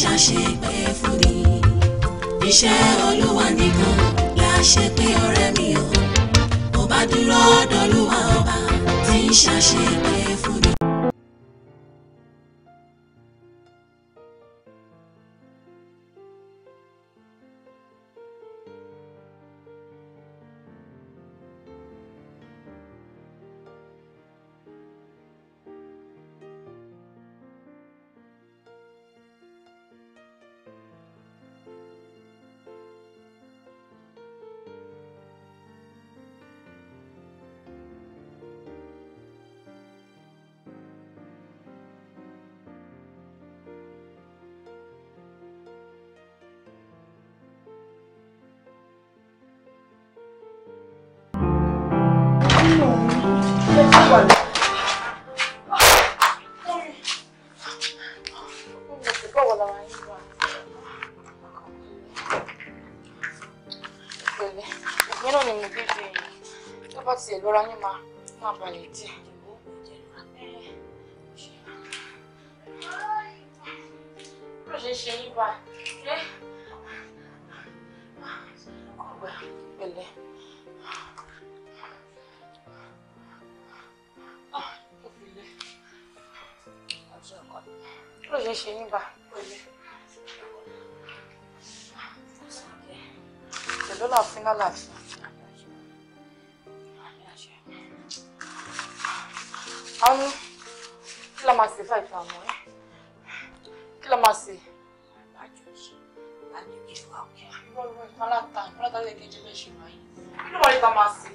ṣàṣepé fúdi iṣẹ́ olúwa nìkan la ṣe pé ọ̀rẹ́ mi ò ọba dúró dọ́lúwa ọba tí ń ṣàṣepé. láàfin lálàáfin. Àánú, kí la máa ṣe fún ìfẹ́ àmọ́ ẹ́? Kí la máa ṣe? Ìwọ́lùwọ́ ìpalátà, ìpalátà lè kejì lẹ́ṣin wáyé. Kí ló wà ní ká máa ṣe?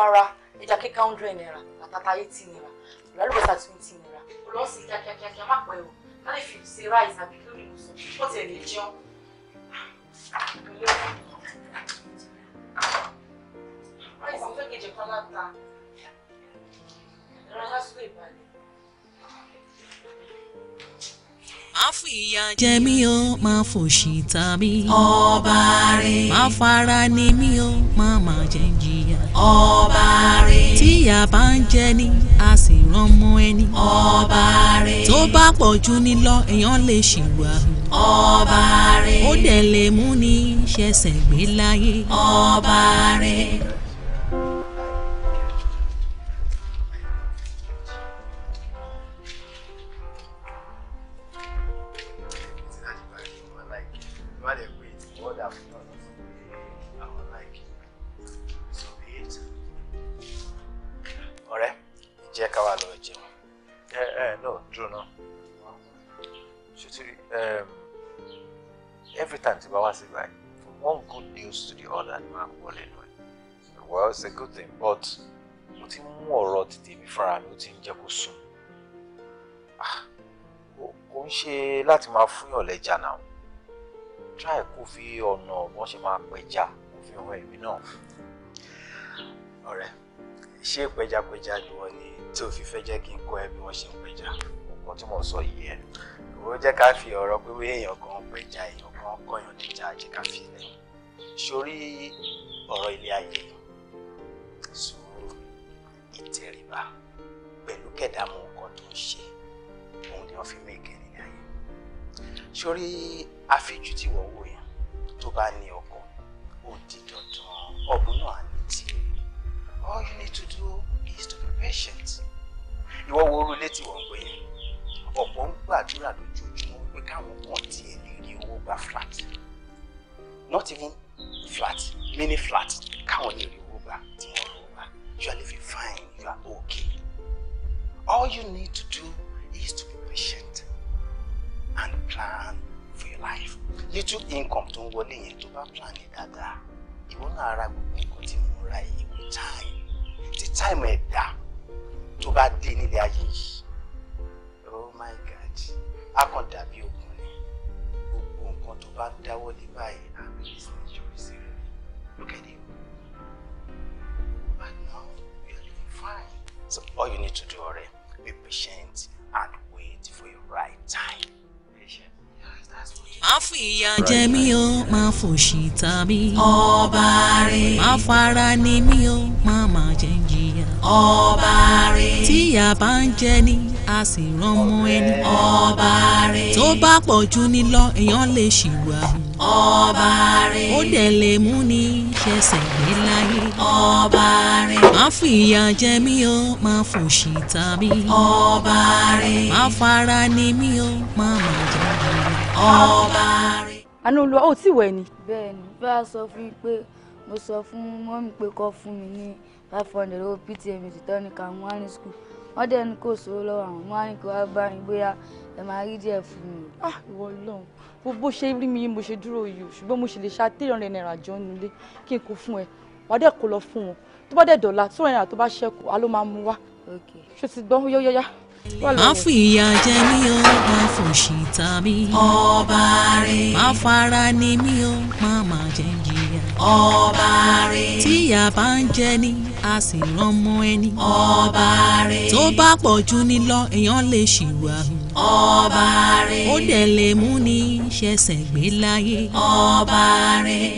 máa ra ẹja kíkà hundred naira àtàtà eighty naira ìrànlọ́bọ̀sà twenty naira. olùwọ́sì kíákíákíá má pẹ́ o ká lè fi ṣe ráìsì àbí kí ló lè sọ ó tiẹ̀ lè jẹun. ráìsì fẹ́ kejì kan láta ẹ̀rọ ayásùlẹ̀ ìbàlẹ̀. àfìyà jẹ mí o máa fòṣì ta mí. ọba rẹ̀. má fara ni mí o máa má jẹ́ ń jìyà. ọba rẹ̀. tíyà bá ń jẹ ni a sì rọ́mọ ẹni. ọba rẹ̀. tó bá pọ̀ jù ni lọ èèyàn lè ṣìwà ọba rẹ̀. ó dẹ̀ lè mú ní ṣẹ̀ṣẹ̀ gbé láyé. ọba rẹ̀. pass it like from one good news to the other ni máa calling gbọ́ well it's a good thing but mo ti mú ọ̀rọ̀ tètè mi fúnra mi ó ti ń jẹ́ kó sùn ah, kò ń ṣe láti máa fúnyàn try kó fi ọ̀nà bọ́n ṣe máa pẹja kó fi your èmi náà ọ̀rẹ́ ṣé pẹjapẹja ni wọ́n ní tí o fi fẹ́ jẹ́ kí n kọ́ ẹ bí wọ́n ṣe ń pẹja nǹkan tí mo sọ yìí ẹ ìwọ máa ń kọyàn níjà àjẹkáfí ilẹ̀ sórí ọ̀rọ̀ ilé ayé sùúrù ìtẹríba pẹ̀lú kẹ̀dámù nǹkan tó ń ṣe òun ni wọ́n fi mẹ́kẹ́ nílé ayé sórí àfijù tí wọ́n wò yẹn tó bá ní ọkọ ó di dandan ọ̀gbun náà ní tiẹ̀ all you need to do is to be patient ìwọ wo orú ilé tí wọ́n ń gbé yẹn ọ̀pọ̀ ń gbàdúrà lójoojúmọ́ pé káwọn kàn tiẹ̀ ní gba flat not even flat mini flat káwọn ní ìrìwò gbà tí you are living fine you are okay all you need to do is to be patient and plan for your life little income tó ń wọlé yẹn tó bá plan yẹn dáadáa ìwọ náà ra gbogbo nǹkan tí mo ra time The time ẹ̀dá tó bá dé nílé ayé oh my god a kàn dàbí ogun bá ń dáwọ́ lé báyìí àmì business yọrí sí rẹ̀ look at and now you are doing fine. so all you need to do ọ̀rẹ́ be patient and wait for your right time má fìyà jẹ mí o má fòṣì ta mí. ọba rẹ̀ má fara ni mí o má má jẹ jìyà. ọba rẹ̀ tíyà bá ń jẹ ni a sì rọmọ ẹni. ọba rẹ̀ tó bá pọ̀ jù ní lọ èèyàn lè ṣìwà ọba rẹ̀. ó dẹ̀ lè mú ní ṣẹ̀ṣẹ̀ gbé láyé. ọba rẹ̀. má fìyà jẹ mí o má fòṣì ta mí. ọba rẹ̀. má fara ni mí o má má jẹ mí ọba rẹ̀. àná olúwa ò tí wẹ̀ ni. bẹ́ẹ̀ni bá a sọ fún mi pé mo sọ fún mọ́mí pé kó fún mi ní five hundred owó ptm tonic and one school wọ́n dẹ̀ ní kò sówó lọ́wọ́ àwọn wọ́n kí wọ́n bá yín bóyá ẹ máa rí díẹ̀ fún mi. ah ìwọ Ọlọ́run bó ṣe rí mi mo ṣe dúró yìí o ṣùgbọ́n mo ṣe lè ṣá three hundred naira jọ nílé kí n kó fún ẹ wàá dẹ̀ kó lọ fún wọn tó bá dẹ̀ dọ̀la two hundred naira tó bá ṣẹ́kù á ló máa mú wá. ok gbọ́ yóyóyá má fìyà jẹ mí o má fòṣì ta mí. ọba rẹ̀. má fara ni mí o má má jẹ jìyà. ọba rẹ̀. tíyà bá ń jẹ ni a sì rọmọ ẹni. ọba rẹ̀. tó bá pọ̀ jù ní lọ èèyàn lè ṣìwà ọba rẹ̀. ó dẹ̀ lè mú ní ṣẹ̀ṣẹ̀ gbé láyé. ọba rẹ̀.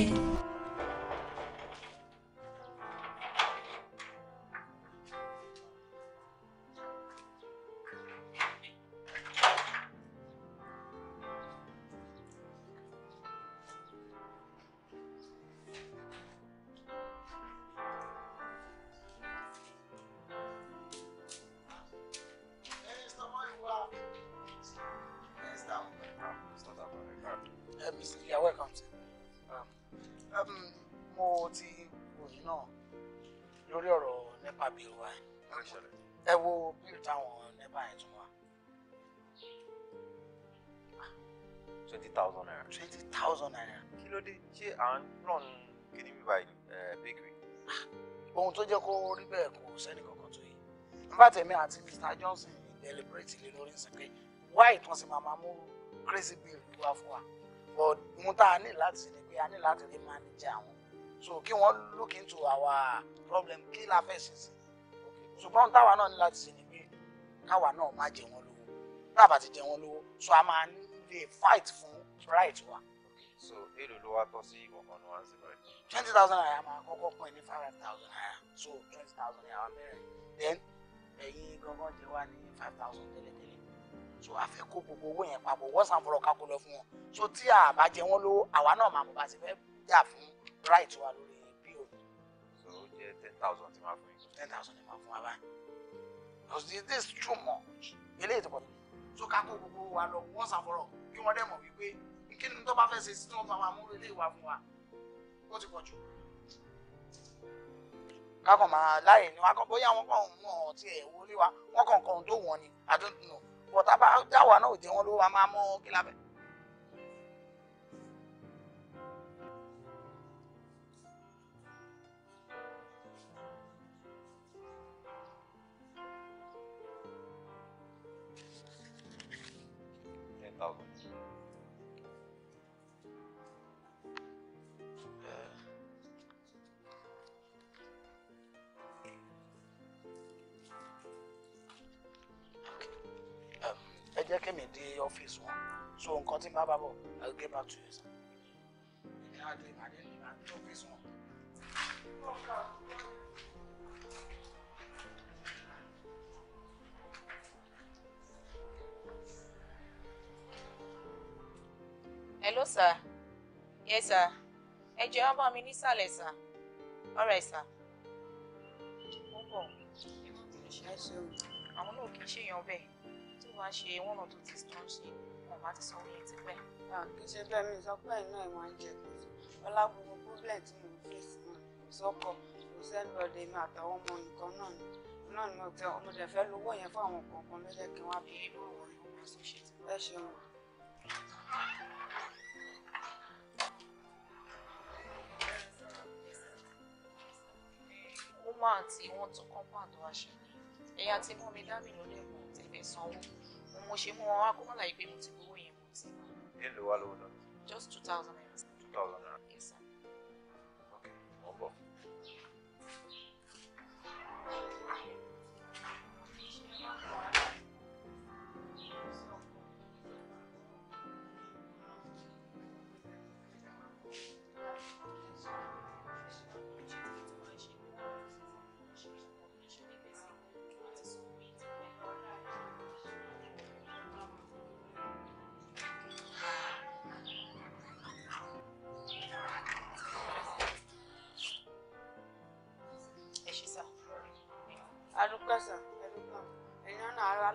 thousand naira. twenty thousand naira. kí ló dé ṣé à ń ràn kíní mi báyìí eh, bakery. Ah, ohun tó jẹ́ kó rí bẹ́ẹ̀ kò sẹ́ni kankan tó yìí nígbà tẹ̀mí àti Mr Johnson deliberate lé lórí ìsìn why ìtàn sì máa máa mú crazy bill wá fún wa but ohun tá a ní láti ni pé a ní láti rí manage àwọn so kí wọ́n look into our problem kí la fẹ́ ṣe sí ṣùgbọ́n táwa náà ní láti ṣe ni pé káwa náà má jẹ wọ́n lówó táwa ti jẹ wọ́n lówó so a máa lè fight fún right one. so èlò ló wá tọ́ sí ìwọ̀n ọ̀nà one zero eight. twenty thousand naira máa kọ́kọ́ pín ní five thousand naira so twenty thousand naira mẹ́rin then ẹ̀yin gangan jẹ́ wá ní five thousand tẹ́lẹ̀tẹ́lẹ̀ so a fẹ́ kó gbogbo owó yẹn papọ̀ wọ́n sàn fọlọ́ kákó lọ fún wọn so tí a bá jẹ wọ́n lówó àwa náà máa mọ̀ bá ti fẹ́ jà fún right wa lórí pop. so ó jẹ ten thousand tí máa fún yín. ten thousand ni máa this is too much eléyìí tó pọ̀ so kákó gbogbo wa lọ wọ́n sàn fọlọ́ kí wọ́n dẹ̀ mọ̀ wípé kí ni tó bá fẹ́ ṣe sí tí wọ́n bá wa mú relé ìwà fún wa ó ti pọ̀ jù. kákan máa láàyè ni wọn kàn bóyá wọn kàn ń mọ ọtí ẹ̀ wọlé wa wọn kàn kàn tó wọ̀ ni I don't know bọ̀tá bá dáwà náà ò jẹ́ wọn ló wa máa mọ́ kí lábẹ́. dé ọ́fíìsì wọn so nǹkan tí màá bá bọ̀ get back to you sir. Hello, sir. Yes, sir. Ẹ jẹ́ wọ́n bá mi sir. All right, sir. I want to náà kì í ṣèyàn máa ṣe one or two things tó ń ṣe wọn máa ti sanwó yẹn ti pẹ́. kì í ṣe bẹ́ẹ̀ mi sọ pé iná ẹ̀ máa ń jẹ gbèsè ọlá gbogbo problem tí mo fèsì náà kò sọ́kọ kò sẹ́ńdọ̀dẹ̀ mi àtàwọn ọmọ nǹkan náà ni náà ni mo tẹ ọmọ dẹ̀ fẹ́ lówó yẹn fún àwọn kọ̀ọ̀kan ló jẹ́ kí wọ́n á béèrè lọ́wọ́ yìí wọ́n máa ṣe ṣe ti bẹ́ẹ̀ ṣe wọn. woman àti wọn tún kọ́ pàtó àṣẹ ẹ̀yà tí mú mi dábì ló lè mú tẹ̀lé sanwó mo ṣe mú wọn wá kó mọ́ láyé pé mo ti gbowó yẹn mo ti. èlò wa lówó lọ. just two thousand naira. two thousand naira.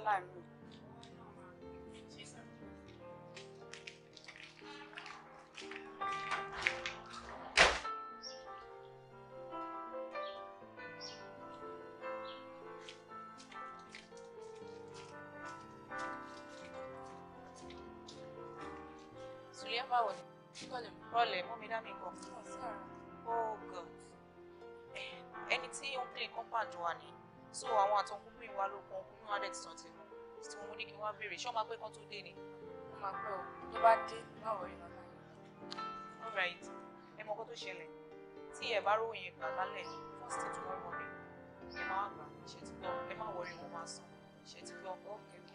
wàhálà mi. báwo ni. Rọlẹ̀ mú mi dání gan. Oh God. Ẹni tí ó ń pè compound wà ní. So àwọn àtọkùnrin wa ló kàn kú wọn á ti sọ ti wọn tí wọn ní kí wọn béèrè ṣé wọn máa pé kán tó dé ni. wọn máa pẹ́ o tó bá dé báwo ni màmá yẹn. all right ẹ mọ ọkọ tó ṣẹlẹ̀ tí ẹ bá ròyìn ìgbà lálẹ́ first day tomorrow morning ẹ máa wà gbà ṣe ti gbọ́ ẹ má wọrí wọn máa sàn ṣe ti gbọ́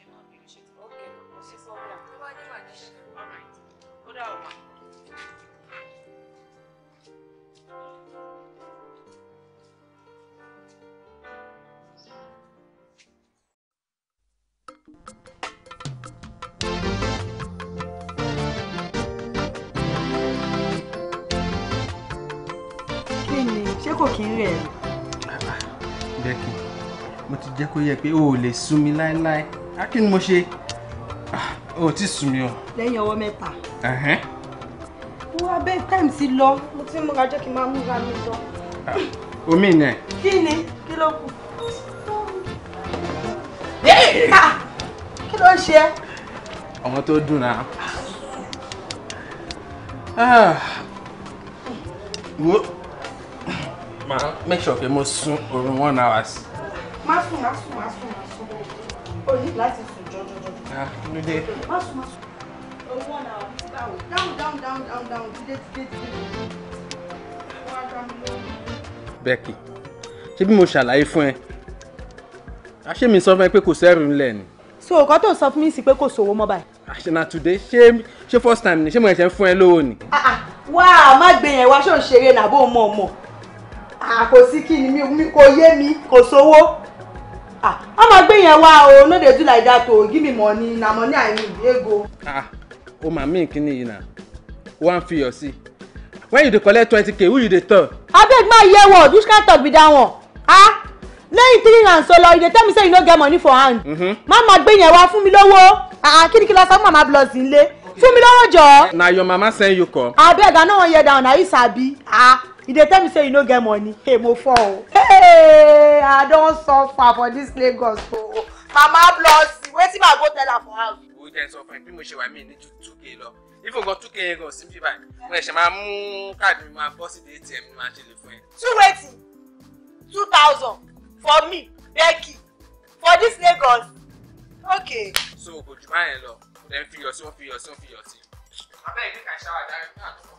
ẹ má béèrè ṣe ti gbọ́ ọkẹ́ kò sí sọ́ọ̀bù tó bá dé màá jíṣẹ́. all right ó dà ọ̀ Thank you. kò kí ń rẹ̀. Bẹ́ẹ̀kì, mo ti jẹ́ kó yẹ pé o ò lè sú mi láéláé. Á ah, kí ni mo ṣe? Ah, o ò tí sú mi o. Lẹ́yìn ọwọ́ mẹ́ta. Mo wá bẹ́ẹ̀ táìmù sí lọ, mo ti múra jẹ́ kí n máa múra mi lọ. Ah, omi ìnà ẹ̀. Kí ni? Kí ló kù? Kí ló ń ṣe ẹ́? Àwọn tó dùn náà wo ma make sure pé mo sùn oorun one hours. má sùn má sùn má sùn má Becky she be mo ṣàlàyé fún ẹ àṣé mi sọ fún ẹ pé kò sẹ́rù ńlẹ̀ so nǹkan tó ń sọ fún mi sí pé kò sówó mọ́ báyìí. àṣẹ ah, today Shame, she first time ni ṣé mo ẹ̀ṣẹ̀ ń ah! Wow, lówó ni. Ah, ah. wá a má gbé yẹn wá ṣó ń Ah, kò sí kí ni mi kò yé mi kò sówó ah, a máa gbé yẹn wá o no dey do like that o give me money na money i need ego. Ah, o ma mean kini yìí na one figure see when you dey collect twenty k who you dey tell. abeg ma hear word which kind talk be that one. Ah? lẹ́yìn three and so lọ you dey tell me say you no get money for hand. má mm-hmm. máa gbé yẹn wá fún mi lówó kíníkí lọ sọ fún mama blọọsì ńlẹ fún mi lówó jọ. na your mama send you come. abeg i no wan hear that one you sabi. Ah? e dey tell me say you no get money hey mo fọ hey i don't suffer for this Lagos o mama blọọsi wetin I go tell her for house. We can sọ fún mi bí mo ṣe wà mí ní two k lọ if got two k yẹn go simply buy. When ṣe my mum card, my máa bọ́ sí di atm mi two wetin two thousand for me Becky for this Lagos okay. so kò jù báyẹn lọ dem feel yọ sí wọn feel yọ sí wọn fi yọ sí. abẹ́ẹ̀ ní kàṣà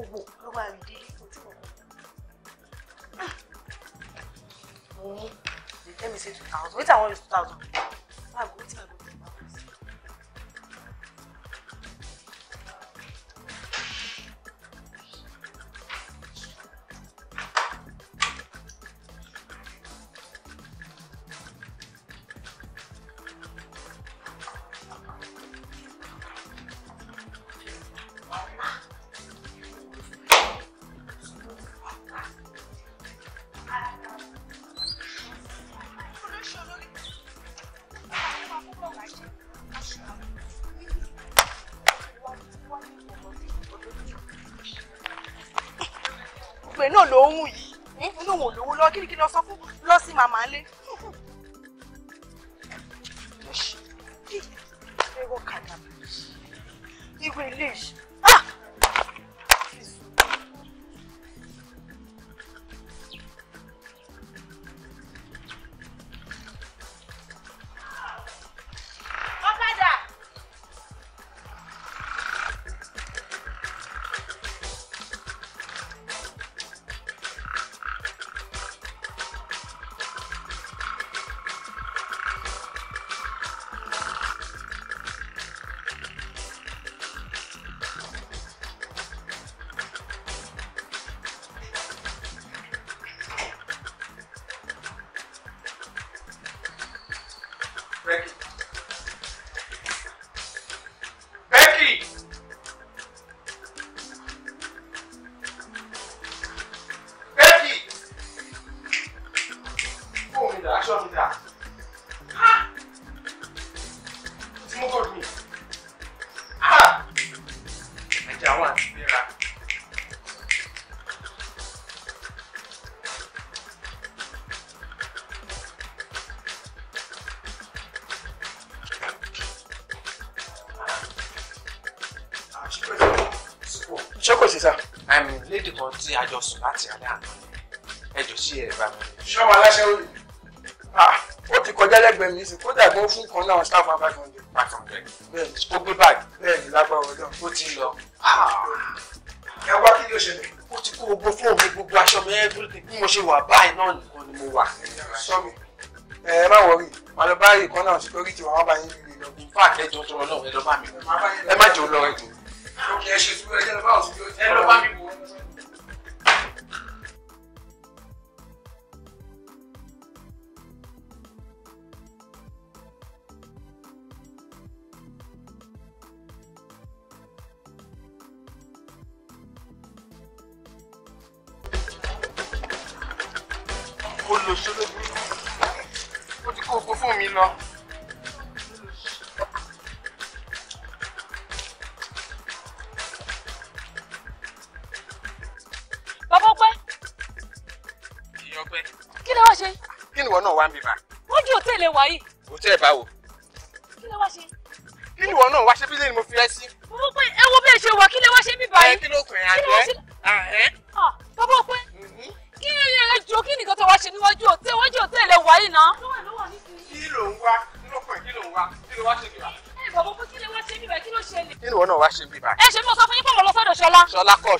Let me see rí délé two thousand wait i want is two thousand òun yìí inú òun lówó lọ kí ni kí lọ sọ fún lọ sí màmá lé nǹkan tí a jọ sùn láti alẹ́ àná ẹ jọ sí ẹ bá mi. ṣọ́wọ́n aláṣẹ òye ó ti kọjá lẹ́gbẹ̀ẹ́ mi sí kódà gan fún kan náà staff one five hundred. five hundred bẹ́ẹ̀ni ó gbé báàgì bẹ́ẹ̀ni lágbára ọjọ́ ó ti lọ. Ah. ẹ wá kí ló ṣẹlẹ̀. ó ti kó gbogbo fóònù mi gbogbo aṣọ mi everything bí mo ṣe wà báyìí náà nìkan ni mo wà. sọ mi ẹ ẹ má wọrí màá lọ báyìí kan náà security wà wá bá yín lè lọ. fún àkẹ́jọ tó lọ ẹ lọ bá mi. ẹ má jò lọ ẹ jò. ó kì í ṣe ẹ lọ bá mi wò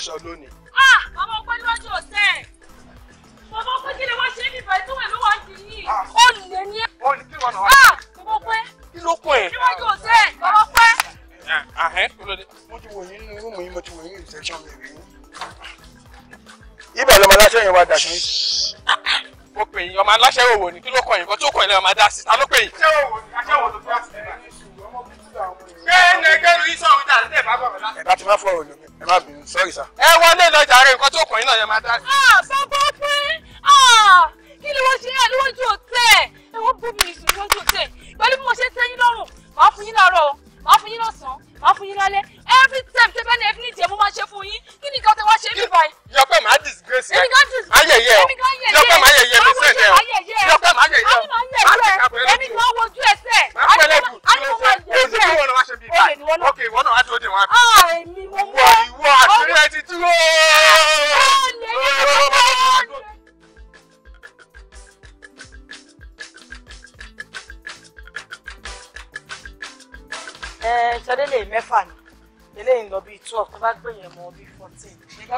aṣọ lónìí. ah ọmọ ọgbẹ́ lójú ọ̀sẹ̀ ọmọ ọgbẹ́ kí ni wọ́n ṣe é bíbá ẹ̀ tó wẹ̀ ló wọ́n di yìí. Ah. ó lè ní. wọ́n ní kí wọ́n náà wá. ah ọmọ ọgbẹ́. kí ló kún ẹ̀. níwájú ọ̀sẹ̀ ọmọ ọgbẹ́. ahẹ́ kí ló dé. mo ti wò yín nínú rúùmù yín mo ti wò yín ìṣẹ́ṣọ́ mi rí. ibẹ̀ lọmọ aláṣẹ yẹn wá dà sí. ó pè yín ọmọ aláṣẹ òwò ni. no,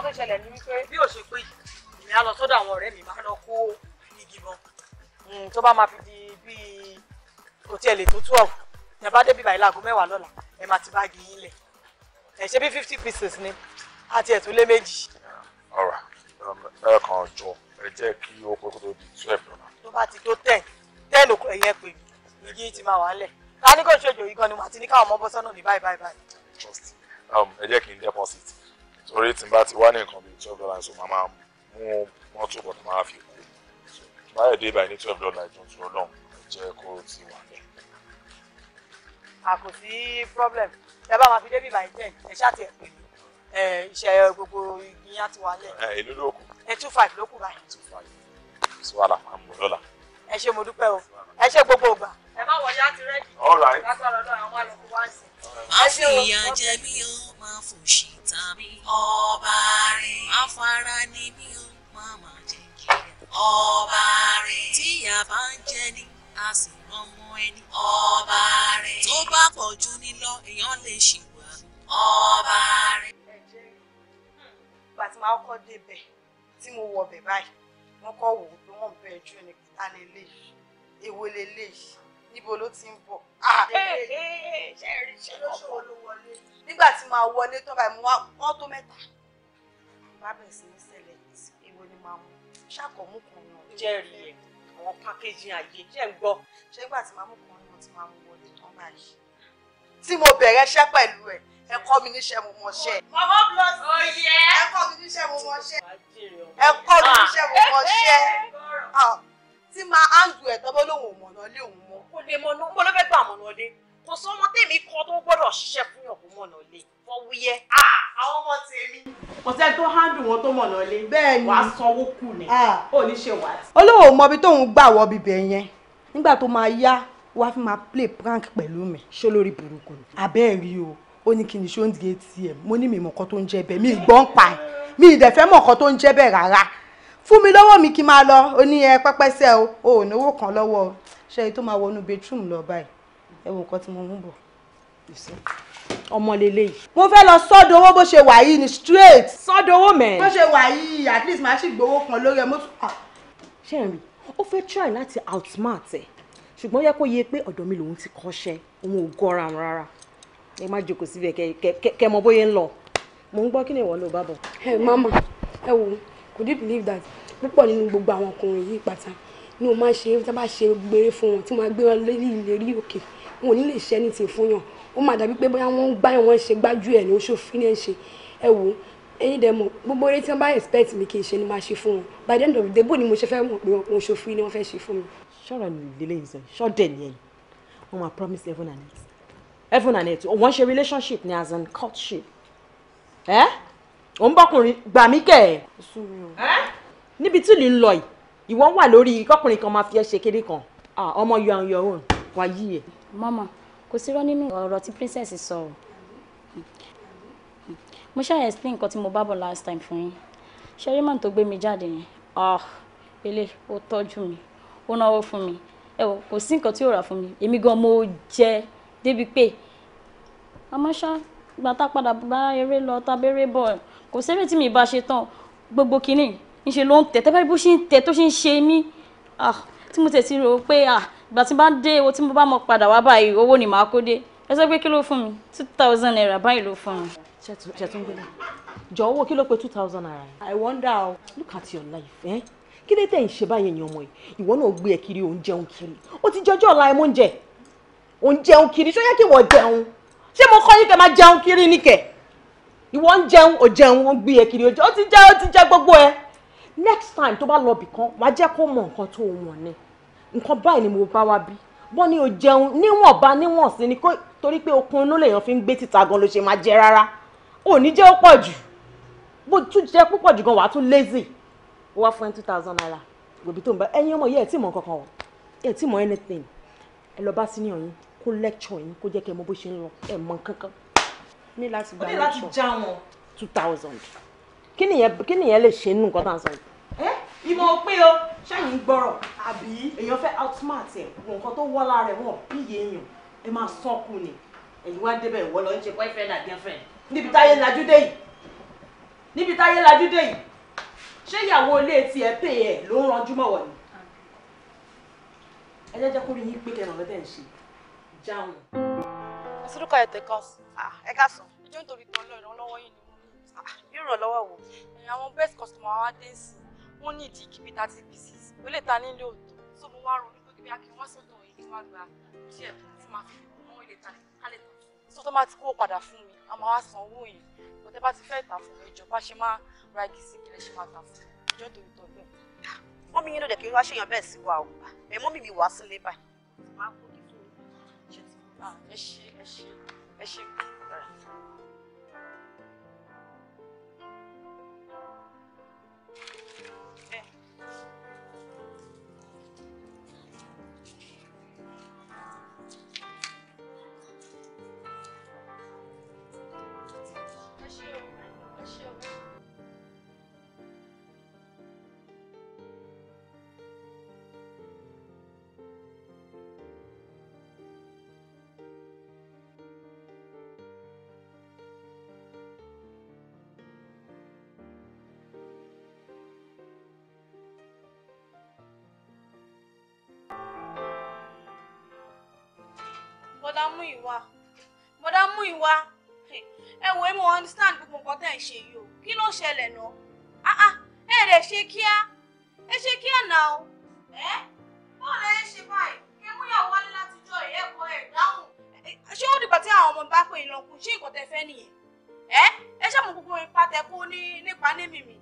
tó ṣẹlẹ̀ ní wípé. bí o ṣe pé ìyá lọ sọ́dọ̀ àwọn ọ̀rẹ́ mi máa lọ kó igi bọn hmm, tó bá máa fi di bíi kò tiẹ̀ lè tó twelve ní abá débi báyìí láago mẹ́wàá lọ́la ẹ máa ti báàgì yín lẹ̀ ẹ ṣe bí fifty pieces ni àti ẹ̀tún lé méjì. ọ̀rọ̀ um, ẹ kàn jọ ẹ jẹ́ kí ó pé kó tó di twelve lọ́la. tó bá ti tó ten ten òkú ẹ̀yẹ pè mí igi ti máa wà á lẹ̀ ká ní kò ṣèjò yìí gan ni mo àti ní káwọn ọmọ bọ́ sọ́nà ní báyìí báyìí báyìí. Um, ẹ jẹ́ kí n deposit torí tí n bá ti wá ní nǹkan bíi twelve dollars so màmá mú mọ́tò bọ̀ tó máa fi kú báyọ̀ dé ìbàyẹ̀ ní twelve dollars tó ń tu ọlọ́run jẹ́ kó ti wà ní. àkò sí problem ẹ bá máa fi débi ìbàyẹ̀ ten ẹ ṣáà tiẹ̀ pé iṣẹ́ gbogbo ìgbìyàn ti wà lẹ̀. ẹ ìlú ló kù. ẹ two five ló kù báyìí. two five sí wàhálà máa ń bọ̀ lọ́la. ẹ ṣe mo dúpẹ́ o ẹ ṣe gbogbo ògbà. ẹ má wọlé láti rẹ́ẹ̀dì. ọ̀rọ̀ àìsàn. látọ̀rọ̀ náà àwọn àlọ́kù wá sí. má fi ìyà jẹ mí ó máa fòṣì tán mi. ọba rẹ̀ afárá ni mí ó màmá jẹ́ kí ọba rẹ̀ tíyà bá ń jẹ ni a sì rọmọ ẹni. ọba rẹ̀ tó bá pọ̀ jù ní lọ èèyàn lè ṣìwà. ọba rẹ̀. ẹ jẹ́ ìgbà tí màá kọ́ débẹ̀ tí mo wọ̀ bẹ̀ báyìí wọ́n kọ́ wò ó pé wọ́n bẹ̀ ju ẹni kíta ní ilé yìí èwo lélẹ́yìí níbo ló ti ń bọ̀. Ah! ṣé ẹ ṣe lọ́sọ̀ọ́ ló wọlé nígbà tí máa wọlé tán báyìí mo wá mẹ́ta bá bẹ̀rẹ̀ sí ní sẹ́lẹ̀ èwo ni máa mú ṣàkọ́mú kan náà jẹ́rìí ẹ̀ àwọn pákéjì ayé ṣe ń gbọ́ ṣé nígbà tí máa mú kan náà ti máa mú wọlé tán báyìí tí mo bẹ̀rẹ̀ ṣẹ́ pẹ̀lú ẹ̀ ẹ̀kọ́ mi níṣẹ́ mo mọṣẹ́. mama plus oyè oh, ẹ̀kọ́ mi níṣẹ́ mo mọṣẹ́. ẹ̀kọ́ mi ah. níṣẹ́ mo mọṣẹ́. Ah. tí máa áńdù ẹ̀ tọ́bọ́ lòun ò mọ̀nà kò sọmọ tèmi kan tó gbọ́dọ̀ ṣiṣẹ́ fún yàn kó mọ̀nà lé fọwúyẹ́ ah, àwọn ọmọ tèmi. kò sẹ́ni tó handle wọn tó mọ̀nà lé bẹ́ẹ̀ni wàá sanwó kù ni ah. ó ní ṣe wàá. olówó mọbi tóun gbà wọ bíbẹ yẹn nígbà tó máa yá wàá fi máa play prank pẹ̀lú mi ṣó lórí burúkú ni àbẹ́ẹ̀ rí o ó ní kí ni ṣó ń di atm mo ní mi mọ̀kọ́ tó ń jẹ́ bẹ́ẹ̀ mi ìgbọ́n pa ẹ̀ mi ìdẹ̀fẹ́ mọ̀kọ́ tó ń jẹ́ rárá fún mi lọ́wọ́ mi kí n máa lọ ó ní ẹ pẹ́pẹ́sẹ́ o ò náwó kan lọ́wọ́ ṣe tó máa wọnú bedroom lọ báyìí ẹ wo nǹkan tí mo mú bọ̀ ọmọ lele yìí. mo fẹ́ lọ sọ́dọ̀ owó bó ṣe wà yìí ni straight. sọ́dọ̀ owó mẹ́. bó ṣe wà yìí at least màá sì gbowó kan lórí ẹ mo tún. Ah. ṣé ẹ rí ó fẹ́ try láti outsmart ẹ̀ ṣùgbọ́n yẹ kó yẹ pé ọ̀dọ̀ mi lòun ti kọ́ṣẹ́ òun ò gọ́ra àwọn rárá ẹ má jókòó síbẹ̀ kẹ mọ bóyá ń lọ mò ń gbọ́ kí ni ìwọ ló bá bọ̀. ẹ mama ẹ wo could you believe that púpọ̀ nínú gbogbo àwọn ọkùnrin yìí pátá ni mo máa ṣe tí wọ́n bá ṣe gbére fún wọn tí mo máa gbé wọn lórí ìlérí òkè. Okay wọn ò ní lè ṣe anything fún yàn ó máa dàbí pé bóyá wọ́n ń gbá yàn ṣe gbájú ẹ̀ ní oṣù fún ẹ̀ ṣe ẹ wò ó ẹ̀yin dẹ̀ gbogbo eré tí wọ́n bá expect mi kì í ṣe ni máa ṣe fún wọn by the end of the day bó ni mo ṣe fẹ́ mọ̀ pé wọn oṣù ni wọ́n fẹ́ ṣe fún mi. ṣọ́ọ̀rọ̀ ìdílé yìí sọ ṣọ́ọ̀dẹ̀ ni ẹ̀yìn wọ́n máa promise heaven and earth heaven and earth wọ́n ṣe relationship ni as in courtship ẹ́ ò ń bọ́kùnrin gbà mí kẹ́ ẹ́ níbi tí lè ń lọ yìí ìwọ́n wà lórí kọ́kùnrin kan máa fi ẹ́ ṣe kéré kan ah, ọmọ you and your own wàá yí mọ́mọ́ kò sírọ́ nínú ọ̀rọ̀ tí princess sọ o mo ṣáà explain nǹkan tí mo bá bọ̀ last time fún yín sherryman tó gbé mi jáde yẹn ah ele ó tọ́jú mi ó náwó fún mi ẹ wò kò sí nǹkan tí ó rà fún mi èmi gan mo jẹ débi pé àmọ́ ṣá gbà tá padà bá eré lọ tábẹ́rẹ́ bọ̀ kò sẹ́rẹ́ tí mi bá ṣe tán gbogbo kínní ńṣe ló ń tẹ̀ tẹ́fẹ́ bó ṣe ń tẹ̀ tó ṣe ń ṣe mí ah tí mo tẹ̀ sí rò ó pé ah ìgbà tí n bá dé ewo tí mo bá mọ padà wá báyìí owó ni màá kó dé ẹ sọ pé kí ló fún mi two thousand naira báyìí ló fún mi. ṣètúngbélé jọ owó kí ló pé two thousand naira i wonder o look at your life eh? kí ló tẹ̀ ń ṣe báyẹn yan ọmọ yìí ìwọ náà gbé ẹ kiri òun jẹun kiri ó ti jọjọ́ ọ̀la ẹ mọ́ ń jẹ òun jẹun kiri ṣó yẹ kí wọ́n jẹun ṣé mo kọ́ yín kẹ́ máa jẹun kiri ní kẹ̀ ìwọ ń jẹun ò jẹun ó gbé ẹ kiri ó ti jẹ ó ti jẹ gbogbo ẹ next time tó bá lọ bìkan wàá jẹ́ kó mọ nǹkan tó wọ̀n ni nǹkan báyìí ni mo bá wá bí bọ́ ni o jẹun níwọ̀n bá níwọ̀n sí ni torí pé okun inú lèèyàn fi ń gbé títa gan ló ṣe máa jẹ rárá ò ní jẹ́ ó pọ̀ jù bó tún jẹ́ púpọ̀ jù gan wàá tún lazy ó wá fún ẹ two thousand naira gbòbí tó ń bá ẹyin ọmọ yẹ ẹ tí mọ kankan o ẹ tí mọ anything ẹ lọ bá senior yín kó lecture yín kó jẹ́ kí ẹ mọ bó ṣe ń lọ ẹ mọ kankan ní láti gba lecture two thousand kí nìyẹn lè ṣe nínú nǹkan tá à ń sọ yìí ìmọ̀ ò pé o ṣẹ́yìn gbọ́rọ̀ àbí èèyàn fẹ́ outsmart ẹ̀ wọ nǹkan tó wọ́lá rẹ̀ wọ̀ bíyè èèyàn ẹ máa sọ́kù ni ẹ̀yin wá débẹ̀ ìwọ lọ ń ṣe boyfriend and girlfriend níbi táyé lajú dé yìí níbi táyé lajú dé yìí ṣé ìyàwó ilé tiẹ̀ pè ẹ̀ ló ń ranjú mọ̀wọ̀ ni ẹ jẹ́ jẹ́ kó rí yín pé kẹrin ọ̀rẹ́ tẹ̀ ń ṣe jáwọn. àsìrúkọ ètò ẹ̀ka ọ̀sán ẹ̀ka sàn ẹjọ́ nítorí tọ́lọ́ ìrànlọ́wọ́ yìí ni mo ní ìrànlọ́wọ́ wo àwọn best customer wa dé sí i wọ́n ní ìdí kìbí thirty pieces ó lè ta nílé òótọ́ tó mo wá ronú pé kí bíi akin wọ́n sọ̀tọ̀ èyí kí wọ́n gba díẹ̀ tí màá fi kún mọ́ ilé ta kálẹ̀ tán tó tó má ti kó padà fún mi a máa wá san owó yẹn kò tẹ́ bá ti fẹ́ tà fún mi ìjọba ṣe máa ra igi sí kílẹ̀ ṣe máa tà fún mi ìjọ tó tọ́ bẹ́ẹ̀. mọ́mí yín ló dẹ̀ kí wá ṣèyàn bẹ́ẹ̀ sí wa o ẹ̀ mọ́mí mi wá sílé báyìí. máa kó kí fún mi ṣe ti ẹ ṣe ẹ ṣe ẹ ṣe kí bọ̀dá mú ìwà bọ̀dá mú ìwà ẹ wò é mo understand gbogbo nǹkan tẹ̀ ń ṣe yìí o kí ló ṣẹlẹ̀ ah ah ẹ rẹ̀ ṣe kíá ẹ ṣe kíá náà o ẹ bọ́ọ̀ lẹ ṣe báyìí kí mú ìyàwó wálé látijọ́ ìyẹ́kọ̀ọ́ ẹ̀ dáhùn. ṣé ó dìgbà tí àwọn ọmọ bá pè é lọkùn ṣé nǹkan tẹ fẹ́ nìyẹn ẹ ẹ ṣe mú gbogbo ipa tẹ kú ní nípa ní mímì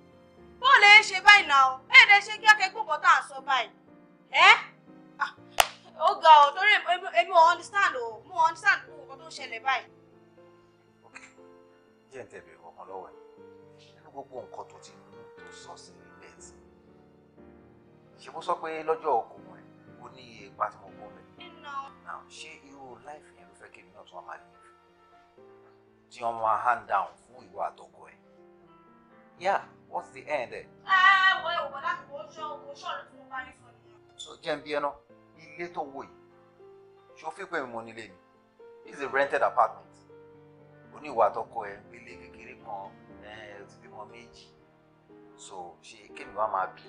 bọ́ọ̀ lẹ ṣe báyìí náà o ẹ rẹ̀ ṣe kíá kẹ́gbọ́n kan tá à ń sọ báyìí ẹ ó ga ọ torí èmi ò understand o mo ò understand o nǹkan tó ń ṣẹlẹ̀ báyìí. díẹ̀ ń tẹ̀lé ọkàn lọ́wọ́ ẹ̀ nínú gbogbo nǹkan tó ti mú tó sọ sí ilé ẹ̀ ṣe mo sọ pé lọ́jọ́ ọkùnrin ẹ̀ ó ní iye ipa tí mo kó rẹ̀ now ṣé irú láìfì yẹn ló fẹ́ kí èmi náà tún wá máa lè fi tí wọ́n máa hand down fún ìwà àtọkọ ẹ̀ yeah what's the end ẹ̀. ẹ ah, wọ ìwọ láti wọ́n ṣọ́ ọkọ̀ ṣọ́ọ̀rẹ́ tí mo bá ní sọ nìyẹn. so jẹ́ ń bí ẹ náà ilé tó wò yìí ṣé o fi pé mo nílé ni it's a rented apartment oníwà tọkọ ẹ gbélé kékeré kan ẹ ti bímọ méjì so ṣe kéèmí wá máa bí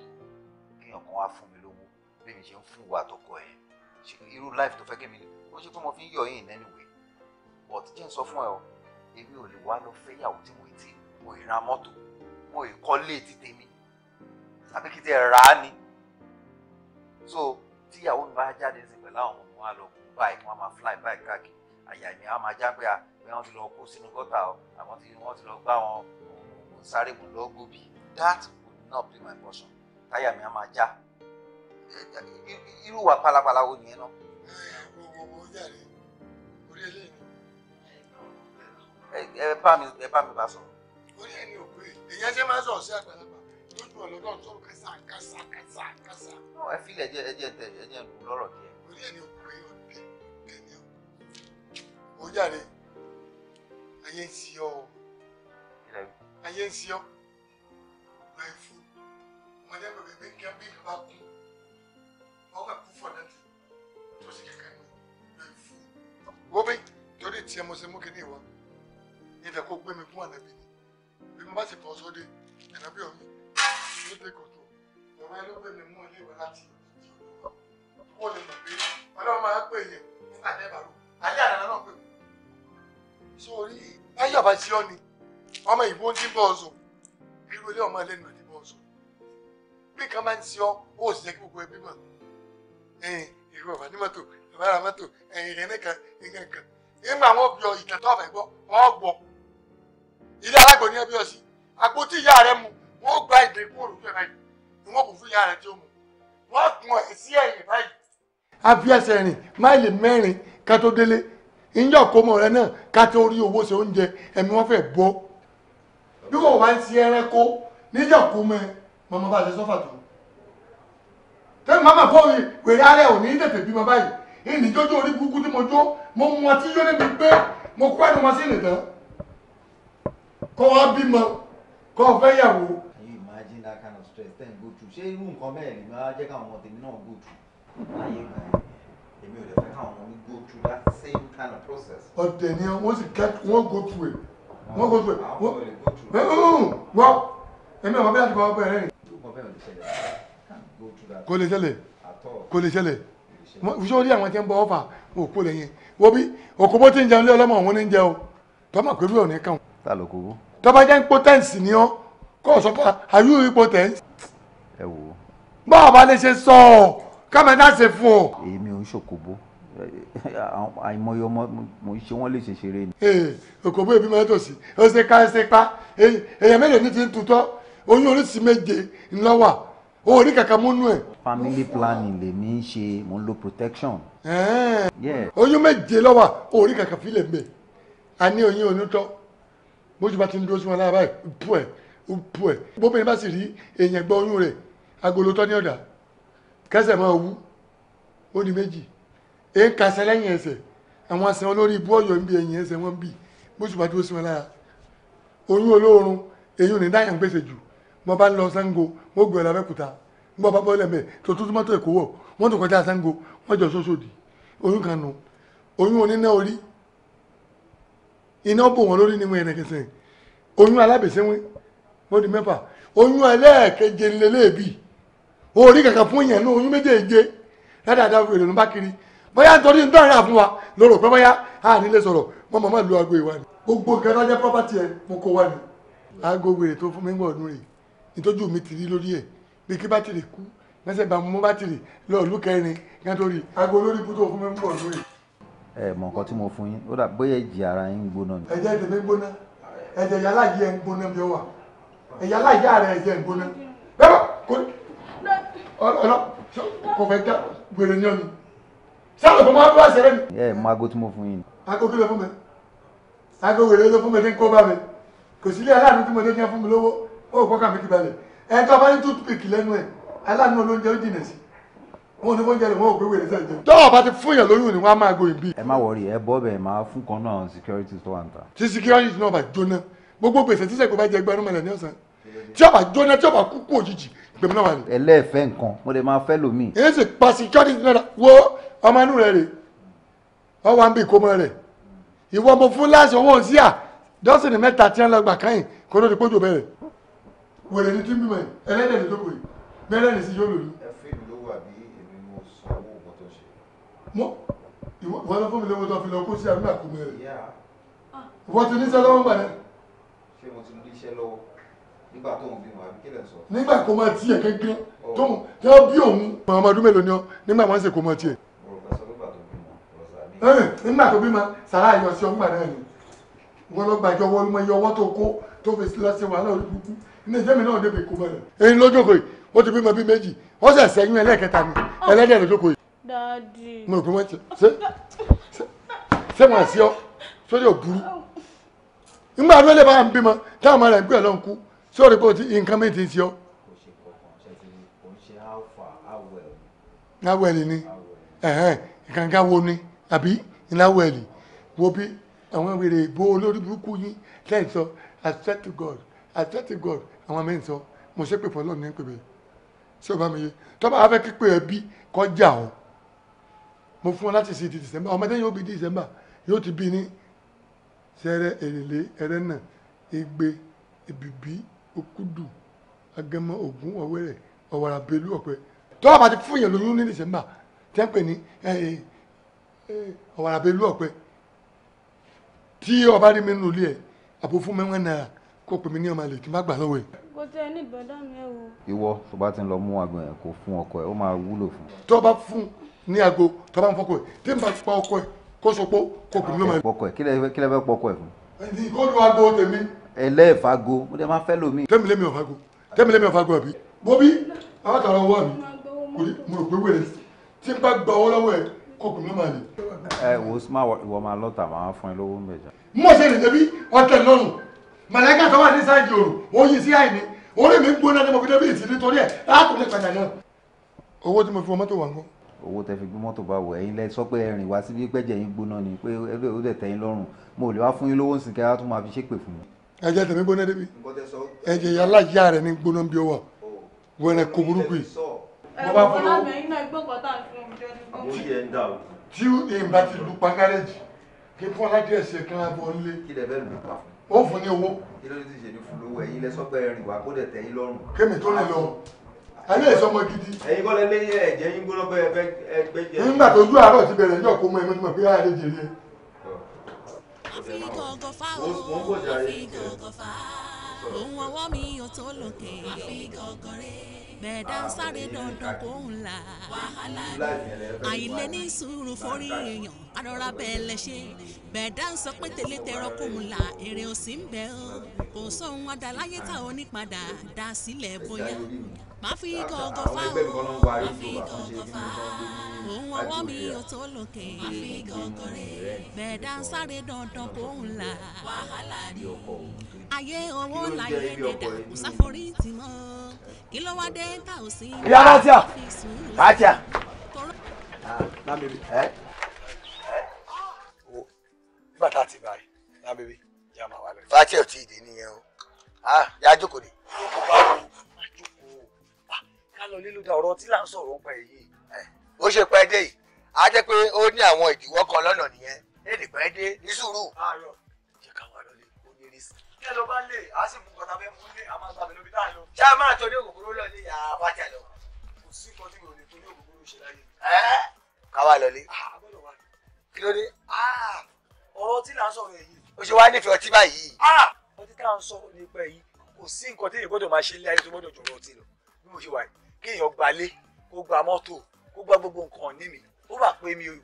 kéèyàn kan wá fún mi lówó bí mi ṣe ń fún ìwà tọkọ ẹ irú life tó fẹ́ kéèmí ni ó ṣe pé mo fi ń yọ yín anyway but jẹ́ n sọ fún ẹ o èmi ò lè wá lọ fẹ́ ìyàwó tí mo ti mo ì ra mọ́tò mo ì kọ́lé ti tèmi tàbí kí n ti rà á ni so tíyàwó mi bá jáde sí pẹ̀lú àwọn ọmọ wọn lọ báyìí wọn máa fly báyìí káàkiri àyà mi á máa já pé à ah, pé wọ́n ti lọ kó sínú gọ́tà o àwọn tí wọ́n ti lọ gbá wọn òun sáré mu lọ gbòbí that would not be my portion táyà mi á máa já irú wa pálapàla wo nìyẹn náà. ẹ wo wo yàrá orí eléyìí ẹ bá mi ẹ bá mi bá sọ̀rọ̀. orí ẹni ò pé èèyàn ṣe máa ń sọ ọ̀sẹ̀ àgbàlagbà lọ́dún ọlọ́dún tó kásá kásá kásá kásá. náà ẹ fílẹ̀ ẹjẹ ẹjẹ tẹ ẹjẹ lù lọ́rọ̀ díẹ̀. orí ẹni òkúrẹ́ ọ̀dẹ kẹ́ni ọ̀ ó jáde ayé ń si ọ́ ayé ń si ọ́ báyìí fún ọmọdé bèbè bí kí á bí bá kú wọ́n kà kú fọ̀ dátì tó sì kẹ̀kẹ́ nù báyìí fún. wọ́n bẹ́ẹ̀ torí tiẹ̀ mo ṣe mú kíní ìwọ ìfẹ́ kó gbé mi tó dé kòtò ìwọ ẹlọ́gbẹ́ mi mú ilé ìwé láti kó lè mọ̀ pé ọlọ́run máa ń pè yẹn nígbà tẹ́ bá rò alẹ́ àdáná náà pè mí. sórí ayé àbá tí ọ ni ọmọ ìbò ń dín bọ́ ọ̀sọ̀ irú ilé ọmọ ẹlẹ́nu ẹ̀ dín bọ́ ọ̀sọ̀ bí kan máa ń ti ọ ó sì jẹ́ kí gbogbo ẹbí mọ̀ ìrú ọ̀bà ní mọ́tò ọ̀bà ra mọ́tò ẹ̀yìn nìkan nìkan kan nígbà wọn bí ọ ìtàn àpótí ìyá rẹ mu wọ́n gba ìgbẹ́ kúrò lójú ẹ̀ báyìí ni wọ́n kò fún ìyá rẹ̀ tí ó mú wọ́n gun ẹ̀ sí ẹ̀yìn báyìí. a fi ẹsẹ̀ rìn máìlì mẹ́rin ká tó délé ìyá ọ̀kọ́mọ rẹ náà ká tó rí owó ṣe oúnjẹ ẹ̀mí wọ́n fẹ́ bọ́ bí kò bá ń ṣe ẹranko níjà kó mẹ màmá bá ṣe sọ́fà tó tẹ́lẹ̀ màmá kọ́ wèrè alẹ́ òní tètè bímọ báyìí ìní jójó orí burúkú tí mo jó mo mú ọtí yó níbi pé mo kọ́ ẹnu wọn sí kọ́ wá bímọ kọ́ fẹ́ yàwó stress ten go through ṣé irú nǹkan bẹ́ẹ̀ ni máa jẹ́ káwọn ọmọ tèmi náà go through láyé ìgbà yẹn èmi ò lè fẹ́ káwọn ọmọ mi go through that same kind of process. ọ̀dẹ̀ ni wọ́n sì kẹ́ wọ́n go through ẹ̀ ah, wọ́n go through ẹ̀ wọ́n eh, eh, eh, wọ́n èmi àwọn bẹ́ẹ̀ àti bàbá bẹ́ẹ̀ rẹ̀. kò lè ṣẹlẹ̀ kò lè ṣẹlẹ̀ sórí àwọn tí ń bọ ọfà wò kó lẹ́yìn wo bí òkú bó ti ń jẹun lé ọlọ́mọ òun ní ń jẹ o tọ́mọ̀ pẹ̀lú ọ̀nà kan. ta ló kó bó. tọ́ba jẹ́ ń potẹ́ǹsì ni ọ́ kó o sọ fún ayú ipò tẹ́ǹsì ẹ wò bá a bá lè ṣe sọ ọ kámẹ náà ṣe fún ọ. èmi ò ń ṣòkòbó àìmọye ọmọ mo ṣe wọn lè ṣe ṣeré ni. òkòbó èmi máa ń ó ṣe ká ẹ ṣe pa èèyàn mélòó ní ti ń tutọ́ oyún oríṣi méje ńlọ́wà o ní kankan mú nú ẹ. family planning lèmi ń ṣe mo ń lo protection. oyún méje lọ́wà o ní kankan fílẹ̀ mbẹ́ a ní oyún onítọ́ bójú bá ti ń dúró sí wọn lára báyìí pú ẹ̀ pú ẹ̀ bóbá yẹn bá sì rí èèyàn gbọ́ oyún rẹ̀ agolo tọ́ ní ọ̀dà kẹsẹ̀ máa wú ó ní méjì èé ń kasẹ̀ lẹ́yìn ẹsẹ̀ àwọn asẹ̀ wọn lórí ibú ọ̀yọ́ ń bi ẹ̀yìn ẹsẹ̀ wọn bì bó ṣùgbọ́n dúró sí wọn lára oyún olóorun èyí ò ní dáyà ń pèsè jù mo bá ń lọ Ṣàngó mo gbé ọ l'Abẹ́òkúta mo bá bọ́ lẹ́mẹ̀ tó tún túmọ́tò èkó wọ̀ wọ́n tún kọjá Ṣàngó wọ́n jọ sóṣòdì oyún kan nù oyún oníná orí iná bò wọ́n lórí ni mo yẹn kẹsẹ̀ oyún alábẹ̀sẹ̀ wọn di mẹ́fà oyún ẹlẹ́ẹ̀keje ńlẹ́lẹ́ẹ̀bì orí kankan fún yẹn ní oyún méjèèje dáadáa wèrè ló ń bá kiri bóyá nítorí nítorí àrà fún wa ló rò pé bóyá a nílé sọ̀rọ̀ mọ́ mọ́ lu aago ìwà ni gbogbo nǹkan tó jẹ́ property ẹ mo kó wá ni aago wèrè tó fún mi ń gbọ́ ọdún rè ìtọ́jú mi ti rí lórí ẹ̀ bí kí bátìrì kú lẹ́sẹ̀ bá mú bátìrì lọ́ọ̀lù kẹrin kan tó rí aago lórí ikú tó fún mi ń gbọ́ ọdún rè. ẹ mọ nǹkan tí mo fún yín ó dà bóyá ìjì ara yín gbóná ni. ẹ̀jẹ̀ tèmi gbóná ẹ̀jẹ̀ yàrá yìí gbóná bí wà ẹ̀yà aláìyá rẹ̀ ẹ̀jẹ̀ gbóná bẹ́ẹ̀ ọlọ kò fẹ́ já wèrè ní ọ̀nà sáàlù kò máa ń bá ṣẹlẹ̀ ni. ẹ mọ aago tí mo fún yín. aago kí ló fún mi aago wèrè ló fún mi tí ń kó bá mi kò sí ilé aláàánú tí mo dé jẹ́ fún mi lówó ó kọ́ kàmí kí balẹ̀ ẹ tó a bá ní toothpick lẹ́nu ẹ̀ aláàánú olóúnjẹ ó jìnà sí wọn ní oúnjẹ rẹ wọn ò security tó wà security náà bá jóná gbogbo gbèsè tí sẹ́gbẹ́ bá jẹ gbẹ́rún mọ́lẹ̀ ní ọ̀sán tí ọba jóná tí ọba kú gbèmí náà wà ní. ẹlẹ́ẹ̀fẹ́ nǹkan mo lè máa fẹ́ lómi. èyí sì pa security náírà wo ọmọ inú rẹ rè ọ wà ń bí ìkómọ rẹ ìwọ mo fún láti owó sí à dọ́sìnì mẹ́ta tí wọ́n lọ gbà káyìn kó ló di pójò bẹ̀rẹ̀ wèrè ní tí mímọ ẹlẹ́dẹ̀ ní tókòyè bẹ́ẹ̀ ní sí yóò lòlú. ẹ fi mi lówó àbí èmi mo san owó nǹkan tó ṣe. mo ìwọ wọn lọ fún mi lówó tó fi lọ kó sí àdúrà nígbà tó ń bímọ àbí kílẹ̀ sọ. nígbà kó máa tiẹ̀ gángan tó ń tí wọ́n bí òun. màmá ọdún mélòó ni ọ nígbà wọn ń ṣe kó máa tiẹ̀. nígbà tó bímọ sàrà yọ sí ọgbà náà ni wọn lọ gbàjọ wọlé mọ iye ọwọ́ tó kó tó fi lọ́sẹ̀ wàhálà orí kúkú ilé iṣẹ́ mi náà débi kó bẹ̀rẹ̀. èyí lójókòó yìí ó ti bímọ bí méjì wọ́n sì ṣẹ́yìn ẹlẹ́ẹ̀kẹta mi ẹlẹ́dẹ̀ lójókòó yìí. dáàdì. mo rò pé wọ́n ti ṣe ṣé màá sí ọ sórí òbúrú. nígbà tó lè bá ń bímọ táwọn ọmọ rẹ̀ ń gbé ẹ̀ lọ́nkú sórí pé nǹkan méjì ti ń ṣe ọ́. láwẹ̀lì ni ìkànga wo ni àbí láwẹ̀lì wo bí àwọn wèrè bó olórí burúkú yín lẹ́yìn sọ accept to God accept to God àwọn mẹ́rin sọ mo ṣépè fọlọ́ ní pèbè ṣé o bá mi yé tọ́ba afẹ́ pípé ẹbí kọjá o mo fún ọ láti ṣe di December ọmọdé yóò bí December yóò ti bí ní sẹ́rẹ́ èrèlé ẹrẹ́ náà igbe èbìbí okudu agẹmọ ogun ọwẹrẹ ọwàrà belu ọpẹ tọ́wọ́ bá ti fún yẹn lóyún ní dìsẹ́mbà tẹ́ ń pè ní ọwàrà eh, eh, eh, belu ọpẹ tí ọba rí mi nínú ilé ẹ̀ àpò fún mẹ́wọ́n náírà kó pèmí ní ọmọ àlè kí n má gbà lọ́wọ́ ẹ̀. kò tẹ ní ìbọ̀dá mi ẹ wo. ìwọ tó bá ti ń lọ mú àgbọn yẹn kó fún ọkọ ẹ ó máa wúlò fún. tó fún ní aago tó ń fọkọ ẹ tí n bá pa ọkọ ẹ kó sọ pé kó pèmí ní ọmọ àlè. kí lẹ fẹ́ pọkọ ẹ fún. ìkọlù aago tèmi ẹlẹ́ẹ̀fago mo dẹ̀ máa fẹ́ lomi. tẹ́mi lẹ́mi ọ̀fago tẹ́mi lẹ́mi ọ̀fago àbí. mo bí alákàrà ọwọ́ mi kò ní mo rò pé wẹ̀rẹ̀ tí n bá gba ọwọ́ lọ́wọ́ ẹ̀ kó kùn mí máa lè. ẹ wo smart wọ máa lọ́tà máa fún ẹ lówó ń bẹ̀jà. mo ṣe lè débi ọtẹ lọ́rùn màláìka tó wà ní sáàjì òrùn oyin sí àìní orí mi gbóná ní mo fi débi ìsìn nítorí ẹ láàkúnlẹ̀ padà náà. owó tí mo fi wọn mọ́tò wà ń kọ́ owó tẹ fi gbé mọ́tò bá wọ̀ ẹ̀yin lẹ sọ pé ẹ̀rìn wá síbi pẹ́jẹ̀ yín gbóná ni pé ó dẹ̀ tẹ̀yìn lọ́rùn mo lè wá fún yín lówó nsìnkẹ́ á tún máa fi ṣépè fún mi ẹ̀jẹ̀ tẹ̀mí gbóná débi ẹ̀jẹ̀ yàrá ìyá rẹ̀ ní gbóná bí ó wà oh. wẹ̀rẹ̀ kò burúkú yìí. mo bá fún ọ mo yẹ ẹ dà o. tí ìgbà ti lu pankárẹ́jì kí fún aládé ẹ̀sẹ̀ kan abọ́ nílé. kí lè bẹ́ẹ̀ lù pa fún. ó fún ní owó. kí ló ti ṣe ní fún lówó ẹ̀yin lẹ́sọ́pẹ́ rìn wá kó dẹ̀ tẹ̀ yín lọ́rùn. kémi tó lè lọ ayé ìsọmọ gidi. ẹ̀yin kọ́lẹ́ lé ẹ̀jẹ̀ yín gbóná bẹ́ẹ̀ fẹ́ ẹgbẹ́ jẹ. nígbà tó ojú àárọ̀ ti bẹ̀rẹ̀ ní ọ̀kọ́ mọ́ ẹ̀mọ́ fi gọ̀gọ̀ fà ó àfi gọ̀gọ̀ fà á òun ọwọ́ mi ò tó lòkè àfi gọ̀gọ̀ rẹ̀ bẹ̀ẹ̀dá sáré dandan kò ń la wàhálà àìlè ní sùúrù forí èèyàn arọra bẹ́ẹ̀ lẹ ṣe bẹ̀ẹ̀dá sọ pé tèlé tẹ̀rọ kò ń la èrè ò ń bẹ o kò sóhun adáláyé tá ò dá sílẹ̀ bóyá máa fi gọ̀ọ̀gọ̀ fá o máa fi gọ̀ọ̀gọ̀ fá òun ọwọ́ mi ò tó lòkè máa fi gọ̀ọ̀gọ̀ rè bẹ́ẹ̀ sáré dandan kó ń là wàhálà ni ayé owó láyé dẹ̀dà kò sáforí tì mọ́ kí ló wá dé tá ò sí. ìyá bàtíà bàtíà. bàtà ti báyìí náà bèbí máa wà lẹ́yìn. bàtíà ò tí ì dé nìyẹn o ah, yá jókòó ni lọ nílùú da ọ̀rọ̀ tí là ń sọ̀rọ̀ ń pa èyí. ó ṣe pẹ́ dé yìí á jẹ́ pé ó ní àwọn ìdíwọ́ kan lọ́nà nìyẹn lédè pẹ́ dé ní sùúrù. àárọ̀ jẹ káwọn àlọ́ lè kó ní rísì. kí ẹ lọ bá lè á sì mú kọta fẹ́ mú lé àmọ́ àgbàbẹ̀ lóbi tá a lọ. ṣé a máa tọ́ ní òkòkòrò lọ ní ìyá abájà lọ. kò sí nǹkan tí mi ò lè tó ní òkòkòrò ṣe láyé. ẹ káwa lọ lé. kí ló dé. ọ̀rọ̀ tí là ń sọ̀rọ̀ èyí. ó ṣe wá nífẹ̀ẹ́ ọtí báyìí. ọtí tá à ń sọ̀rọ̀ nípa èyí kò sí nǹkan tí èyí gbọ́dọ̀ máa ṣe ilé ayé tó gbọ́dọ̀ jọ̀rọ̀ ọtí lọ bí mo ṣe wà yìí kéèyàn gbalé kó gba mọ́tò kó gba gbogbo nǹkan ní mi ó bà pé mi o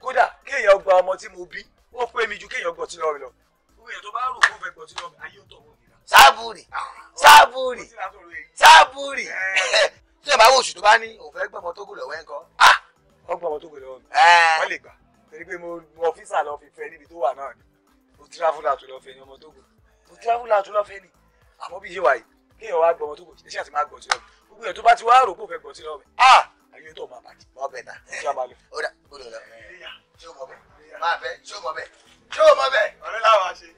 kódà kéèyàn gba ọmọ tí mo bí ó pé mi ju kéèyàn gbọ́ tí lọ́ọ̀rì lọ gbogbo èèyàn tó bá rò kó fẹ́ gbọ́ tí lọ́ọ̀rì ayé ò tọ̀ wọ́n nira. sábúrì sábúrì sábúrì tí ẹ bá wò oṣù tó bá ní òun fẹ́ gbọ́mọ tó gùn lọ́wọ́ ẹ̀ ń kọ́. Ah! wọ́n gbọ́mọ tó gùn lọ́wọ́ mi wọ́n lè gbà torí pé mo ọfíìsà lọ fi fẹ́ níbi tó wà náà ni mo gbogbo ẹ̀ tó bá ti wá rò kó fẹ́ gbọ́ sí lọ́wọ́ ah ayé tó máa bàjẹ́ máa bẹ̀ ta ṣé a máa lè. ó dà ó dà ṣé o mọ bẹ máa bẹ ṣé o mọ bẹ ṣé o mọ bẹ. ọ̀rẹ́ làwọn ṣe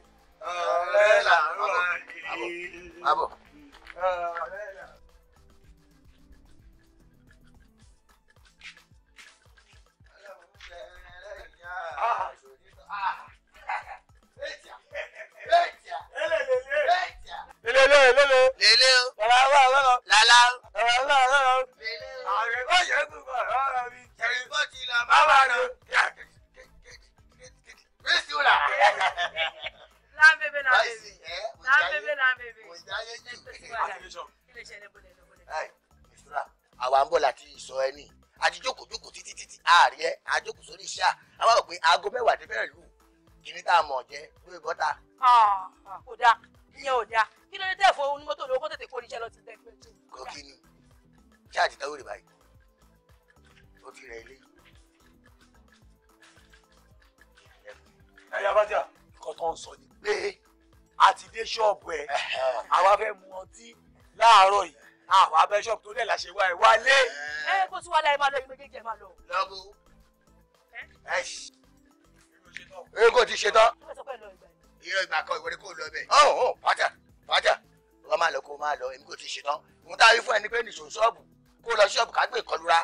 ọ̀rẹ́ làwọn ṣe. mábọ̀ ọ̀rẹ́ làwọn. Ah! lele lele lele lala lala lala lala lala lele àrẹ̀kọ́ yẹn tún bọ̀ lọ́rọ̀ mi kẹrìnkọ́ ti la má bá lọ wíṣí ó là. lábẹ́bẹ́ lábẹ́bẹ́ lábẹ́bẹ́ lábẹ́bẹ́ kò jáyé jù kí lè ṣẹlẹ̀ bọ̀lẹ̀ lọ́wọ́lẹ̀. àwa ń bọ̀ láti sọ ẹ ní títí títí àárí ẹ àjókòó sórí iṣẹ́ àwọn àwọn aago mẹ́wàá ti fẹ́rẹ̀ lù kí ní tá mọ̀ jẹ́ lórí bọ́tà. kò dáa ìyẹn ò dáa kí ló dé tẹ́ fún onímọ́tò lówó kó tètè kó oníṣẹ́ lọ sí tẹ́gbẹ́ tó. gòkè ni ṣé àtìtáwò rè báyìí ó ti rẹ ilé. ẹyà bájà nǹkan tó ń sọ ni pé a ti dé ṣọ́ọ̀bù ẹ̀ àwa fẹ́ mu ọtí láàárọ̀ yìí àwọn abẹ́ ṣọ́ọ̀bù tó dẹ̀ láṣẹ wá ẹ̀ wálé. ẹ kó tí wàá láyé máa lọ ìgbẹ́ kéjì ẹ̀ lọ. lọ́gùn ẹ̀ ẹ̀ irọ́ ìgbà kan ìwé kò lọ bẹ́ẹ̀. ọ̀ ọ̀ pátá pátá wọ́n máa lọ kó máa lọ èmi kò ti ṣetán òun táwọn ifọ̀ ẹni pé nìṣó ṣọ́ọ̀bù kó lọ ṣọ́ọ̀bù ká gbé ìkọlura.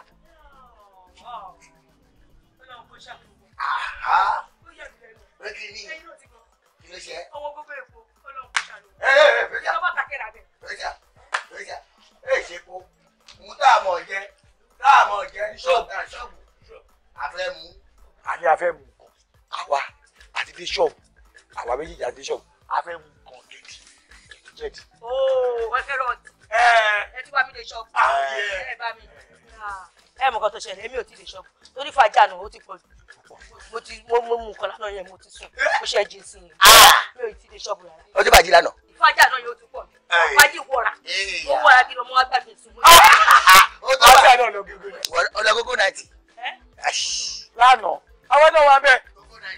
Mú táàmù ọ̀jẹ́ táàmù ọ̀jẹ́ ṣọ́ọ̀bù ṣọ́ọ̀bù àfẹ́ mú. Àní àfẹ́ mú. Àwa àti fi ṣọ́ọ̀bù àwa méjèèjì àti ṣọ́ọ̀bù a fẹ́ mú nǹkan gidi jẹ́dì. ooo ẹ fẹ́ rọ̀ọ̀tì ẹ tún bá mi lè ṣọ́ọ̀bù ah, ẹ bá mi ah. ẹ mọ̀ kan tó ṣẹlẹ̀ èmi ò tí ì lè ṣọ́ọ̀bù torí fàájà nù ó ti pọ̀ jù mo ti mo mú nǹkan lánàá yẹn mo ti sùn eh? mo ṣe jìn sí i ah! mi ò tí ì lè ṣọ́ọ̀bù rárá. ó ti bàjí lánàá. fàájà náà yóò tún pọ̀ jù eh. fàájì wọra mo wọra kí lọmọ wa gbàgbé sùn. ọlọgógó náà ti. Eh? lánàá àwọn náà wà bẹ́ẹ̀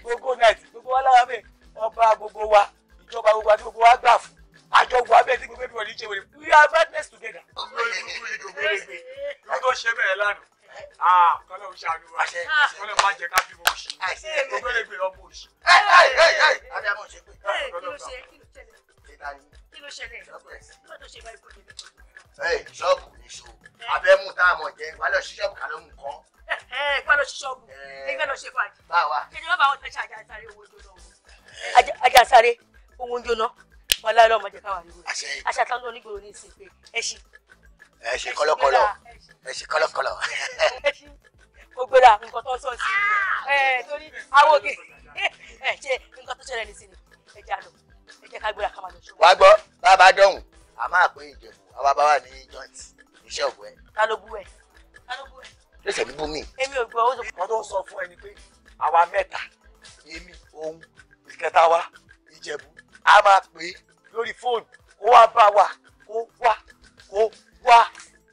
gógó náà ti gbogbo wa lára bẹ́ẹ̀ ọba gbogbo wa ìjọba gbogbo àti gbogbo wa gbà fún àjọwò abẹ́ tí gbogbo everybody ṣe we are madness together. lórí burúkú yìí kò gbére gbé kí tó ṣe bẹ́ẹ̀ lánàá ah, kọ́lọ́ ń ṣàánú wa kọ́lọ́ máa jẹ ká bí mo ṣì kò gbére ọmọ òṣì. adamọ ṣe pé kí ló tá a mọ̀ jẹ́ wà lọ sí ṣọ́ọ̀bù kálọ́ mú kọ́. ẹ eh, ẹ kí eh, wàá lọ sí ṣọ́ọ̀bù èyí eh. lọ ṣe fàájì. báwa èdè lọ́ba àwọn tó ń ṣe àjà ìtàrí owó tó lọ ajá sáré ohun jóná wọn láì lọ́mọ jẹ káwọn àríwó àṣà tán ló nígboro ní ìsìn pé ẹṣin. ẹṣin kọ̀lọ̀kọ̀lọ̀ ẹṣin kọ̀lọ̀kọ̀lọ̀. ẹṣin mo gbéra nǹkan tó ń sọ sí i ẹ torí awòge ẹ ṣe nǹkan tó ṣẹlẹ̀ nísìnyí ẹ jà lọ ẹ jẹ́ ká gbéra ká máa lọ ṣòwò. wàá gbọ́ bàbá dọ̀hùn a máa pé ìjẹ̀bù àwa bá wà ní joint iṣẹ́ ògbó ẹ̀. ta ló bú ẹ ta ló bú ẹ. lóṣèlú bú mi. èmi ò gbọ́ kẹta wa ìjẹ̀bú a máa pè é lórí fóònù kó wá bá wa kó wá kó wá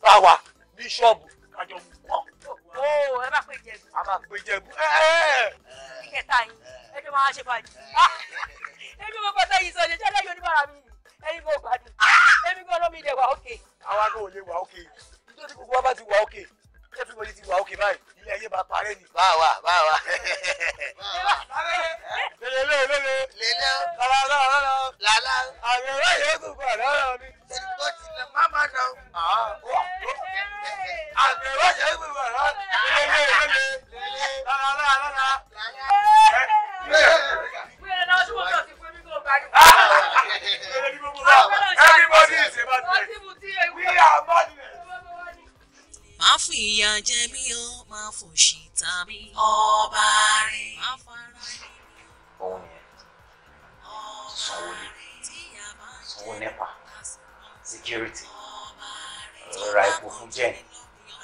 bá wa ní ṣọ́ọ̀bù kájọ mú wọn. ó ẹ bá pè jẹ̀bú. a máa pè jẹ̀bú. ìkẹta yìí ẹjọ́ máa ṣe fàájì. Ah! ẹjọ́ máa bọ́tà yìí sọ̀rọ̀ jẹ́jẹ́ lẹ́yìn oníbàárà mi ẹni mo gbádùn ah! ẹni gbọ́dọ̀ mi lè wà àwa náà ò lè wà ókè nítorí gbogbo wa bá ti wà ókè Ah, oh, oh, oh. everybody is wà ókè báyìí a wà bá we are madmen máa fún ìyà jẹ mí o máa fòṣì ta mí. ọba rẹ máa fara rẹ. òun yẹn sanwó-ilé sanwó nepa security ra epo fún jẹ́ni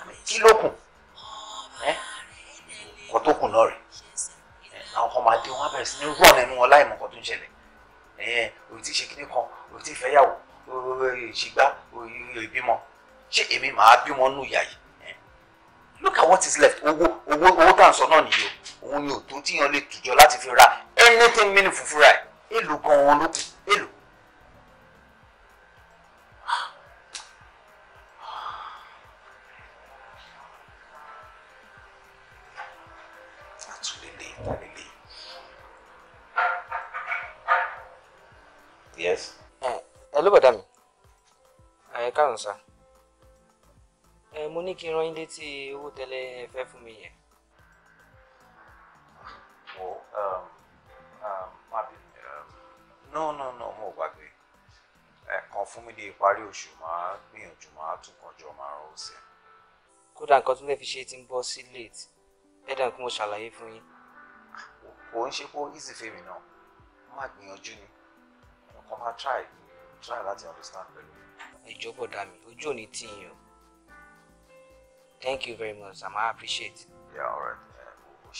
àmì kí ló kù kò tó kù náà rẹ̀ àwọn kan máa dé wọn bẹ̀rẹ̀ sí ní rọ̀ nínú wọn láì mọ̀ nǹkan tó ń ṣẹlẹ̀ òyì tí ṣe kíní kan òyì tí ìfẹ́yàwó ṣìgbà òyì ìbímọ ṣé èmi màá bímọ nù ìyá look at what is left owó owó owó tá à ń sọ náà nìyí o òun ni òtún tíyan lè tùjọ láti fi ra anything meaningful fúnra ẹ̀ èlò gan-an ló kù èlò. Yes. Hello, madam. Ẹ káàrún sá mo ní kí n rán yín létí owó tẹ́lẹ̀ ẹ fún mi yẹn. wo um, um, má bí um, no no no mo gbàgbé ẹ̀kan fún mi dé ìparí oṣù máa gbìyànjú máa tún kọjọ máa rọ ọ̀sẹ̀. kódà nǹkan tó fẹ́ fi ṣe ti ń bọ́ sí late ẹ̀dà kí mo ṣàlàyé fún yín. kò ń ṣe kó easy fèmí náà má gbìyànjú ni ọkọ máa try try láti understand pẹ̀lú. ìjọ́bọ̀dá mi ojú ò ní tì o. Thank you very much, Sam. I appreciate it. Yeah, all right. Yeah, we'll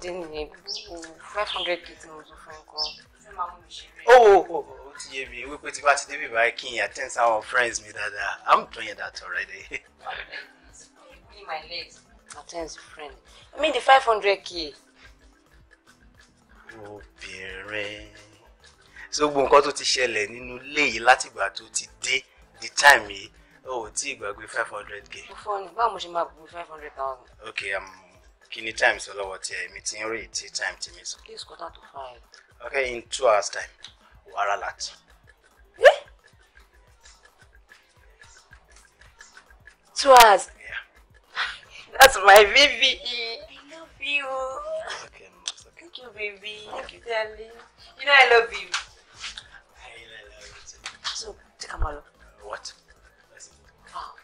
dín nìyẹn five hundred k tí mo sọ fún ẹ kọ. ó ó ó ti yé mi wípé tí bá ti débi báyìí kí n attend sáwọn friends mi dáadáa i'm doing that already. be my leg attend to friend I mean the five hundred k. obìnrin so gbogbo nǹkan tó ti ṣẹlẹ̀ nínú ilé yìí látìgbà tó ti dé the time yìí o ò tí ì gbàgbé five hundred k. mo fọ́ ni báwo mo ṣe máa gbé five hundred thousand. okay i'm um, kí ni time sọ lọ́wọ́ tiẹ̀ èmi ti rí ìtí time tèmi sọ. please quarter to five. okay in two hours time wàrà láti. two hours. Yeah. that's my baby. i love you. okay, okay. thank you baby thank you darling you know i love you. so take a along. Uh, what. Ah.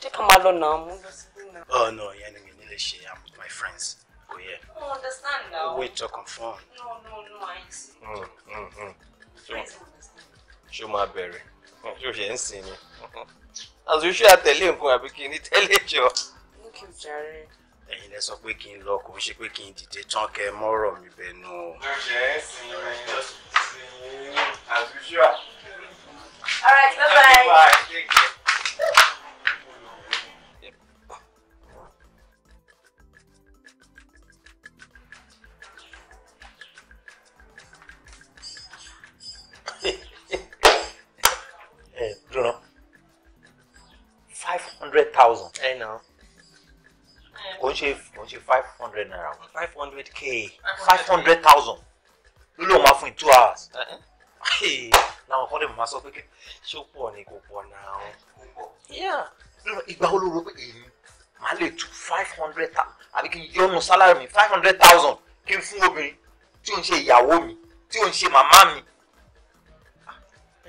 take a along now. oh no yanni mi lè ṣe I'm with my friends. Go here. No, understand now. Wait talk on phone. No, no, no, I see. Mm, mm, mm. So, ṣé o máa bẹ̀rẹ̀? Mm, ṣé o ṣe ń sin ni? Àṣù ṣé àtẹ̀lé nǹkan àbí kí n ní tẹ́lẹ̀ jọ? Ní kí n jàre. Ẹ̀yin lẹ sọ pé kí n lọ kò ń ṣe pé kí n dìde tán kẹ mọ́rọ̀ mi bẹnu. Ṣé o ṣe ń sin ni? Àṣù ṣé ṣe five hundred naira wọn. k five thousand ló lóun máa fún in two hours. làwọn kan lè máa sọ pé ṣé ó pọ̀ ni kò pọ̀ náà wọn. ìgbà wo ló rò pé èyí máa lè tu five hundred thousand àbí kí n yọnu sálárì mi five thousand kí n fún obìnrin tí ò ń ṣe ìyàwó mi tí ò ń ṣe màmá mi. Ah,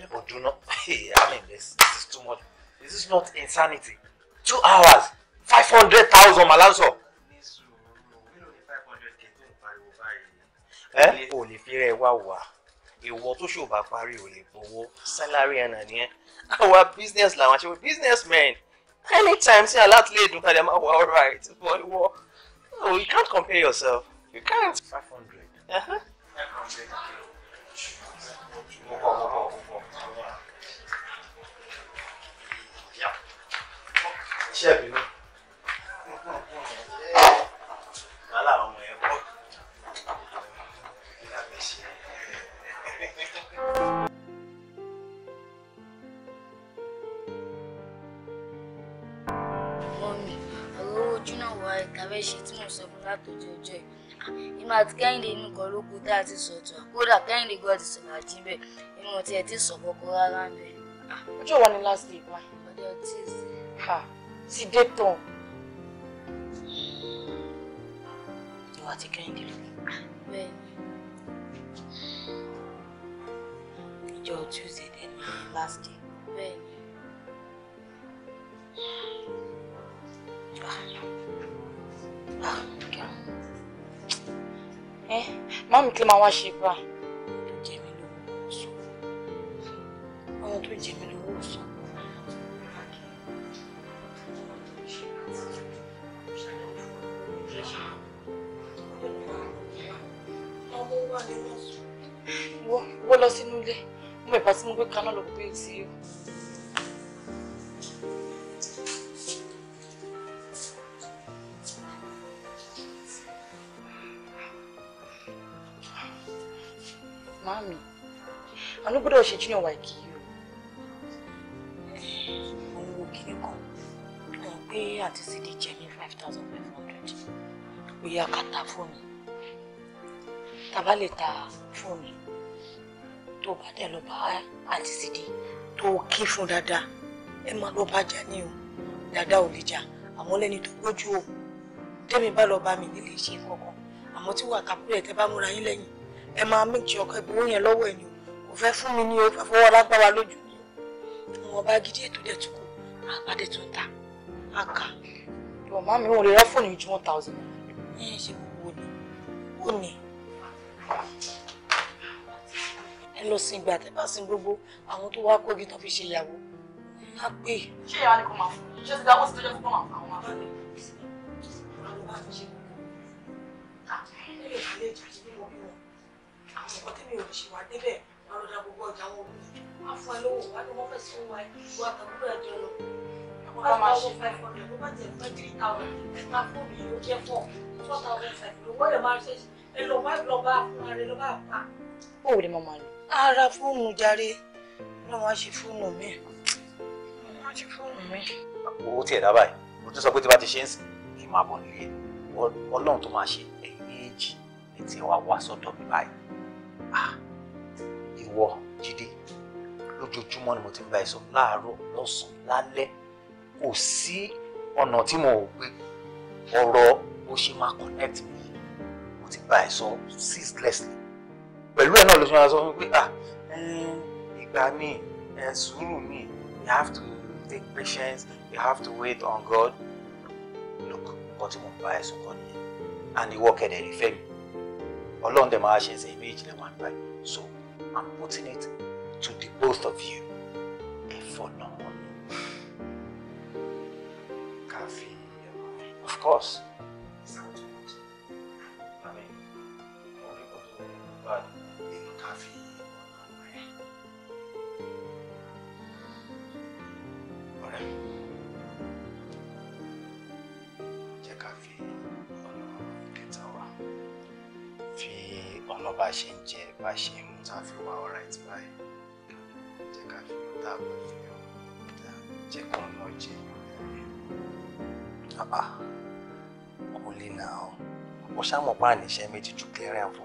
ẹ̀bùn dùnà I mean this, this is too much this is not insanity two hours five hundred thousand malanso ẹ ò lè fi rẹ wá wà ìwọ tó ṣòbá parí ò lè gbowó salary ẹ̀nà nìyẹn àwa business làwọn ṣe wọ businessmen anytime tí alátìlẹ́ ìdún kalẹ̀ máa wà all right but ìwọ oh, you can't compare yourself you can't. five fẹ́ ṣe tí mo sọ fún látọjọ́ ọjọ́ yìí ah, ìmọ̀ àti kẹ́hìndé inú kan ló kú tá a ti sọ̀tọ̀ kódà kẹ́hìndé gan ti sọ̀rọ̀ àti bẹ́ẹ̀ ìmọ̀ tí ẹ ti sọ kọ́kọ́ rárá ń bẹ̀. Ah, ọjọ́ wa ni last day wa. ọjọ́ tíìsì. ti dé tán. ìwà àti kẹ́hìndé ló kú. Ah, bẹ́ẹ̀ ni. ìjọ tuesday then last day. bẹ́ẹ̀ ni. 啊。eh, má mi kí ló máa wá ṣe bá jẹ mí lówó sọ ọmọ tó jẹ mí lówó sọ. wọ́n lọ sínú mo bẹ̀ bá tí mo gbé kaná lọ gbé tí o. àánú gbọ́dọ̀ ṣe junior wa kì í o mo wo kìíní kan mo rò pé àti cd jẹ ní five thousand five hundred bóyá ká ta fóònù tàbá lè ta fóònù tó bá dẹ̀ lọ bá àti cd tó kí fún dáadáa ẹ má lọ bá jà ní o dáadáa ò lè jà àwọn lẹ́ni tó gbójú o tẹ́mi bá lọ bá mi nílé iṣẹ́ kankan àmọ́ tí wàá kápẹ́ tẹ́ bá múra yín lẹ́yìn ẹ máa méjì ọkọ̀ ìgbowó yẹn lọ́wọ́ ẹ̀ ni kò fẹ́ fún mi ní ọwọ́ lágbára lójú ni wọn bá gidi ètò dẹ̀ tún kù àpàdé tún ta àkà ìwọ̀n máa mi ò lè rán fóònù ju one thousand ní ẹ̀ ṣe gbogbo ni ó ní ẹ lọ sin ìgbà tẹ́ bá sin gbogbo àwọn tó wá kógi tó fi ṣe ìyàwó á pè. ṣé ìyá ni kò máa fún ṣé ti dáwọ́ sí tó jẹ́ fún àwọn àwọn àwọn ọkọ tẹ́mi ò lè ṣe wà débẹ̀ ra gbogbo ọjà wọn wò á fún ẹ lówó wá ní wọ́n fẹ́ sún wa ìlú àtàkùrọ̀ ẹ̀jẹ̀ lọ. wọ́n bá wọ́n five hundred wọ́n bá tẹ̀ fẹ́ three thousand ẹ̀ka fún mi ó jẹ́ four four thousand five hundred wọ́n lè máa ṣe ẹ lọ wá lọ bá fún ara ẹ lọ bá pa. ó rí mọ́mọ́ ni. ara fóònù jàre ló wá ṣe fóònù mi wá ṣe fóònù dá báyìí mo tún sọ pé tí bá ti ṣe ń sìn kí n máa bọ̀ nílé ọlọ́run tó máa ṣe ẹ̀yìn méjì ètí ẹ̀ wá wá sọ́dọ̀ mi báyìí. Ah, ìwọ jíde lójoojúmọ́ ni mo ti ń bá ẹ sọ láàárọ̀ lọ́sàn-án lálẹ́ kò sí ọ̀nà tí mo ò gbé ọ̀rọ̀ bó ṣe máa connect mi mo ti bá ẹ ceaselessly pẹ̀lú ẹ̀ náà ló ṣe máa sọ fún mi pé ah ìgbà mi sùúrù mi you have to take patience you have to wait on God look nǹkan tí mo bá ẹ sọ nìyẹn and ìwọ kẹ̀dẹ̀ rí fẹ́ mi ọlọ́run dẹ̀ máa ṣe ẹsẹ̀ méjì lẹ́wọ̀n àgbáyé so I'm putting it to the both of you. Ẹ fọ̀nà wọn ni. Káfí, of course. I mean, I'm to, but bá ṣe ń jẹ bá ṣe ń tá a fi wá alright báyìí jẹ́ ká fi yọ tá a bá fi yọ jẹ́ kó náà jẹ́ yọ kò lè nà ọ́ ó ṣàmọ̀ pa àníṣẹ́ méjì ju clearing and lọ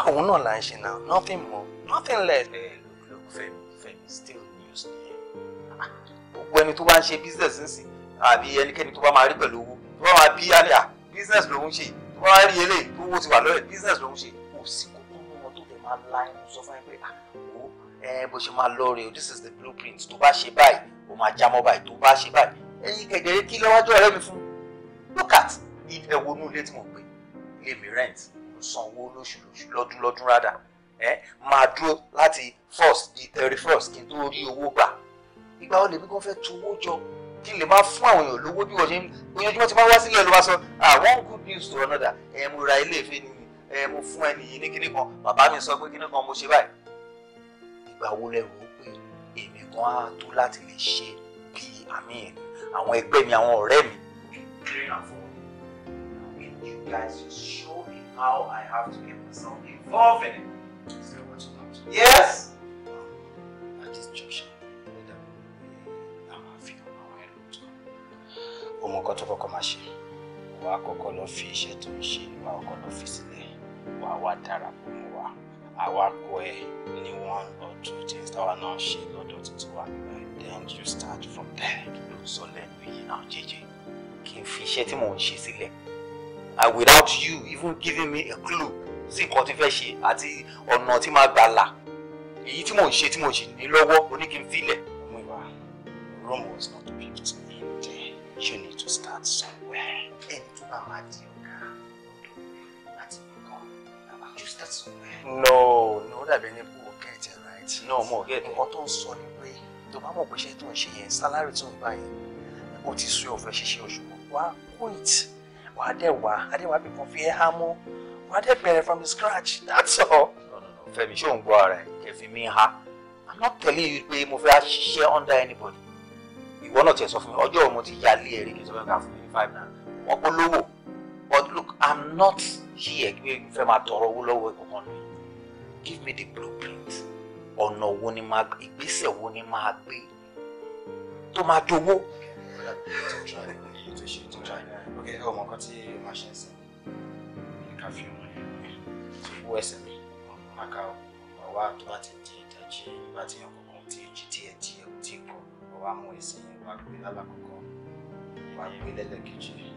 àwọn náà là ń ṣe now nothing more nothing less. ẹ eh, ẹ look look Fẹ́mi Fẹ́mi still news nìyẹn ah, gbogbo ẹni tó bá ń ṣe business nsìn àbí ẹnikẹ́ni tó bá máa rí pẹ̀lú owó tó bá máa bí àlẹ́ à ah, business ló ń ṣe tó bá rí eléyìí tó owó ti wà lọ́rẹ̀ business ló ń ṣe kò sí kò máa la ẹnu sọ fún ẹ pé àwọ ah, ẹ bó ṣe máa lọ rè o this is the blueprint tó bá ṣe báyìí o máa já báyìí tó bá ṣe báyìí ẹyin kẹ̀dẹ̀rẹ́ kí lọ́wọ́jọ́ ọ̀rẹ́ mi fún look at ẹ wo inú ilé tí mo gbé ilé mi rent mo san owó lóṣù lọ́dún lọ́dún rádà ẹ máa dúró láti first di thirty first kí n tó rí owó gbà ìgbà wo lèmi kan fẹ́ tu jọ kí n lè máa fún àwọn èèyàn lówó bí wọ́n ṣe ń ojoojúmọ́ ti máa wá sílẹ̀ ló sọ ah one good news to another ẹ̀ mo ra ilé ìfẹ́ ni ẹ mo fún ẹ nìyí ní kinní kan bàbá mi sọ pé kinní kan mo ṣe báyìí ìgbà wo lẹ rò ó pé èmi kan á tó láti lè ṣe bí àmì àwọn ẹgbẹ́ mi àwọn ọ̀rẹ́ mi. You guys just show me how I have to get myself involved in it. Yes! Eh, Ọmọ kan tó kọ́kọ́ máa ṣe, wàá kọ́kọ́ lọ fi iṣẹ́ tó ń ṣe, wàá kọ́kọ́ lọ fi sílẹ̀ wàá wá darapọ̀ mọ́ wa àwa kọ́ ẹ ní one or two things táwa náà ṣe lọ́dọ̀ tuntun wa then you start from there sọ lẹ́nu yìí náà jẹ́jẹ́ kí n fi iṣẹ́ tí mò ń ṣe sílẹ̀ and without you even giving me a clue sí nǹkan tí fẹ́ ṣe àti ọ̀nà tí máa gbà là èyí tí mò ń ṣe tí mò ń ṣe ní lọ́wọ́ oníkìnfilẹ̀. ọmọọba Rome was not built in a you need to start somewhere. ẹni tó bá wá di use that somewhere. no no dàbí ẹni kò get it right. no more get it. nǹkan tó ń sọ ni pé tó bá mọ̀ pé iṣẹ́ tó ń ṣe yẹn sálárì tó ń gbà yẹn ó ti sú ọ̀fẹ́ ṣiṣẹ́ oṣù wa quit wa dẹ̀ wá adéwà bí kan fi ẹ́ há mọ́ wa dẹ̀ bẹ̀rẹ̀ from scratch that's all. no no no Fẹ́mi ṣé ò ń gbọ́ ara ẹ kẹfì mi ha i'm not telling you pé mo fẹ́ share under anybody You náà tiẹ̀ sọ fún mi ọjọ́ want to yálé ẹ̀rí kí n sọ fẹ́ ká fún mi five naira but look i'm not yí ẹ pé fẹ́ máa tọrọ owó lọ́wọ́ ẹ kankan nù give me the blueprint ọ̀nà wo ni máa ìgbésẹ̀ wo ni máa gbé tó máa dowó. Okay, ọmọ ẹsẹ̀ yẹn wá gbé lálàkọ̀kọ̀ wá gbé lẹ́lẹ́kejì.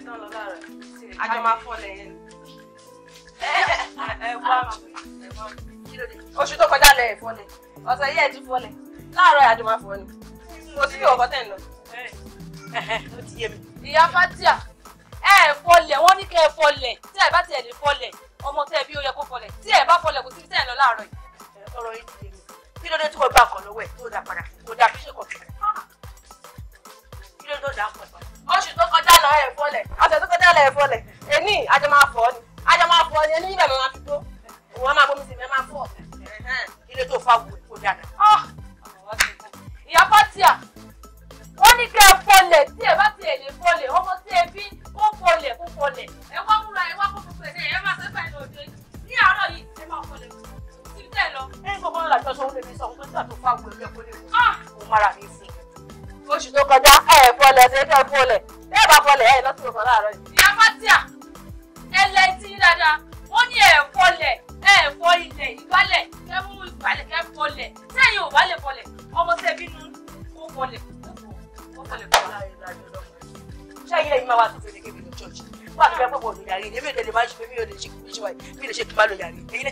níbi tán lọ láàárọ̀ àjọ máa fọ́ lẹ́yìn. ẹ wá oṣù tó kọjá lẹ ẹ̀fọ́ lẹ ọ̀sẹ̀ yìí ẹ̀ tún fọ́ lẹ láàárọ̀ àjọ máa fọ́ ni kò sí ìwọ̀kọ́ tẹ̀ ń lọ. ìyá fatia ẹ ẹ fọlẹ̀ wọ́n ní kẹ́ ẹ fọlẹ̀ tí ẹ bá tiẹ̀ lè fọlẹ̀ ọmọ tẹ́ ẹ bí ó yẹ kó fọlẹ̀ tí ẹ bá fọlẹ̀ kò síbi tẹ́ ẹ lọ láàárọ̀ yìí. ọ̀rọ̀ yìí ti yé mi kí ló dé tí wọ́n gbà kàn lọ́wọ́ ẹ̀ tó dà padà kò dà bí ṣe kọ̀ tó kí ló dé tó dà á pọ̀ oṣù tó kọjá lọ ẹ̀ fọlẹ̀ ọ̀sẹ̀ tó kọjá lọ ẹ̀ fọlẹ̀.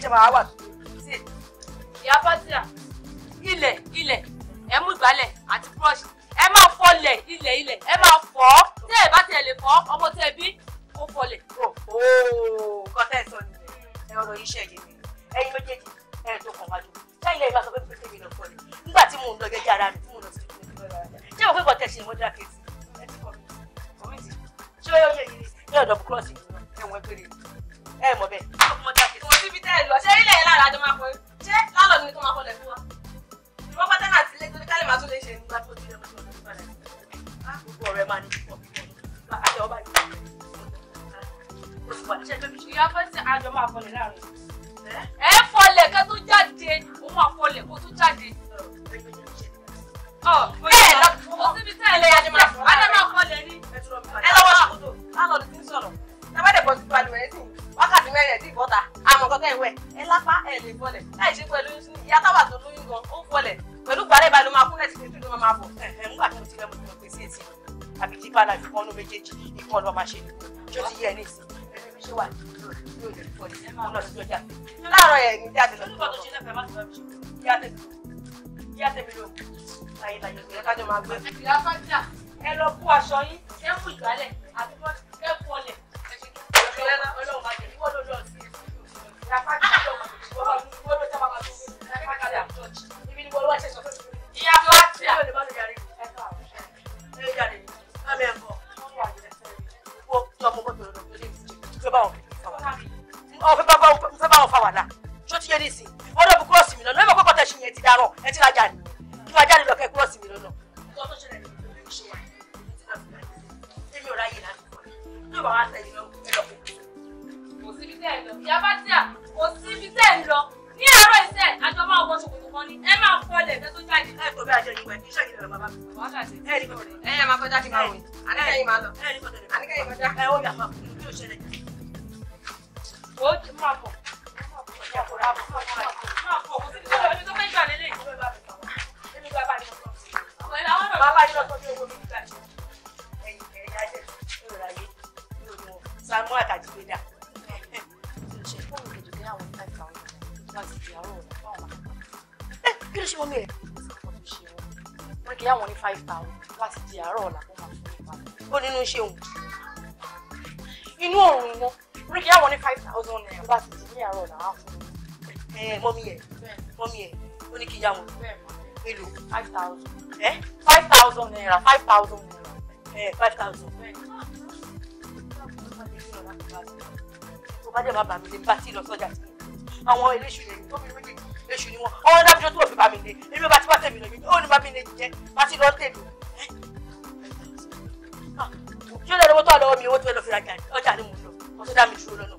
Sema Awad lọ máa ṣe tí ti yẹ ní ẹni ṣe wà ní yóò lè fọ ní lọ sí ọjà láàárọ̀ ẹ̀ ní bí a ẹ lọ kó aṣọ yín ẹ kú ìgbálẹ̀. five thousand ẹ five thousand naira five thousand naira ẹ five thousand tó bá dẹ̀ bá bàmí lé bá tí lọ sọ́jà sí àwọn eléṣu yẹn tó fi méjì eṣu ni wọn ọwọ́ dábìjọ́ tó fi bàmí lé èmi bá ti bá tẹ̀mí lọ mi ó ní bàmí lé jẹ bá tí lọ tẹ̀mí tí ó lẹ́nu owó tó wà lọ́wọ́ mi owó tó fẹ́ naira. fi rajà ọjà ni mo lọ wọ́n tó dá mi dúró lọ́nà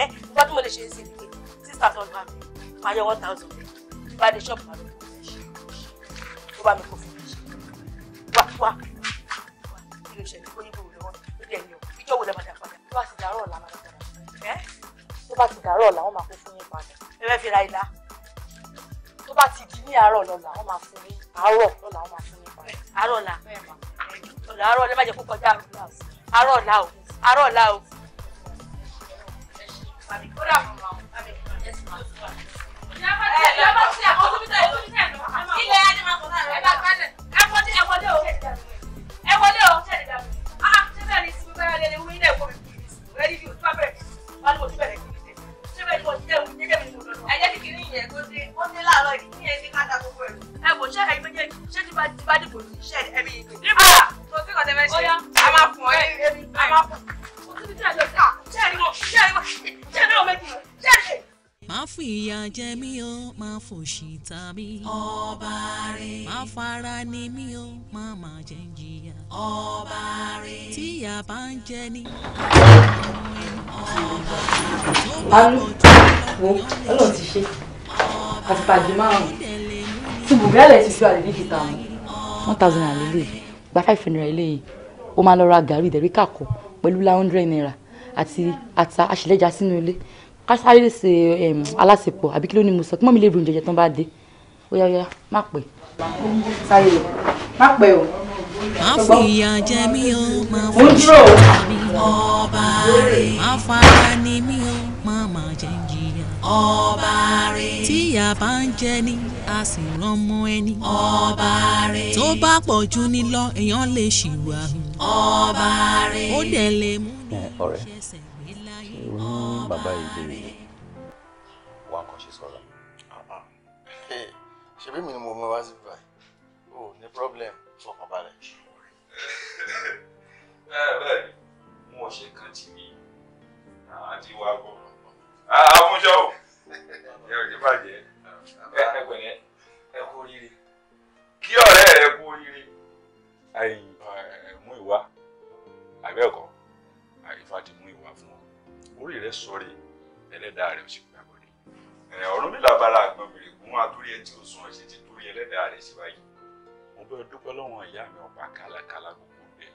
ẹ́ nígbà tí mo lè ṣe é sí ni pé six thousand bá mi máa yọ one thousand bí bá dé ṣọ́ọ̀bù bá mi wá mi kò fi wá wá kí ló ṣẹlẹ̀ kóyún gbòòrò lọ́wọ́ ló dé ẹ̀yìn o ìjọ wo lẹ́ máa dà padà tó bá ti dàárọ̀ ọ̀la máa dà To ẹ́ tó bá ti dàárọ̀ ọ̀la wọ́n máa kó fún yín padà ẹ fi ra ilá tó bá ti di ní àárọ̀ lọ́la wọ́n máa fún yín àárọ̀ lọ́la wọ́n máa fún yín padà àárọ̀ ọ̀la ọ̀la àárọ̀ ọ̀la má kó kọjá àárọ̀ ọ̀la o àárọ̀ ọ̀la o. Yes, ma'am. fòṣìta mi. ọba rẹ̀. má fara ni mí o má má jẹ́ jìyà. ọba rẹ̀. tí ìyà bá ń jẹ ni. alu wo ọlọ́run ti ṣe àti pàdé márùn-ún tí bùbẹ́lẹ̀ ti ju àlè ìta mu. one thousand and lele gba five hundred eléyìí ó máa lọ ra gàrí ìdẹ̀ríkà kọ pẹ̀lú la hundred naira àti ata àṣìlẹ́jà sínú ilé kásáré ṣe aláṣepọ̀ àbí kí ló ní mo sọ kí mọ́mi lè ròyìn jẹjẹ tán bá dé ó yá ó yá má pẹ́. sáyé o má pẹ́ o. má fìyà jẹ mí o má fòṣù mi ọba rẹ̀ má fara ni mí o má má jẹ jìyà ọba rẹ̀ tíyà bá ń jẹ ní a sì rọmọ ẹni ọba rẹ̀ tó bá pọ̀ jù ní lọ èèyàn lè ṣìwà ọba rẹ̀ ó dẹ̀ lè mú ní ṣẹ̀ṣẹ̀ ní bàbá ìbéèrè wà kàn ṣe sọ́ra. Ah, ah. ṣebí mi ni mo mọ wá sí báyìí o ní problem fọkànbalẹ̀. Eh, bẹ́ẹ̀ ni mo ṣe kàn tí mi ah, àti wà gbọ́dọ̀. àmúṣọ o ẹ ò ní bàjẹ́ eh, ẹ pẹ̀lẹ́ ẹ kú oríire kí ọ̀rẹ́ rẹ kú oríire. àyìn mú ìwá àbẹ́ ọ̀kan orí rẹ sọrí ẹlẹ́dàá rẹ o sì gbàgbọ́ ni ọ̀run mi làbára àgbọn mi rè kún wọn o ẹ tí ò sún ọṣẹ ti torí ẹlẹ́dàá rẹ sí báyìí mo bẹ́ẹ̀ dúpẹ́ lọ́wọ́ ìyá mi ọ̀pá kàlàkàlà gbogbo rẹ̀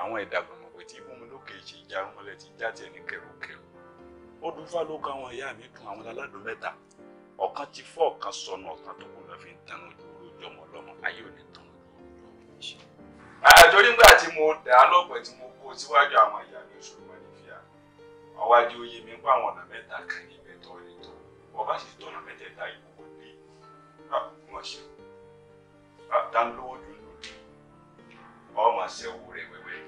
àwọn ìdàgbọ̀nmọ̀ pé tí múmi lókè ṣe ìjà ọmọlẹ̀ ti já tiẹ̀ ní kẹrùkẹrù ó dún fá ló kan àwọn ìyá mi dùn àwọn aládùn mẹ́ta ọ̀kan ti fọ́ ọ̀kan sọnù ọ̀kan tó kù lọ́ọ́ fi ń tan ojú olójú ọmọ ọlọ́mọ ayé ò ní tan ojú olójú ọmọ ìṣe. àjọ nígbà tí mo dà á lọ́pẹ̀ tí mo kó síwájú àwọn ìyá mi sọ̀rọ̀ ọwájú oyè mi ń pa àwọn ọ̀nà mẹ́ta kan ní ìbẹ̀tọ̀ ìtọ̀ ọba sì tọ̀nà mẹ́tẹ̀ẹ̀ta ìwò wọlé wọn ah, ṣe bàtà ah, ń lówó dùn lòdì ọmọ ṣẹ́wó rẹ̀ wẹ́wẹ́.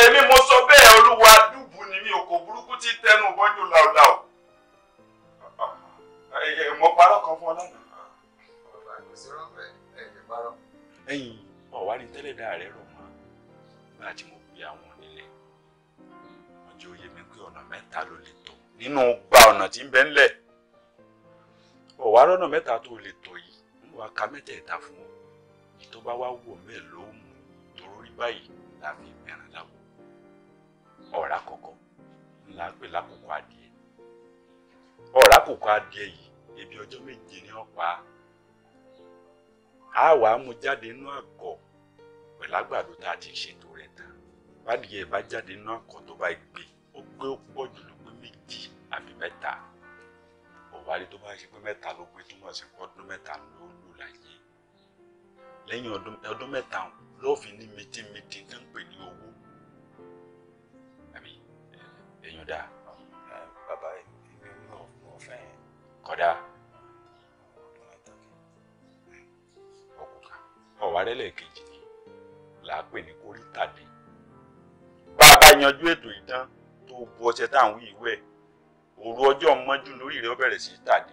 èmi mo sọ bẹ́ẹ̀ olúwa dùbù ni mi ò kò burúkú ti tẹnu bọ́jú làwùlàwù ah, mo parọ́ kan fún ọ lánàá. ọba kò sí rọ́ọ̀bẹ ẹ̀yìn parọ́. ẹ̀yìn ọ̀wárí tẹ́lẹ̀ dá rẹ̀ rọ̀ mọ́ bá a ti mọ̀ pé àwọn ọ̀nà mẹ́ta ló lè tọ̀ nínú gba ọ̀nà tí ń bẹ ńlẹ̀ ó wá rọ́nà mẹ́ta tó lè tọ̀ yìí ń wá ka mẹ́tẹ̀ẹ̀ta fún ọ yìí tó bá wá wò mẹ́ẹ̀ ló mú torí báyìí la fi mẹ́rin láwọ̀ ọ̀rá kọ̀kọ̀ ńlá pè lákòókò adìẹ ọ̀rá kòkó adìẹ yìí ebi ọjọ́ méje ní ọ̀pá a wà á mú jáde inú àgọ̀ pẹ̀lágbàdo tá a ti ṣètò rẹ̀ tán wádìí ẹ̀ bá jáde inú àgọ̀ tó bá gbé e ó pé ó pọ̀ jù ló pé méjì àbí mẹ́ta òwárí tó bá ṣe pé mẹ́ta ló pé túmọ̀ sí pé ọdún mẹ́ta ló lò láyé lẹ́yìn ọdún mẹ́ta lọ́ọ̀fin ní mìtìmìtì tó ń pè ní owó àbí ẹ̀yìn ọ̀dà bàbá ọ̀fẹ́ kọ́dà ọkùnkà ọ̀wárẹ́lẹ̀ kejì ni làá pè ní kórìtàdé bá a bá yanjú ètò ìdán tó bu ọṣẹ tá à ń wí ìwé ẹ̀ òru ọjọ́ mọ́jú lórí rẹ̀ ó bẹ̀rẹ̀ sí í tàdé.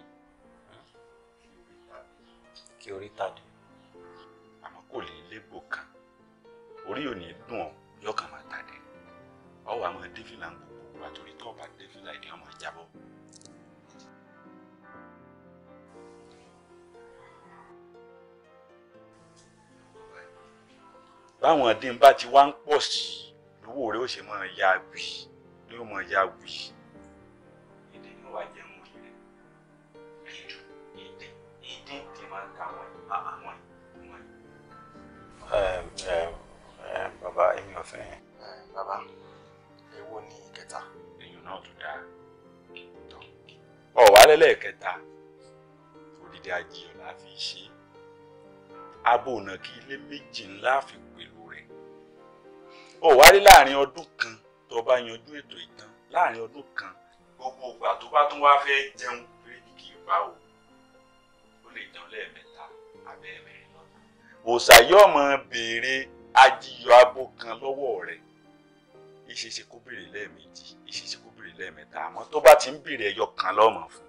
kí orí tàdé. àmọ́ kò lè légbò kan orí ò ní dùn ọ́ yọkàn máa tàdé ọwọ́ àmọ́ défìlà ń gbogbo àtòrí tó ọba défìlà ìdí ọmọ ìjábọ̀. báwọn dín bá ti wá ń pọ̀ sí i lówó rẹ̀ ó ṣe máa ya bíi ni ó mọ ya wuyì èdè ni wàá jẹ mú ilẹ̀ ìdù ìdè ìdè tí máa ń ka wọn àwọn ìwọn. bàbá èmi ò fẹ́ bàbá èwo ni ìkẹta. èèyàn náà tún dáa ọ̀wá lẹ́lẹ́kẹta odidi ajiyọ̀ la fi ṣe abo ọ̀nà kí ilé méjì ńlá fi pẹ̀lú rẹ̀ ọ̀wá rí láàrin ọdún kan tó bá yanjú ètò ìtàn láàrin ọdún kan gbogbo ìgbà tó bá tún wáá fẹ́ jẹun péréjì kì í bá wò ó lè jẹun lẹ́ẹ̀mẹ́ta abẹ́rẹ́ lọ́dún. òòṣà yóò mọ béèrè ajiyọ abo kan lọ́wọ́ rẹ̀ ìṣeṣe kó béèrè lẹ́ẹ̀mejì ìṣeṣe kó béèrè lẹ́ẹ̀mẹ́ta àmọ́ tó bá ti ń béèrè ẹyọ kan lọ́mọ fún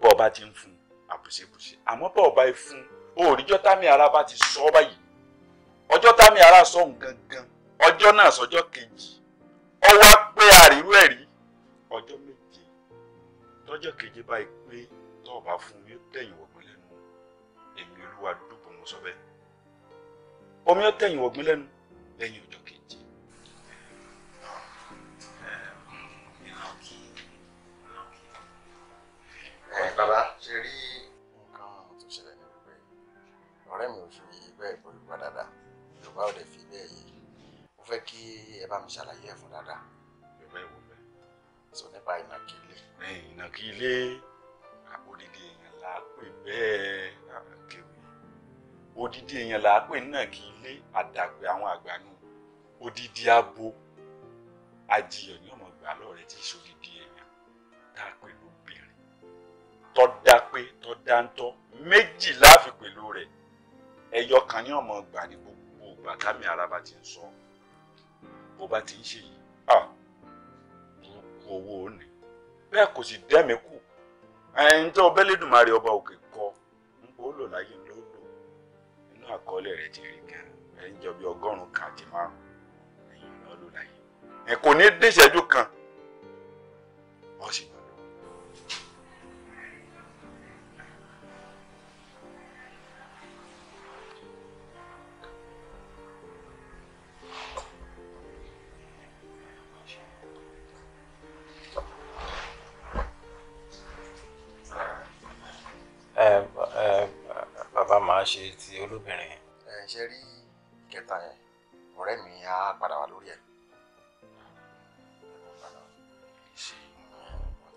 bọ́ọ̀ bá ti ń fún àbùṣebùṣe àmọ́ bọ́ọ̀ bá fún òòríjọ́ támì ara bá ti sọ báyìí ọjọ́ mi ara sọ nǹkan gan-an ọjọ́ náà sọjọ́ kejì ó wá pé àrírú ẹ̀rí ọjọ́ méje tọ́jọ́ keje báyìí pé tọ́ọ̀bá fún mi tẹ̀yìn wọ̀gbìn lẹ́nu èmi olúwa dúpọ̀ mo sọ bẹ́ẹ̀ omi ó tẹ̀yìn wọ̀gbìn lẹ́nu lẹ́yìn ọjọ́ keje. bàbá ṣe rí nǹkan tó ṣẹlẹ̀ ní wípé ọ̀rẹ́ mi ò fi bẹ́ẹ̀ bọ̀ Yorùbá dáadáa Yorùbá ò dẹ̀ fi fẹ́ kí ẹ bá mi ṣàlàyé ẹ̀ fún dáadáa. ìwé ìwò fẹ́. sọ nípa ìnàkí ilé. ìnàkí ilé odidi èèyàn là á pè bẹ́ẹ̀ kéwì odidi èèyàn là á pè náà kí ilé àdàpè àwọn àgbàánu odidi abo ajiyàn ní ọmọ ìgbà lọ́rẹ́ tí ìṣó odidi èèyàn tá a pè lóbìnrin tọ́dá pé tọ́dá ń tọ́ méjì láàfin pẹ̀lú rẹ̀ ẹyọ kan ní ọmọ ìgbà ní gbogbo ìgbà araba ti ń sọ. So. bó bá ti ń ṣe yìí à kú owó òní bẹ́ẹ̀ kò sì dá mi kù ẹ̀yìn tó ọba òkè kọ ń bó lò láyé ló lò inú àkọọ́lẹ̀ rẹ̀ ti rí gan ẹ̀yìn jọ bí ọgọ́rùn-ún kan àti márùn-ún ẹ̀yìn ló lò láyé ẹ̀ kò ní dé kan wọ́n sì ṣe ti olóbìnrin yẹn. ẹ ṣe rí ìkẹta yẹn ọ̀rẹ́ mi á padà wá lórí ẹ̀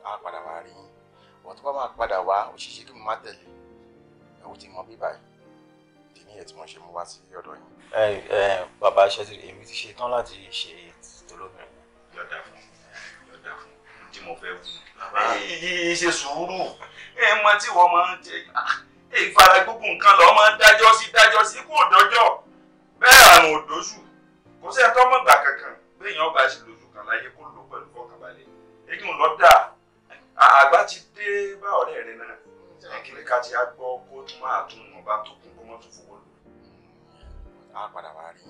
á padà wá rí yín wọ́n tó bá máa padà wá òṣìṣẹ́ kí mo má tẹ̀lé ẹ̀wọ̀n ti mọ bí báyìí ìdí nìyẹn tí mo ṣe mú wá sí ọ̀dọ̀ yín. ẹ ẹ bàbá ṣẹ́tì èmi ti ṣe tán láti ṣe tòlóbìnrin. yọ̀dà fún yọ̀dà fún tí mo fẹ́ wù. bàbá ẹ ṣe sùúrù ẹ mọ tí wọ́n máa ń jẹ. Ah, ìfara gbogbo nǹkan lọ́ọ́ máa dájọ́ sí dájọ́ sí kó dọ́jọ́ bẹ́ẹ̀ àrùn òdòṣù kò sí ẹ̀tọ́ mọ̀gbà kankan béèyàn bá ṣe lóṣù kan láyé kó lò pẹ̀lú fọkànbalẹ̀ èyí ń lọ dà àgbà ti dé bá ọ̀rẹ́ rẹ náà ẹ̀kíní ká ti á gbọ́ kó tún máa tún wọn bá tó kún kó mọ́ tó fowó lò. a padà wá rí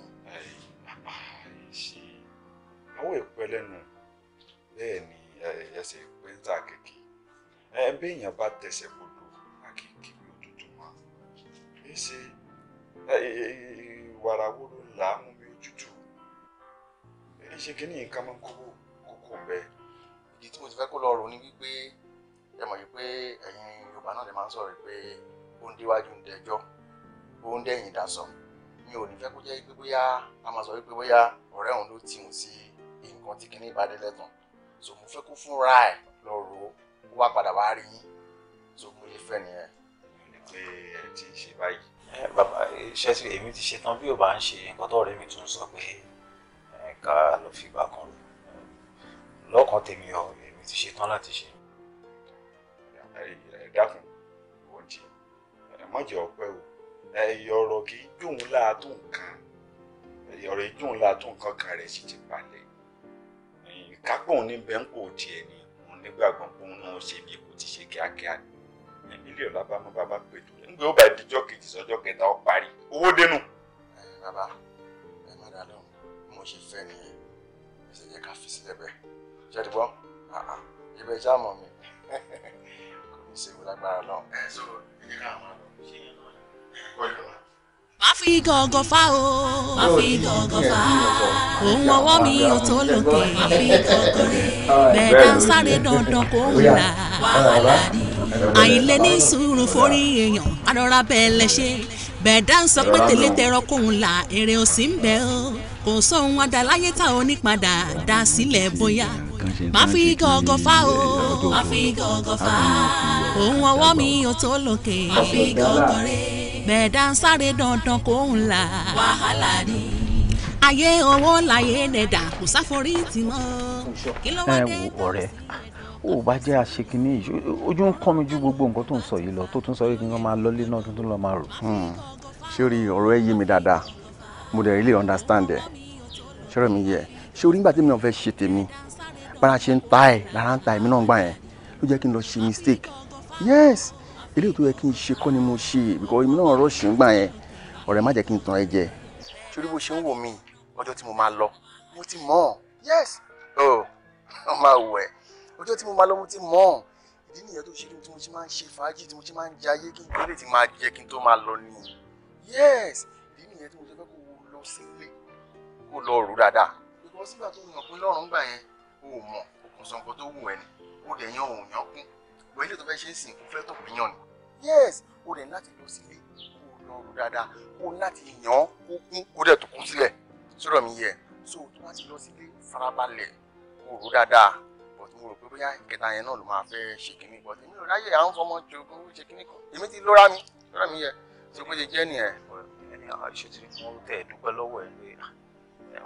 ṣe àwọn ìpẹ́ lẹ́nu bẹ́ẹ̀ ni ẹsẹ̀ ìpẹ́ ń ta kéèké ẹ béèyàn bá ṣe wàrà wo ló là á mú mi tútù ṣé kí ni nǹkan máa ń kókó kókó bẹ́ẹ̀. ìdí tí mo ti fẹ́ kó lọ rò ní wípé ẹ mọ̀ wípé ẹ̀yin Yorùbá náà lè máa ń sọ̀rọ̀ pé ó ń déwájú ń dẹjọ́ ó ń dẹ̀yìn dasọ mi ò ní fẹ́ kó jẹ́ pé bóyá a máa sọ wípé bóyá ọ̀rẹ́ òun ló tì òun sí so mo fẹ́ kó fúnra ẹ̀ lọ rò ó so mo lè fẹ́ nìyẹn pé ẹ ti ṣe báyìí. bàbá iṣẹ́ tí èmi ti ṣe tán bí ò bá ń ṣe nǹkan tó ọ̀rẹ́ mi tún sọ pé ká lọ fi ìgbà kan lò lọ́kàn tèmi ọ èmi ti ṣe tán láti ṣe. ẹ dákun ìwọ ń jẹ ẹ má jẹ ọpẹ o ẹyọ ọ̀rọ̀ kì í dùn láàtò nǹkan ẹyọ ọ̀rọ̀ yìí dùn láàtò nǹkan kan rẹ sì ti balẹ̀ ìkápọ̀ òun ní bẹ́ńkò tiẹ̀ ni òun nígbàgbọ́n pé òun náà ṣe bí kò ti ṣe kíákíá ni mílíọ̀nù lábàámú bàbá pẹ̀lú rẹ̀ ńgbé ó bá ìdíjọ́ kejì sọ́jọ́ kẹta ó parí owó dénú. bàbá ẹ má dá lóhùn mo ṣe fẹ́ nìyẹn ẹ ṣe ká fi sílẹ̀ bẹ́ẹ̀ ṣe ti ah, ah, ibẹ̀ já mọ̀ mi kò ní ṣe wọ́n lágbára lọ. ẹ sọ ẹ ká àwọn àlọ́ ṣe yẹn lọ́wọ́ kọ́lé má fi gọ̀ọ̀gọ̀ fá o má fi gọ̀ọ̀gọ̀ fá òun ọwọ́ mi ò tó lókè fi gọ̀ọ̀gọ̀ rẹ̀ bẹ́ẹ̀ dá sáré dandan kó wùlà wàhálà ni àìlẹ ní sùúrù forí èèyàn arọra bẹ́ẹ̀ lẹ ṣe bẹ́ẹ̀ pé tèlé tẹrọ kóun là èrè ò sí ń bẹ o kò sóhun adaláyé tá ò ní dá sílẹ̀ bóyá má fi gọ́gọ́ fá o má fi gọ́gọ́ fá òun ọwọ́ mi ò tó lókè má fi gọ́gọ́ rè bẹ́ẹ̀ dá ń sáré dandan kóun wàhálà ni ayé owó láyé nẹ̀dà kò sáforí tì mọ́ kí ló wá dé ó bá jẹ́ àṣekínní yìí ojú ń kán mi ju gbogbo nǹkan tó ń sọ yìí lọ tó tún sọ yìí kí n máa lọlé náà kí n tún lọ máa rò. sórí hmm. ọ̀rọ̀ ẹ yé mi dáadáa mo dẹ̀ really understand ẹ̀ sọ̀rọ̀ mi yẹ sórí nígbà tí mi náà fẹ́ ṣe tèmi bára ṣe ń ta ẹ̀ lára ń ta èmi náà gbà yẹn ló jẹ́ kí n lọ ṣe mistake yes eléyìí tó yẹ kí n ṣe kọ́ ni mo ṣe because èmi náà rọ̀ṣì ń gbà yẹn ọ̀rẹ́ má jẹ́ kí n tàn ẹ jẹ. sórí bó ṣe ń wò mí ọjọ́ yes Oh, ọ́ máa ọjọ́ tí mo máa lọ́mú tí mọ̀ ọ́n ìdí nìyẹn tó ṣe tí mo ṣe máa ń ṣe fàájì tí mo ṣe máa ń jayé kí n tó lè ti máa jẹ kí n tó máa lọ nìyí yes ìdí nìyẹn tí mo ṣe fẹ́ kó o lọ sílé kó o lọ rú dáadáa. ìgbà sígbà tó yàn kún lọ́rùn gbà yẹn o ò mọ̀ òkun sọ tó wù ẹ́ ni o dẹ̀ yan òun yàn kún ìwọ ilé tó fẹ́ ṣe é sìn kó fẹ́ tó pín yàn ni yes o dẹ̀ láti lọ sílé kó o lọ rú dáadáa kó o láti yàn kó kún kó mo rò pé bóyá ìkẹta yẹn náà ló máa fẹ́ ṣe kínní bọ́ èmi ò ráyè àwọn fọmọ jogún ṣe kínní kan èmi ti lóra mi lóra mi yẹ tí o kò ṣe jẹ́ nìyẹn. ẹni àwọn iṣẹ́ tí wọ́n tẹ̀ dúpẹ́ lọ́wọ́ ẹ̀ pé ah,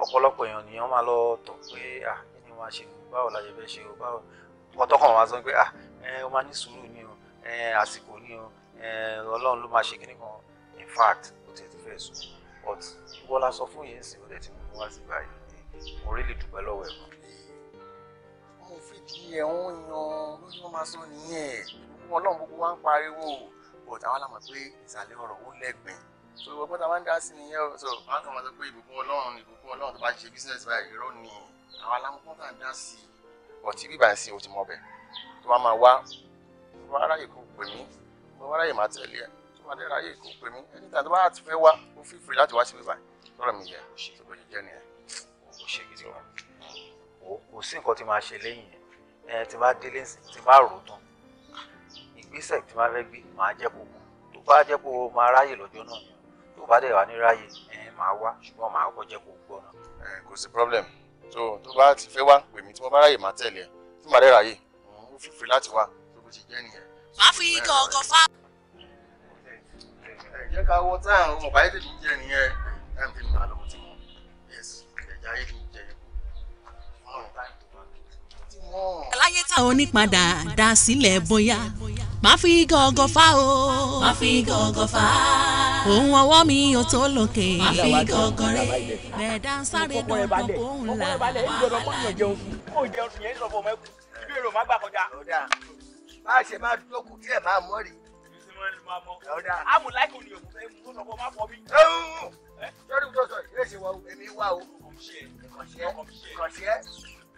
ọ̀pọ̀lọpọ̀ èèyàn ni wọ́n máa lọ tọ̀ pé ah kí ni wọ́n á báwo la ṣe ṣe o báwo ọ̀tọ̀ kan wọ́n á sọ pé ah ẹ o máa ní sùúrù ni o ẹ àsìkò ni o ẹ ọlọ́run ló máa ṣe kínní kan in fact o ti ti fẹ́ sùn but wọ́n la sọ fún yẹn sí o tẹ̀ tí mo wá sí báyìí mo rí lè dúpẹ́ lọ́wọ́ ẹ ń yan lórí wọn máa sọ nìyẹn wọn náà gbogbo wa ń pariwo but àwọn àlàmọ̀ pé ìsàlẹ̀ ọ̀rọ̀ ó lẹ́gbìn so ìwọ pátá máa ń dá sí nìyẹn o so àwọn kan máa sọ pé ìbùkún ọlọ́run ìbùkún ọlọ́run tó bá ṣe business by irọ́ ni àwọn alámọ̀kún tá ń dá sí i but ibi ń sin o ti mọ tó bá máa wá tó bá ráyè pè mí tó bá ráyè ẹ tí bá délé tí bá rò tán ìgbésẹ̀ tí máa fẹ́ gbé máa jẹ́ kó kú tó bá jẹ́ kó máa ráyè lọ́jọ́ náà ni tó bá dẹ̀ wá ní ráyè ẹ máa wá ṣùgbọ́n máa kọ́ jẹ́ kó gbọ́ náà. ẹ kò sí problem tó tó bá ti fẹ́ wá pè mí tí wọ́n bá ráyè máa tẹ̀lé ẹ tí màá dẹ̀ ráyè ó fìfì láti wá tó bó ti jẹ́ nìyẹn. máa fi gọ̀ọ̀gọ̀ fá. ẹ jẹ́ ká wọ táwọn ọmọ báyìí láyé táwọn onípadà dá sílẹ̀ bóyá má fi gọ́gọ́ fà o. má fi gọ́gọ́ fà á. òun ọwọ́ mi ò tó lókè. má fi gọ́gọ́ rẹ̀ bẹ̀ẹ̀dá sáré dandan kó ń la wàhálà ni. ó jẹun sùn yẹn sọ fún ọmọ ẹkú ṣe wọ èmi wá o. kọ̀ṣẹ́ kọ̀ṣẹ́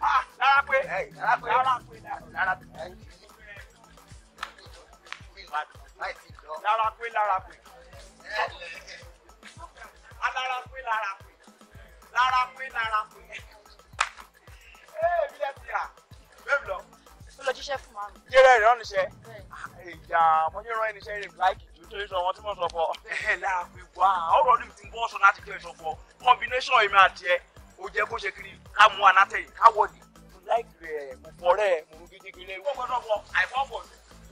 rárá pé rárá pé rárá pé lára pé lára pé alára pé lára pé lára pé lára pé ee mi lẹ ti rà bẹ́ẹ̀ lọ. ó lọ jíṣẹ́ fún màmí. jẹ́rẹ̀ rẹ̀ ránníṣẹ́ ìjà àmọ́jẹ́ rán ẹniṣẹ́ rẹ̀ láìkì tó tó sọ wọn tí mo sọ ti ń bọ́ sọ láti jẹ́ ìsọ̀fọ̀ combination èmi àti ẹ ò jẹ́ kó ṣe kiri ká mú anátẹ̀yìn ká wọ̀dì mo láìkì rẹ̀ mo fọ́ rẹ̀ mo mú gidigidi lé wọ́n gbọ́dọ̀ wọ àìfọ́fọ́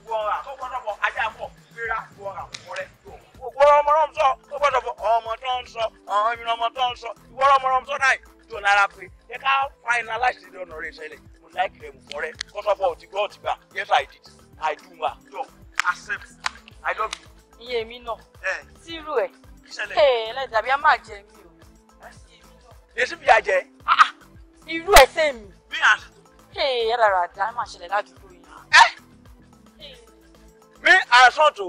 wọ́ra tó gbọ́dọ̀ fọ ajá fọ gbéra wọ́ra wọ́rẹ́ gbogbo ọmọ náà ń sọ tó gbọ́dọ̀ fọ ọmọ tó ń sọ ọmọ ìrìn ọmọ tó ń sọ ìwọ ọmọ náà ń sọ náà tó lára pé ẹ ká finalize the ọ̀nà rẹ̀ ṣẹlẹ̀ mo láìkì rẹ̀ mo fọ́ rẹ̀ kọ́sọ́fọ́ ò ti gbọ́ ò ti gbà yes i did i do ma yọ accept i love you iye mi náà sírù ẹ ẹlẹ́dàbí a máa jẹ mi o. èsì bí a jẹ ah, ah irú ẹ̀ sẹ́mi. bí a. ee yàrá rà dá máa ṣẹlẹ̀ ládùúgbò yìí. ẹ mi àìsàn tó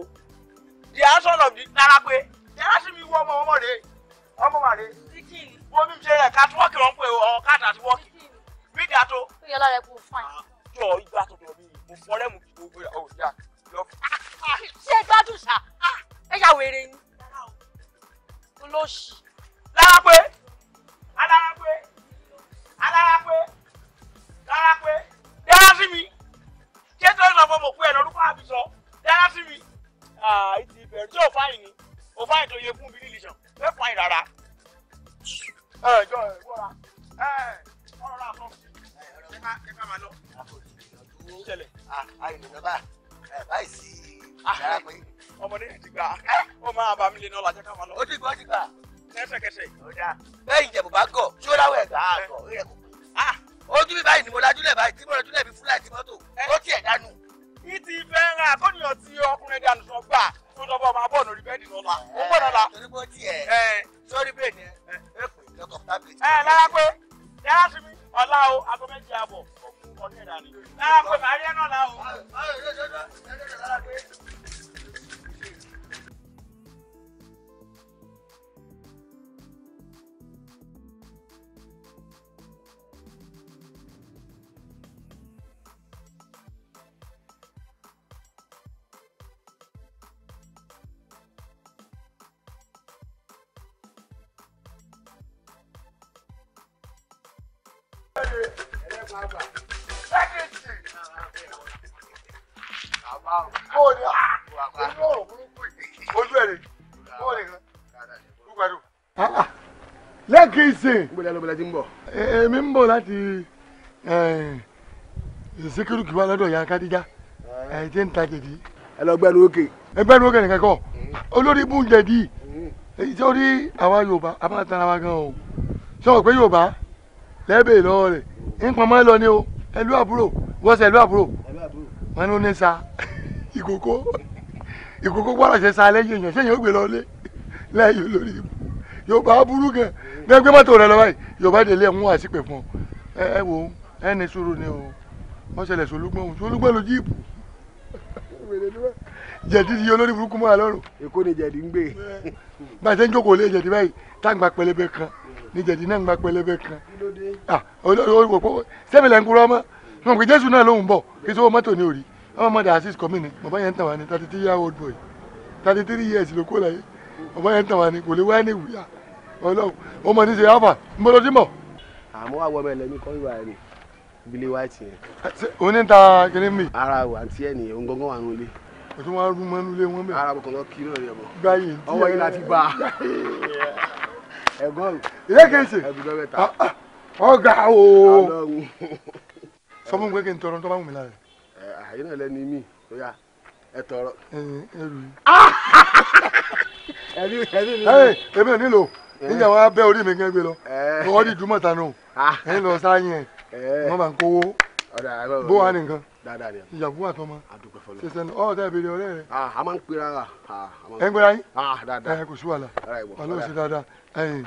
di àìsàn náà di rárá pé yàrá sí mi wọ ọmọ ọmọ rẹ ọmọ wà rẹ wọ́n mi ṣe ẹ̀ kátìwọ́ọ̀kì wọn pé ọ̀ káàtà àti wọ́ọ̀kì bí ìdá tó. ó yẹ lára ẹ kó fún àyè. jọ ìgbà tó dọ̀ mí mo fọ́ lẹ́mú gbogbo ẹ̀ ọ̀ oh, ìyá lọ. Ah, ah, ah. ṣé gbádùn ṣá ẹ yà wèrè ni olóṣì. lára pé alára pé alára pé alára pé dára sí mi ṣé tó ń sọ fún mo pé ẹ lórúkọ àbí sọ dára sí mi ah, ìdí ìbẹ̀rù tí ò fáyìn ni ò fáyìn tó yẹ fún mi nílì sàn ẹ fáyìn rárá ẹ jọ ẹ wọra ẹ ọ̀rọ̀ rà ọmọdé ti gbà ọmọ àbámi lè nọ lọ. ó ti gbà ó ti gbà kẹsẹkẹsẹ. bẹ́ẹ̀ ìjẹ̀ bùbá gọ̀ ṣó láwọ̀ ẹ̀ gbà gọ̀ rẹ̀ kù. ojú mi báyìí ni mo lajúlẹ̀ báyìí tí mo lajúlẹ̀ mi fúláì tí mọ́tò ó tiẹ̀ dánú. kí ti fẹ́ ra àkọ́nìyàn tí ọkùnrin dànù sọ gbà tó lọ́ bọ́ ọmọ abọ́ọ̀nù rí bẹ́ẹ̀dì lọ́la ó gbọ́dọ̀ la. torí bó tiẹ̀ sórí bẹ́ẹ̀ni ẹ ẹ kò ìjọkọ̀ tábìlì. ẹ lára pé yàrá sí mi ọ̀la o bóòdì inú ọ̀rọ̀ burúkú yìí ojú ẹ̀ ni bóòdì kan kúkúrú. lẹ́ẹ̀kì ìsìn. n bọ̀dọ̀ lọ́bọ̀dọ̀ ti ń bọ̀. èmi ń bọ̀ láti eh, síkírù kí wá lọ́dọ̀ ìyá kádíjà ẹ̀ eh, tí ń ta jẹ̀dí. ẹ lọ gbẹ́nu òkè. ẹ gbẹ́nu òkè nìkan kọ́ olórí bùn jẹ̀dí èyí tí ó rí àwa Yorùbá a máa tara wa gan o sọ pé Yorùbá lẹ́ẹ̀bẹ̀ lọ́wọ́ rẹ̀ nǹkan mọ́ ẹ lọ ni o ẹlú àbúrò wọ́n sẹ ẹlú àbúrò wọn ni ó ní sa ìkókó ìkókó gbọ́dọ̀ ṣe sa lẹ́yìn èèyàn ṣẹ́yìn ó gbé lọ lé lẹ́yìn olórí ibù yorùbá burú gan bẹ́ẹ̀ gbé mọ́tò rẹ lọ báyìí yorùbá délé ẹ̀ ń wá sípè fún ọ ẹ wò ó ẹ ní sùúrù ni o wọ́n ṣẹlẹ̀ sólúgbọ́n òun sólúgbọ́n ló jíìpù jẹ̀dí di olórí burúkú mọ́ àlọ́rùn. èkó ni jẹ̀dí ń gbé. bá a ṣe ń jókòó lé jẹ̀dí báyìí táǹgbà pẹlẹbẹ kan ní jẹ̀dí náà ń gba pẹlẹbẹ kan sẹ́mi lẹ́ ń kúrọ́ mọ́ mo pè jésù náà lóhùn bọ̀ kí sọ́wọ́ mọ́tò ní òrí ọmọ mọ́tò asis kọ́mí ni bàbá yẹn ń tàn wá ní thirty three year old boy thirty three years ló kó láyé bàbá yẹn ń tàn wá ní kò lè wá ní ìwúyà ọlọ́run ọmọ ní ṣe alpha ń bọ́ lójú mọ́. àmọ́ àwọn ọmọ ẹlẹ́mi kọ́ ìwà ẹ̀ ni billy white yẹn. oní ta kiri mi. ara wa àti ẹ̀ nìyẹn ngọ́ngọ́ wà nulẹ̀. o tún wá rú mọ́nulẹ̀ wọn bẹ́ẹ̀. ara mo kàn lọ kí náà yẹ bọ̀. gbáyé ẹ̀gbọ́n ilé kejì ah, ah, ọgá o sọ fún pé kí n tọrọ tó bá wù mí lára. àyè náà lẹni mí ó yà ẹ tọrọ. ẹbí ẹbí mi. ẹbí mi nílò eh. níjà wọn abẹ orí mi kẹgbẹ lọ lọ́wọ́ eh. di dùmọ̀ tánú ah. ẹ lọ sáyẹn wọn eh. bá ń kówó bó wà nìkan ìyàwó àtọmọ ṣẹṣẹ ní ọ̀ọ́dà ìbèrè ọ̀rẹ́ rẹ. a máa ń pera. ẹ ń pera yín kò sí wàhálà wàhálà ò sí dáadáa ẹyìn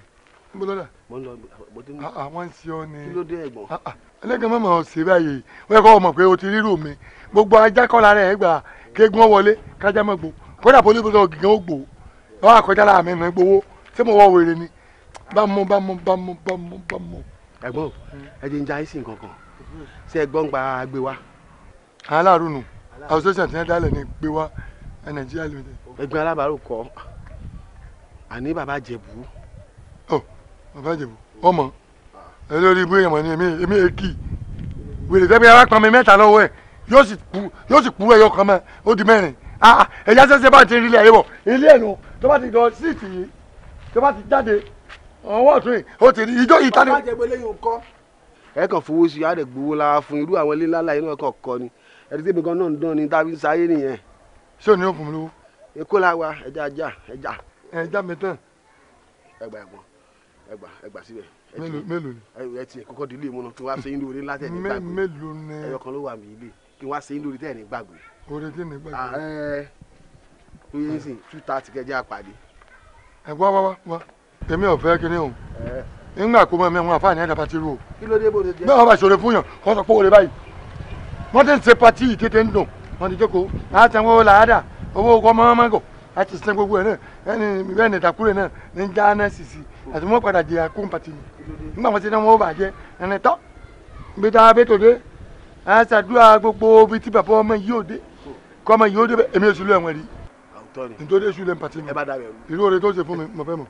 n bolo la. mo lọ mo ti mú. àwọn si ọ ni. kí ló dé ẹ̀gbọ́n. Ah, ah, ẹlẹ́gàn mọ̀mọ́ ọ̀sẹ̀ báyìí wọ́n kọ́ ọmọ pé o ti rírù mi gbogbo ajá kọ́ra rẹ̀ gbà kéegun wọlé kájá mọ́ gbò kódà poli bí wọ́n gígan ó gbò wọ́n àkọjá láàmì ìnà gbowó tí mo wọ́ wèrè ni bámu bámu bámu bámu bámu. ẹ̀gbọ́n ẹ ti ń ja ẹ́sìn kankan ṣé ẹ̀gbọ́n gba gbé wa. aláàrú nù association ti ń dálẹ̀ ní gbé wa nàìjíríà limited. ẹgbẹ́ alábàárò kọ́ àní bàbá jẹ̀bú bàbá ìjẹ̀bù ọmọ ẹ lórí ibú èèyàn mọ̀ ní èmi èmi èkì wèrè tẹ́bi ara pọn mi mẹ́ta lọ́wọ́ ẹ̀ yóò sì kú yóò sì kú ẹyọ kan mọ́ ó di mẹ́rin ẹ̀yà sẹ́sẹ́ bá ti rí ilé ayé bọ̀ ilé ẹ̀ nu tó bá ti lọ síìtì yìí tó bá ti jáde ọwọ́ ọ̀tún yìí ó ti rí ijó yìí tani. bàbá ìjẹ̀bù eléyìí ò kọ́ ẹ kàn fowó sí àdè gbowó la fún irú àwọn ilé ńláńlá inú ẹkọ kọ ni ẹni tẹ́mi gan náà ń dán ni tá a fi ń sáyé nìyẹn. ṣé ò ní òfin lówó. èkó wa ẹja ajá ẹja. ẹja mi tán. ẹgbà ẹgbà ẹgbà síbẹ̀. mélòó mélòó ni. ẹ tiẹ̀ kọ́kọ́ délé mu náà kí wọ́n á ṣe inú orí ńlá tẹ̀ ní gbàgbé. mélòó ni. ẹyọ kan ló wà mí ilé kí wọ́n á ṣe inú orí tẹ̀ ní gbàgbé. orí tẹ̀ ní gbàgbé. ààrẹ tó yẹ sìn tú ta ti kẹjá àpàdé. ẹ wá wá wá wá èmi ò fẹ́ kíní o eh. nígbà kó mọ mi àwọn àfáàní ẹ̀dá pati ru o. kí ló dé bó ṣe jẹ́. bẹ́ẹ̀ wọ́n bá ṣòro fún yàn wọ́n sọ pé òde báyìí wọ́n ti ń ṣe pati yìí tètè ń dùn wọ́n ti jókòó àtẹ̀wọ́ làádà owó kọ́ mọ́mọ́gọ̀ àti sẹ́ gbogbo ẹ̀ náà ẹni bẹ́ẹ̀ ni ìdàkúrẹ́ náà ní jáánà sì àti wọn padà jẹ àkóńpàtì mi nígbà wọn ti náà wọn ò bàjẹ́ ẹni tọ́ bí tá a bẹ tó dé a ṣàdúrà gbogbo bí tí bàbá ọmọ yìí ò dé kọ́ ọmọ yìí ò dé bẹ́ẹ̀ èmi èṣù ló ẹ̀wọ̀n rí nítorí èṣù lẹ́nu pàtì mi ìlú òde tó ṣe fún mi mo fẹ́ mọ̀.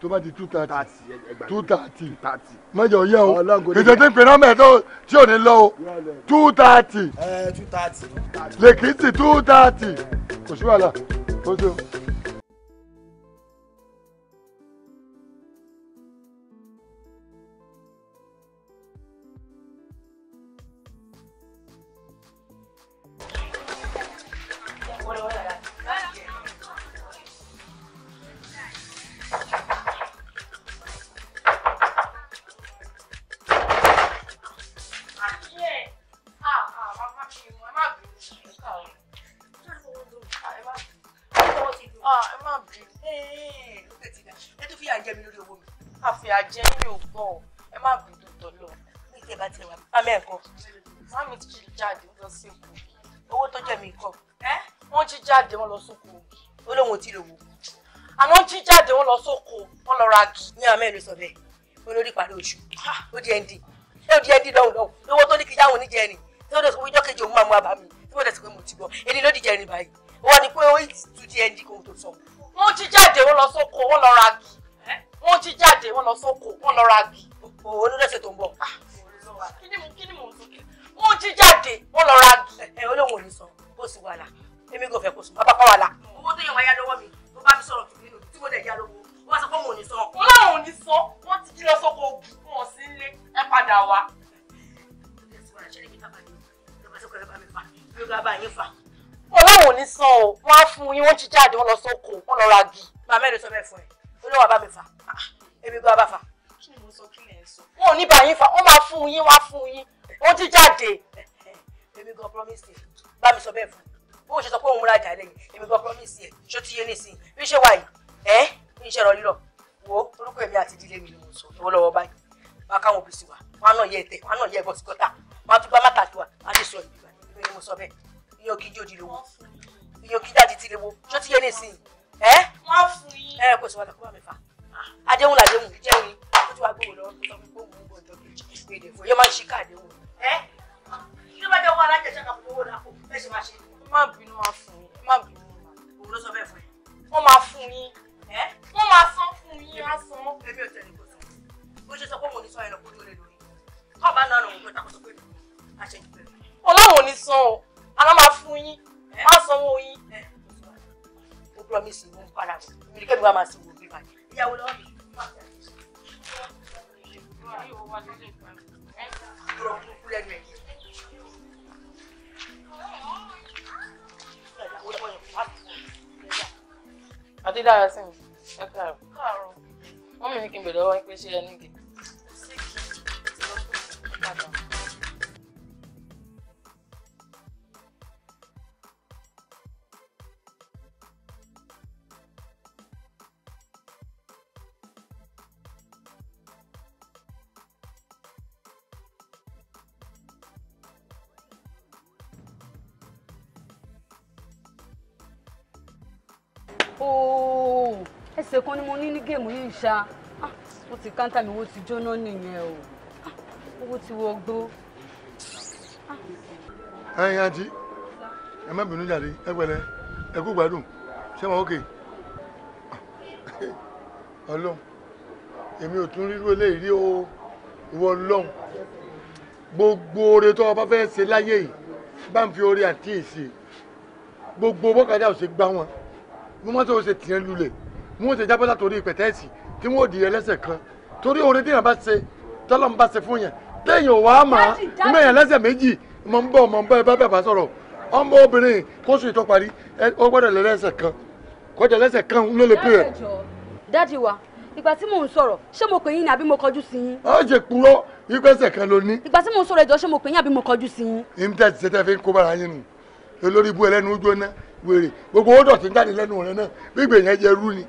tó bá di two thirty two thirty mẹjọ yẹ o ìtẹ̀tẹ̀ pé nọ́mbà tó tí ò ní lọ o two thirty lèkìtì two thirty kò sí wàhálà kò sí o. jáde wọ́n lọ sóko ó lóun ò tí ì lówó àwọn jí jáde wọ́n lọ sóko wọ́n lọ ra gì ní àmọ́ ìlú sọ bẹ́ẹ̀ olórí ìpàdé oṣù ó di ẹndì ó di ẹndì lọ́hùn lọ́hùn owó tó ní kí yáwọn oníjẹ ẹni tí ó dẹ̀ sọ pé ìjọ́ kejì òun máa mú àbá mi tí wọ́n dẹ̀ sọ pé mo ti bọ̀ èdè ló dìjẹ́ ẹni báyìí wọ́n ní pé ó tu di ẹndì kò tó sọ. wọ́n jí jáde wọ́n lọ sóko wọ́n lọ ra gì wọ́n jí jáde wọ́n lọ sóko wọ́n lọ ra gì òun tó ń bọ̀. Ah! wọ́n jí jáde wọ́n lọ ra gì olóhùn ò ní sọ bó sì wà láà èmi kò fẹ́ kó sùn bàbá wà lá. owó tó yẹn wáyá lọ́wọ́ mi ló bá mi sọ̀rọ̀ kìkì nínú tí mo dẹ̀ yá lọ́wọ́ wọ́n sọ pé wọn ò ní sọ. wọn làwọn ò ní sọ wọn ti jí lọ sọkọ ògùn kó wọn sí ilé ẹ padà wá. wọn làwọn ò ní sọ o wọn á fún yín wọn jí jáde wọn lọ sọkọ wọn lọ ra gi. màmá ẹ̀ ló sọ bẹ́ẹ̀ fún ẹ olówó àbá mi fà ah, èmi gbọ́ àbá fà. kí ni mo sọ kí lẹ̀ ń sọ. wọn ò ní bá yín fà wọn máa fún yín wọn á fún yín wọn jí jáde. èmi gan promise bá mi sọ bẹ́ẹ̀ fún ẹ bó ṣe sọ pé òun múra jà lẹ́yìn èmi gan promise ẹ̀ ṣó ti yé nísìnyí bí ṣe wà yìí ẹ́ bí iṣẹ́ rọ rírọ̀ wo orúkọ èmi àti ìdílé mi ni mo sọ lọ́wọ́lọ́wọ́ báyìí wá káwọn òbí sí wa wọn náà yẹ ẹtẹ wọn náà yẹ ẹbọsí kọta wọn tún bá má tàtó wa wọn á lè sọ ìgbà ìgbà ni mo sọ bẹ́ẹ̀ iye òkè jẹ́ òdì lówó iye òkè jáde ti lówó ṣó ti yé nísìnyí ẹ́ wọ́n fún yín ẹ kò sí wàhálà kó bá mi fà àdéhùn làdéhùn jẹ́rìí ó ti wá gbóhùn lọ́wọ́ tó sọ fún gbóhùn gbóhùn ọjọ́ kejì èdè fún yóò má ṣíkà àdéhùn ẹ́ tí ó bá jẹ́ owó alájẹsẹ́ kan fún owó làkó ẹ sì máa ṣe é má bínú máa fún yín má bínú máa. òun ló sọ bẹ́ẹ̀ fún yín. wọ́n máa fún yín. ẹ́ wọ́n máa san fún yín á san. èmi ò tẹ̀lé kó sọ bó ṣe sọ pé mo ní sọ ẹ̀rọ kó ló lè lórí tó bá náà lòun gbọ́dọ̀ àkóso pé àṣẹ ìgbẹ́ rẹ̀. ọlọ́run ò ní san o àná máa fún yín má sanwó yín. ó promise mo ń padà bọ̀ mi ní kẹ́mi wá máa sanwó bí báyìí. ìyàwó lọ́wọ́ mi. Kúrò kúrú lẹ́nu ẹ̀. Adédára sí mi, ẹ káàárọ̀. Káàárọ̀. Wọ́n mi ní kí n bèrè lọ́wọ́ pé ṣé ẹ ní gèdè. Ṣé kí n ti lọ fún ìpadà? ẹsẹ̀ kan ni mo ní ní géèmù yìí ṣá wọ́n ah, ti káńtà mi owó ti jóná nìyẹn o ah, owó ti wọ gbó. Ah. ẹyin àǹtí ẹ má bínú jáde ẹ pẹ̀lẹ́ ẹ kú gbádùn ṣé wọn ókè Ọlọ́run èmi ò tún rírú eléyìí rí o ìwọ Ọlọ́run gbogbo oore tó o bá fẹ́ ṣe láyé yìí bá ń fi oore àti èsì gbogbo bọ́kadà ò ṣe gbá wọn bí mọ́tò ò ṣe tìyẹn lulẹ̀ wọn ò ṣe jábọ́ látòrí pẹ̀tẹ́ẹ̀sì tí wọn ò di ẹlẹ́sẹ̀ kan torí oore tí yàn bá ṣe tọ́lọ́ ń bá ṣe fún yàn téèyàn wàá mà á ìmọ̀ èèyàn lẹ́sẹ̀ méjì mọ̀ ń bọ̀ mọ̀ ń bọ̀ ẹ bá sọ̀rọ̀ ọmọ obìnrin kóṣù ìtọ́ parí ó gbọ́dọ̀ lẹ́sẹ̀ kan kọjá lẹ́sẹ̀ kan ló lè pè é. dáàdi wa ìgbà tí mò ń sọ̀rọ̀ ṣé mo pè yín ni àbí mo kọjú sí yín. ó jẹ kúrò ìgbésẹ̀ kan ló ní. ìgbà tí mò ń sọ̀rọ̀ ẹjọ́ ṣé mo pè yín àbí mo kọjú sí yín. níta ti ṣètẹ́ fi ń kó bára yín nù olórí ibú ẹlẹ́nu ojú ọ̀nà wèrè gbogbo owó dọ̀tí ń jáde lẹ́nu rẹ náà gbígbé yẹn jẹ rú ni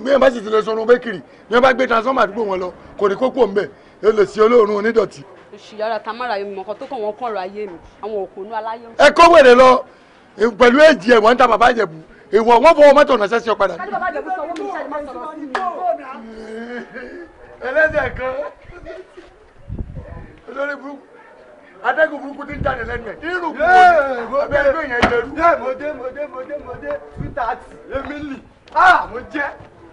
bí wọn bá sì ti lọ sọrun bẹ́kìrì bí wọn bá gbé transformer àdúgbò wọn lọ kò ní kókó ńbẹ ẹ lè sí olóòórùn onídọ̀tí. oṣù yàrá tamara yìí mọ̀kàn tó kàn wọ́n kọ̀ọ̀rọ̀ ayé mi àwọn òkùnú aláyọ̀. ẹ kó wèrè lọ pẹ̀lú èjì ẹ̀ wọ́n ń ta bàbá ìjẹ̀bù ìwọ wọn fọwọ́ mọ́tò náà sẹ́sì ọ̀padà. ẹlẹ́sẹ̀ burúkú ti ń jáde lẹ́nu ẹ̀ irun kúrò ọbẹ̀ ẹgbẹ́ yẹn jẹ́rú. dé mo dé mo dé mo dé mo dé peter àti emily ah mo jẹ́.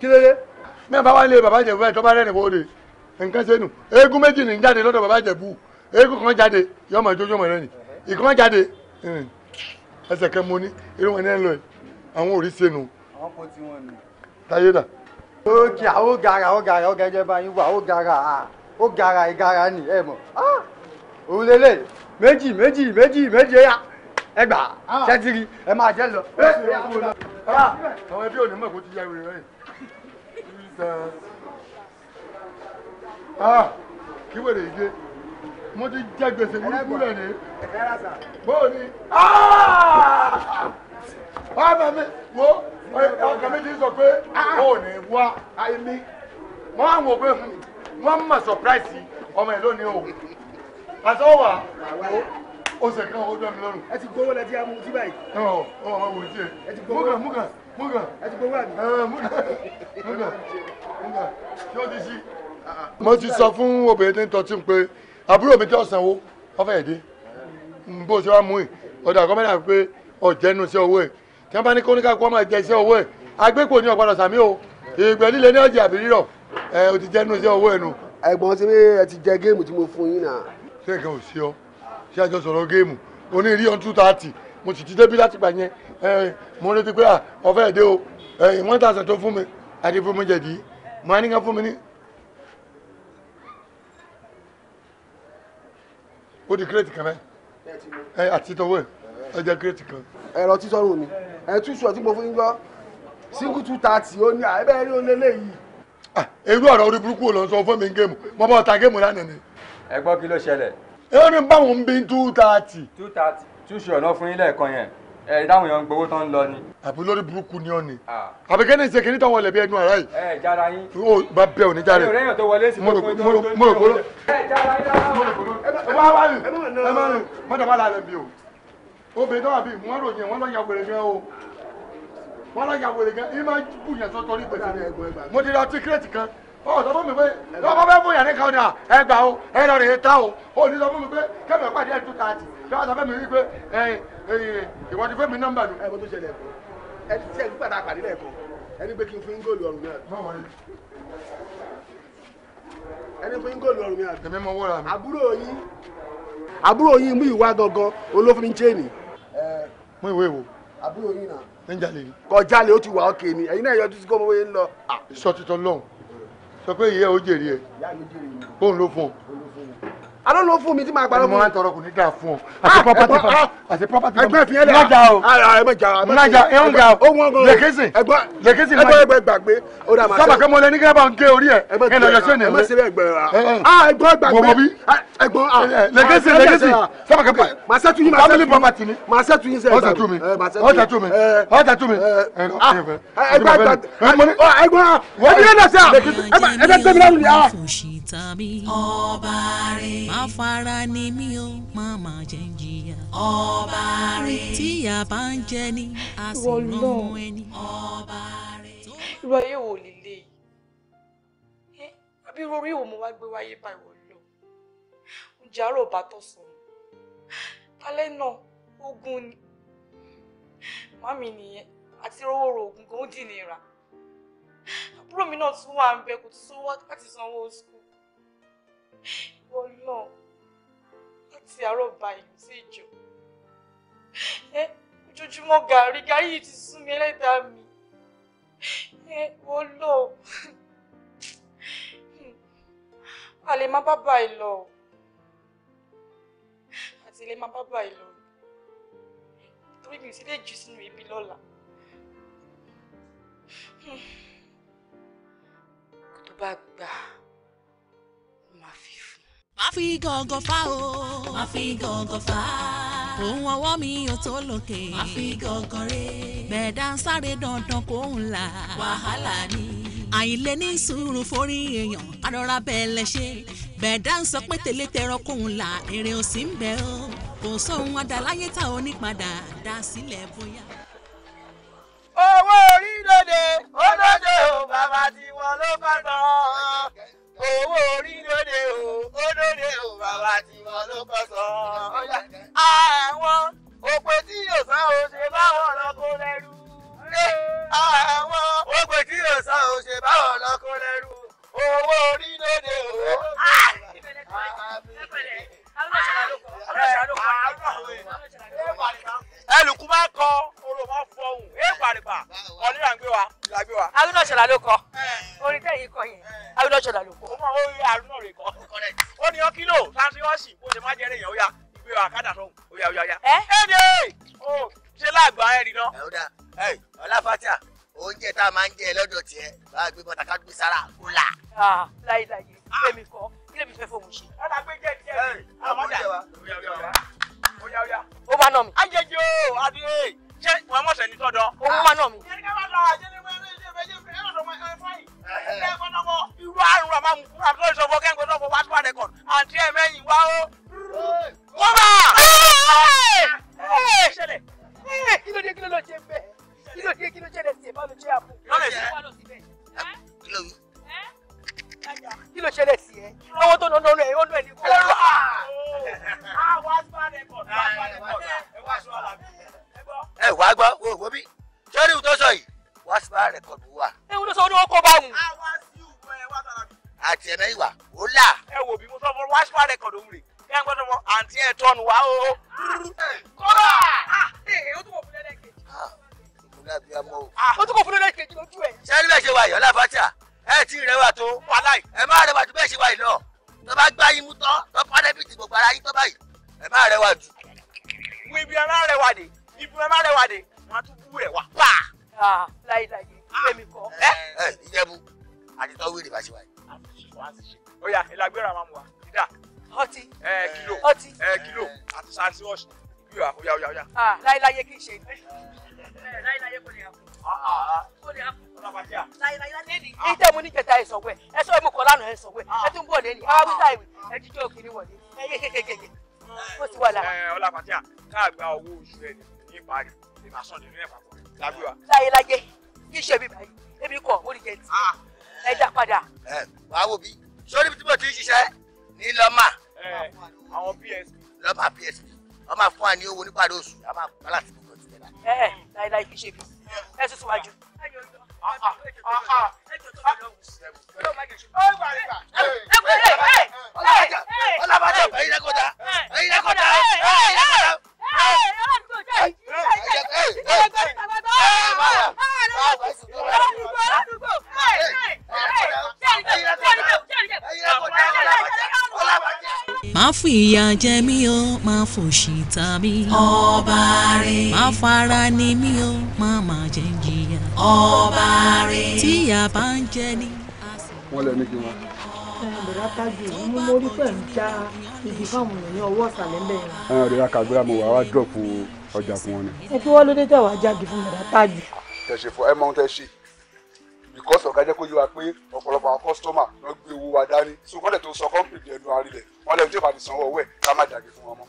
kí ló dé mi àbá wálé bàbá jẹ̀bú ẹ̀ tó bá rẹ̀ nǹkan ṣe nù eégún méjì ní jáde lọ́dọ̀ bàbá jẹ̀bú eégún kan jáde yọmọ ìjójómọ rẹ nì ìkan jáde ẹsẹ̀ kẹ́ mo ní irú wọn ní ẹ̀ lọ yìí àwọn òrìṣẹ́ nù. àwọn kò tí wọn nù. táyé dà. ókè àwọn gara àwọn gara ọgá ẹjẹ wà àwọn gara àwọn gara ìgara ni ẹ mọ̀ òun lélẹ̀ méjì méjì méjì méjì ẹ̀yà ẹgbà ah. ṣẹ́tìrì ẹ máa jẹ́ lọ. àwọn ẹbí òní mọ̀ kó ti yá ìwé rẹ̀ ah, kí wèrè yìí mo ti jẹ gbèsè burúkú rẹ ni bóò ni ọmọ mi wo ọkàn mi ti sọ pé bóò ah! ni wá àìní mo àwọn òpin mo mọ sọpráìsì ọmọ ẹ lónìí o àtọwọ́ wa ọ̀sẹ̀ kan ó dán mi lọ́rùn. ẹ ti gbowó lẹ ti amú tí báyìí. ọ ọ ọ wò tí ẹ. ẹ ti gbowó múgà múgà múgà. ẹ ti gbowó àbí. ẹ múgà múgà múgà tí ó ti ṣí. mo ti sọ fún obìnrin tí ń tọ́tí pé àbúrò mi tí ó sanwó ọfẹ́ yìí dé o ṣe wá mú ì ọ̀dà gọ́mẹ́ntà pé ọ̀jẹ̀nu sí owó ẹ̀ tí wọ́n bá ní kó ní ká kó ọmọ ẹ̀jẹ̀ sí owó ẹ̀ agbépo ní ọ̀padà sàmí o ìgbẹ́ líle ní ọ̀jẹ̀ àbí rírọ̀ ẹ̀ ò ti jẹ́nu sí owó ẹ̀ nù. ẹ̀gbọ́n ti ẹ ti jẹ géèmù tí mo fún yín náà ṣé nǹkan ò sí ọ ṣé àjọ sọ̀rọ̀ géèmù oní rí ọ̀n two thirty mo sì ti débi láti gbà yẹn mo retí pé ọ̀fẹ́ ẹ̀dẹ́ o one thousand tó fún mi àti fún mi jẹ̀dí mo á ní ká fún mi ní. ó di kírètì kan mẹ́ àti tọwọ́ ẹ̀ ẹ jẹ́ kírètì kan. ẹ̀rọ títọ́rùn ni ẹ̀ tún sọ tí mo fún yín gbọ́ single two thirty ó ní àbẹ́rẹ́ ó lélẹ́yìí. irú ọ̀rọ̀ orí burúkú ò lọ sọ fún mi géèmù mo bá ọ̀ta géèmù lánàá ni ẹ gbọ́ kí ló ṣẹlẹ̀. ẹ ní báwọn bí two thirty. two thirty two ṣe ọ̀nà fún ilé ẹ̀kọ́ yẹn ẹ dáhùn yẹn gbowó tán ń lọ ni. àbí lórí burúkú ni ọ ni. àbí kẹ́ni ṣe kìíní tán wọlé bí ẹnu ara yìí. ẹ jára yín. o bá bẹ òní járe. ẹ yàn tó wọlé sí fún mi. mo rò kóró. ẹ jára yín lára wọn. ẹ má wá rìn ẹ má rìn mọ́tò bá lálẹ́ bí o. obìnrin tó wà bí wọ́n rò yẹn wọ́n lọ ya wèrè gan o. wọ́n lọ ya wèrè gan. ìmọ̀ bùyàn sọ́tọ́ ní gbèsè. mo ti ra tíkẹ́ẹ̀tì kan ọ sọ fún mi pé lọ́kọ́ fẹ́ fún yàrá kan dà ẹ gbà o ẹ lọ rèé ta o ó ní sọ fún mi pé kẹ́mi pàdé ẹ̀ tún tààtì kí wọ́n sọ fún mi wípé ẹ ẹ ìwọ ti fẹ́ mi nọ́mbà nù. ẹ bó tó ṣẹlẹ̀ ẹ̀kọ́ ẹ ti ṣe ìgbàdá pàdé lẹ́ẹ̀kọ́ ẹni pé kí n fún góòlù ọ̀run náà. ẹni fún góòlù ọ̀run náà. èmi mọ wọ́ra mi. àbúrò yín àbúrò yín mú ìwà gangan olófin chéènì. mú ìwé wo. àbúrò yín náà. ń jalè ni. kọjá lè ó ti wà ókè ni ẹ̀yin náà yọjú sí kó mọ wọ́n ń lọ. sọ titọ lọ́hùn sọ pé ìyá ò jèrè ẹ bóun ló fún ọ àlọ́ ló fún mi tí màá gbàlọ́ fún mi. mo máa ń tọrọ kò ní dáa fún ọ. Ah, àti property fún ah, àti property fún ẹgbẹ́ ìfìyẹ́lẹ̀ mọ́jà o ah, mọ́jà ẹ̀hún ga o lẹ́kẹ́sì lẹ́kẹ́sì máa ẹgbẹ́ gbàgbé o dà máa tẹ. sábàkẹ́ mo lẹ ní kí ẹ bá ń gé orí ẹ ẹ lọ yọ sí ẹnìyẹn. ẹgbẹ́ síbẹ̀ ẹgbẹ́ wa ẹgbọ́n gbàgbé wọ́n bí ẹgbọ́n lẹ́kẹ́sì lẹ́kẹ́sì sábàkẹ́ pa màá sẹ́tù yín family property ni màá sẹ́tù yín sẹ́yìn. ọ̀tà tù mí ọ̀tà tù mí ọ̀tà tù mí. ẹgbẹ́ gbàgbé ẹgbẹ́ ta mi. ọba rẹ̀. má fara ni mí o má má jẹ́ ń jìyà. ọba rẹ̀. tíyà bá ń jẹ ni a sì rán mọ ẹni. ọba rẹ̀. irú ayé wo lélẹ̀ yìí àbí irú orí wo mo wá gbé wáyé báyìí wọ̀ lọ oúnjẹ àárọ̀ ò bá tọ̀ sàn alẹ́ náà ogun ni mami nìyẹn àti rówó ro oògùn ní ìrà àbúrò mi náà tún wà ń bẹ kò tún sówó láti sanwó oṣù Ọlọ́run láti àárọ̀ ba ìlú sí ìjọ. Ojoojúmọ́ gàrí, gàrí yìí ti sún mi ẹlẹ́dàá mi. Ọlọ́run. A lè má bá bá ìlọ. Àti lè má bá bá ìlọ. Torí mi ò sí lè jù sínú ibi lọ́la. Kò tó bá gbà máa fi fún. máa fi gàngàn fà o. máa fi gàngàn fà á òun ọwọ́ mi ò tó lòkè. má fi gọ̀ọ̀gàn re. bẹ̀ẹ̀dá ń sáré dandan kó ń la. wàhálà ni. àìlè ní sùúrù forí èèyàn kárọ̀ra bẹ́ẹ̀ lẹ ṣe. bẹ̀ẹ̀dá ń sọ pé tèlé tẹrọ kó ń la èrè ò sí ń bẹ o. kò sóhun adaláyé tá ò ní padà dá sílẹ̀ bóyá. owó orí lóde ó lóde ò bàbá tiwọn ló bá gbọ́n owó orí lóde o ó o bàbá tí wọn ló kọ sọ àwọn òpè tí yóò sá o ṣe báwọn lọkọ lẹ́rú àwọn òpè tí yóò sá o ṣe báwọn lọkọ lẹ́rú owó orí lóde o. Ah, ìbẹ̀rẹ̀ tó ń ẹlùkú máa kọ orò máa fọhùn éèpàrìpà ọ̀nìyà ń gbé wa ìlà gbé wa. Arúnà Ṣọlá ló kọ orin tẹ̀yìn kọ yẹn Arúnà Ṣọlá ló kọ. ó mọ orí Arúnà rè kọ ó ní ọkìlò láti ọ̀sìn bó ṣe má jẹ́rẹ̀ yẹn ó yà ìgbé wa kádà sọ̀hún ó yà ó yà ó yà. ẹ ẹ ní o ṣe láàgbà ẹ rí náà. ẹ ó dà ẹ ọláfàtíà oúnjẹ tá a máa ń jẹ lọ́dọ̀ tiẹ̀ bá a gbé bọ́tà ká gbé sára kó là. láyé láyé èmi kọ kí lèmi fẹ́ fóun ṣe. ọ̀là gbé jẹ́ jẹ́ àwọn ọ̀dà ó máa nà mí. ajẹjẹ o àti ee ṣé wọn mọ̀ sẹ́ni tọ́dọ̀. ó máa nà mí. irú àrùn rà máa mú kúrò àbí lórí sọfọ kẹ́ńgọ́ sọfọ wá síwájú ẹ̀kọ́ àti ẹ̀mẹ́yìn wá o. wọ́n bá ṣẹlẹ̀ kí ló dé kí ló lọ ṣe bẹ́ẹ̀ kí ló dé kí ló ṣẹlẹ̀ sí ẹ̀ bá lọ ṣe àpò. lọ́lẹ̀ sí kí ló ṣẹlẹ̀ sí ẹ lọ́wọ́ tó lọ́nà ẹ̀ ọ̀nà ẹ̀ ní kó. ẹ wàá gbọ́ wo bí sẹ́rí tó sọ yìí wàá sì máa wà. ẹ wọ́n tó sọ ọ́ ní wọ́n kọ́ bá wù. Ah, àti ẹ̀mẹ́ ìwà ó là. ẹ wò bí mo sọ fún wàá sì máa òun rè ẹ ń gbọ́dọ̀ mọ àǹtí ẹ̀ tọ́nu wá o. kọ́lá ah, eh, eh, ó tún wọ̀ fún lẹ́lẹ́kejì. Ah, ó tún lójú ẹ̀. sẹ́rí bẹ́ẹ̀ ṣe wà yọ̀ ẹ ti rẹwà tó wàláì ẹ má rẹwà tó bẹ́ẹ̀ ṣe wà yìí lọ tó bá gbá yín mú tán tó pa dẹ́bìtì gbogbo ara yín tó báyìí ẹ má rẹwà jù. wo ibi ẹ má rẹwà dé ibi ẹ má rẹwà dé wọn á tún bú rẹwà pa. láyéláyé èmi kọ. ẹ ẹ ìjẹbu àtitọ́ wíìrì bá ṣe wà yìí. ó yá ìlàgbéra máa mú wa dídà. ọtí kìlò ọtí kìlò àti santi wọ́ọ̀ṣì yóò yá ó yá ó yá. láyéláyé kì í ṣe. láyéláyé kò lè yà kú ìtẹ́ mu ní kẹta ẹ̀ sọ̀wẹ́ ẹ sọ èmi kọ́ lánàá ẹ̀ sọ̀wẹ́ ẹ tún bọ̀ lẹ́nu àwọn wíńtà ìwé ẹ jíjọ́ òkìní wọlé ẹ yé kékèké ó ti wà lára. ẹ ọlápàtíà káà gba owó oṣù ẹ ní ìparí èmi àsọ nínú ẹ papọ̀ lábí wa. láyé láyé kí ṣe mi báyìí èmi kọ ó lè jẹ ti ah. ẹ dá padà. ẹ wàá wo bí sórí bí mo ti ń ṣiṣẹ́ ní lọ́mà. àwọn psp. lọ́mà psp wọ́n máa fún ẹ sọ síwájú. ọlọ́bàjọ́ ẹ̀yin lẹ́kọ̀ọ́ta ẹ̀yin lẹ́kọ̀ọ́ta ẹ̀yin lẹ́kọ̀ọ́ta má fìyà jẹ mí o má fòṣì ta mí. ọba rẹ̀. má fara ni mí o má má jẹ́ ń jìyà. ọba rẹ̀. tíyà bá ń jẹ ni. wọ́n lẹ ní kí wọ́n látàjù mú mórí pẹ̀lú já ibi fáwọn èèyàn ní ọwọ́ ìsàlẹ̀ ń bẹ̀rẹ̀. ẹ ọ̀rẹ́ ra kàgbéra mo wà wá dọ̀pù ọjà fún wọn ni. ẹ kí wọ́n ló dé tẹ̀wá jáde fún mi látàjù. tẹ̀sí fún ẹ mọ ohun tẹ ṣe because ọ̀gá jẹ́ kó yé wa pé ọ̀pọ̀lọpọ̀ àwọn kọ́sítọ́mà ló gbé owó wa dání so kọ́lẹ̀ tó sọ kọ́ńpìlì ẹnu arílẹ̀ wọn lẹ́nu tí yóò bá ti sanwó ọwọ́ ẹ̀ ká má jàgé fún wọn mọ́.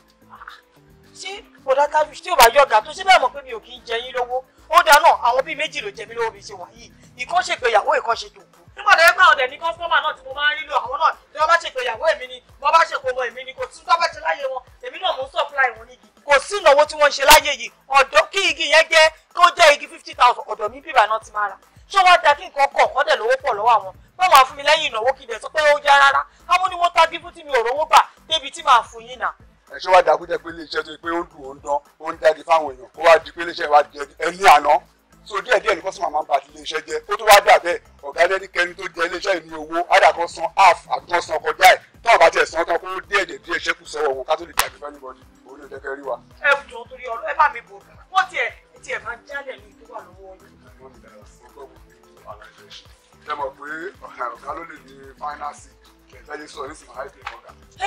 ṣé bọ̀dá tábì tí yóò bá yọ ọ̀gá tó ṣe bẹ́ẹ̀ mọ̀ pé mi ò kì í jẹ yín lówó ó dáná àwọn bíi méjì ló jẹ mí lówó mi ṣe wà yìí ìkọ́ṣègbéyàwó ìkọ́ṣètò òkú nígbà tó yẹ pé àwọn ẹni kọ́sọ́mà náà tí mo máa ń nílò àwọn náà tí wọ́n bá ṣètò ìyàwó èmi ni wọ́n bá ṣètò ọmọ èmi ni kò sí wọ́n bá ṣe láyé wọn èmi náà mò ń supply wọn nígi kò sí ìnáwó tí wọ́n ń ṣe láyé yìí ọ̀dọ́ kí igi yẹn jẹ́ kó jẹ́ igi fifty thousand ọ̀dọ̀ mi bíbà náà ti máa rà ṣé wọ́n á da kí nǹkan kọ̀ ọ́ dẹ̀ lówó pọ̀ lọ́wọ́ àwọn wọ́n wàá fún mi lẹ́yìn ìnáwó kí dẹ̀ sọ pé ó já rárá àwọn ni wọ́n ta gífù tí mi ò rówó gbà débi tí màá fún yín náà. ẹ ṣé wàá dàkú jẹ pé iléeṣẹ́ tó yẹ pé ó ń dùn ó ń dán ó ń dági fáwọn èèyàn ó wàá di pé iléeṣẹ́ wa di ẹni àná so díẹ̀ díẹ̀ ni kọ́sùmọ̀ máa ń ba ti iléeṣẹ́ jẹ́ ó tó wá dà bẹ́ẹ̀ ọ̀gá ẹlẹ́ni kẹrin tó jẹ iléeṣẹ́ ìní owó ádà kan san half àbí kan san kọjá ẹ̀ tó ọ̀bá tiẹ̀ san tán kó díẹ̀ díẹ̀ díẹ̀ ṣẹ́kù sọ́wọ́ wọn ká tó lè dàbí fẹ́ níbọ̀dì òun ló dẹ́kẹ́ rí wa. ẹ jọ torí ọ̀rọ̀ ẹ bá mi bò wọ́n tiẹ̀ tiẹ̀ máa jálẹ̀ ní ìdúwà lọ́wọ́ yìí ẹ mọ̀ pé ọ̀gá ló lè ní final seed ẹ̀ẹ́dẹ́gbẹ́ sọ nísìnyí máa ń pè mọ́gà. ẹ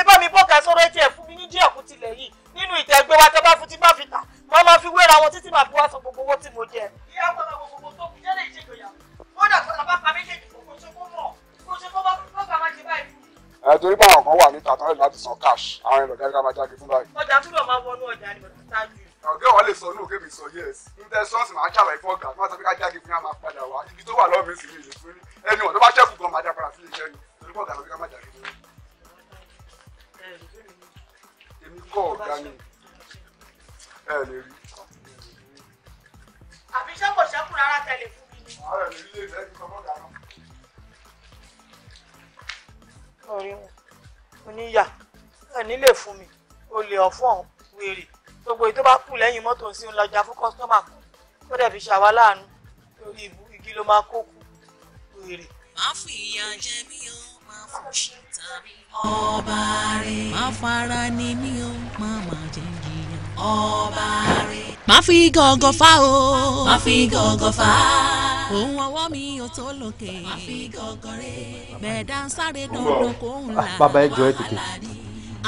ẹ bá mi bọ́ọ̀gà sọ̀rọ̀ ẹ tiẹ̀ fún mi ní díẹ̀ kú tilẹ̀ yìí nínú ìtẹ̀gbẹ́ wa tẹ́ bá fún ti má fi tà wọ́n máa fi wéra wọn títí màá fi wá sọ gbogbo owó tí mo jẹ. ìyá wọn máa gbogbo tó kù jẹ́lẹ̀ ìṣègùn yà ó dà tó bá pa méjèèjì kò ṣe kó mọ̀ kò ṣe kó bá bá máa ṣe báyìí. ẹ torí pé àwọn kan wà níta tán láti san cash àwọn èèyàn lọ́jà ká máa jáde fún báyìí. ọjà túbọ̀ máa wọnú ọjà ni bàtà tájú. ọ̀gá ìwọ lè sọ inú òkè mi sọ yes intentions máa ṣàlàyé fún ọ̀gá máa tàbí ká jáde fún yà máa padà wá ibi tó wà lọ́ọ̀ mi sì ìlú fún ẹni wọn tó bá ṣẹ́kù gan máa dábàrà sí iṣẹ́ ni torí pọ̀ ọ̀gá lọ́ọ́ ẹ lè rí. àbí sọ́kò sẹ́kù rárá tẹ̀lé fún mi ààrẹ mi rí lè fẹ́ kí sọ́kò dáná. orí wọn oníyà ẹ nílé fún mi olè ọ̀fọ́n wèrè gbogbo èyí tó bá kù lẹ́yìn mọ́tò ń sí ń lọ́jà fún kọ́sítọ́mà kan kó dẹ̀ ṣàwá láàánú torí ìbú igi ló máa kó kú wèrè. má fi ìyà jẹ mí o má fòṣì tàbí ọba rẹ̀ má fara ni mí o má má jẹ ọba rí. má fi gọ̀ǹgọ̀ fà o. má fi gọ̀ǹgọ̀ fà á. òun ọwọ́ mi ò tó lókè. má fi gọ̀ǹgọ̀ rè. bẹ̀ẹ̀dá ń sáré dandan kó ń ah, la. bàbá ẹ jọ ẹ tètè.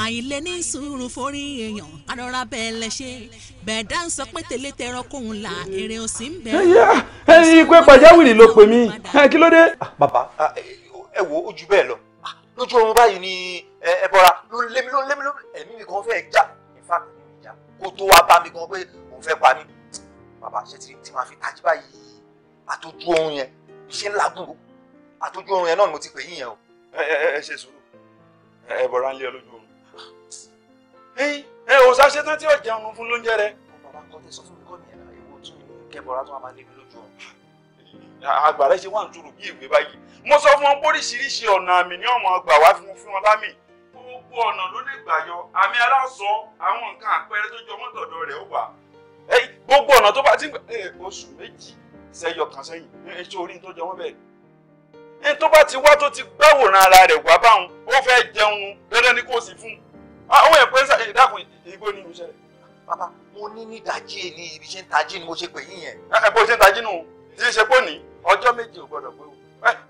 àìlè ní sùúrù forí èèyàn arọra bẹ́ẹ̀ lẹ ṣe bẹ̀ẹ̀dá ń sọ pé tèlé tẹrọ kó ń la èrè ò sí ń ẹyin ikú pàjáwìrì ló pè mí kí ló dé. Ah, bàbá ah, ẹ wo ojú bẹ́ẹ̀ lọ lójú oorun báyìí ni ẹ bọra ló ń lémi ló lémi ló ẹ̀mí mi kan fẹ́ẹ́ já in kó tó wá bá mi gan pé òun fẹ́ pa mí bàbá ṣe ti ti máa fi tají báyìí àtọ́jú oorun yẹn ṣe ń làágùn àtọ́jú oorun yẹn náà ni mo ti pè yín yẹn o. ẹ ẹ ẹ ṣe sùúrù ẹ bọ̀rọ̀ à ń lé ọ lójú oorun. ẹ ò sá ṣetán tí ó jẹun fún lóúnjẹ rẹ. bàbá nǹkan tẹ sọ fún mi kọ́ nìyẹn náà èwo tún kẹbọra tó máa lé mi lójú oorun. àgbàrá ṣe wà ń túrù bí ìwé báyìí mo sọ fún wọn póríṣiríṣi ọ̀nà àmì ní ọmọ ọgbà wá fún wọn lámì gbogbo ọ̀nà ló lè gbà yọ àmì aláṣọ àwọn nǹkan àpẹẹrẹ tó jọ mọ́tọ̀dọ̀ rẹ̀ ó wà gbogbo ọ̀nà tó bá ti gbà oṣù méjì sẹ́yọ kan sẹ́yìn èso orí tó jọ wọ́n bẹ́ẹ̀ ní tó bá ti wá tó ti gbàwòrán ara rẹ̀ wá báwọn ó fẹ́ jẹun dandan ni kò sí fún àwọn ah, ẹ̀pẹ́ ìdákùn ìgbó ní ìmúṣẹ́lẹ̀. bàbá mo ní ní ìdajì ni ibi ṣe ń tají ni mo ṣe pè yín yẹn. ẹ bó ṣe ń tají nù tí ṣe pò ní ọjọ́ méje ò gbọ́dọ̀ pé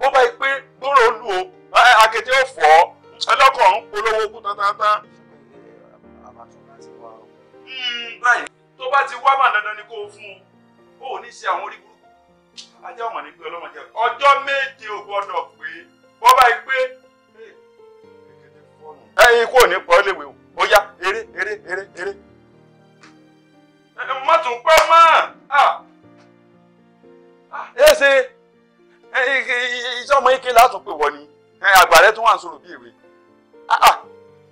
o bó o akété ẹlọ́kọ̀ ń polówó kú tátátá. báyìí tó bá ti wá mà dandan ni kó o fún un ó ní ṣe àwọn orí burúkú ajá ọmọ ní pé ọlọ́mọ jẹ ọjọ́ méje ò gbọ́dọ̀ pé bọ́ báyìí pé ẹyin kò ní pọ́ léwe o ó yá eré eré eré eré. má tún pẹ́ mọ́ ẹ ṣe ìjọmọ ike látún pé wọ ni àgbà rẹ tún wà ń sọ̀rọ̀ bí èwe. Ah,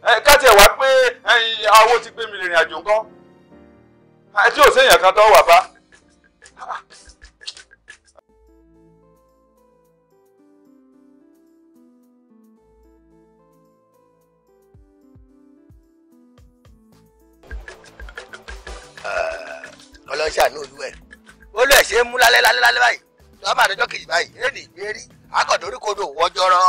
ah. ká tiẹ̀ wá pé awo ti gbé mi rìnrìn àjò nǹkan ah, tí ò séèyàn kan tó wà bá. Eh, ọlọ́ṣàánú olúwẹ̀ olú ẹ̀ ṣe é mú lálẹ́ lálẹ́ lálẹ́ báyìí lọ́mọ àdójọ́ kejì báyìí èdè ìgbérí akọ̀dórí kodò wọ́jọ́rọ́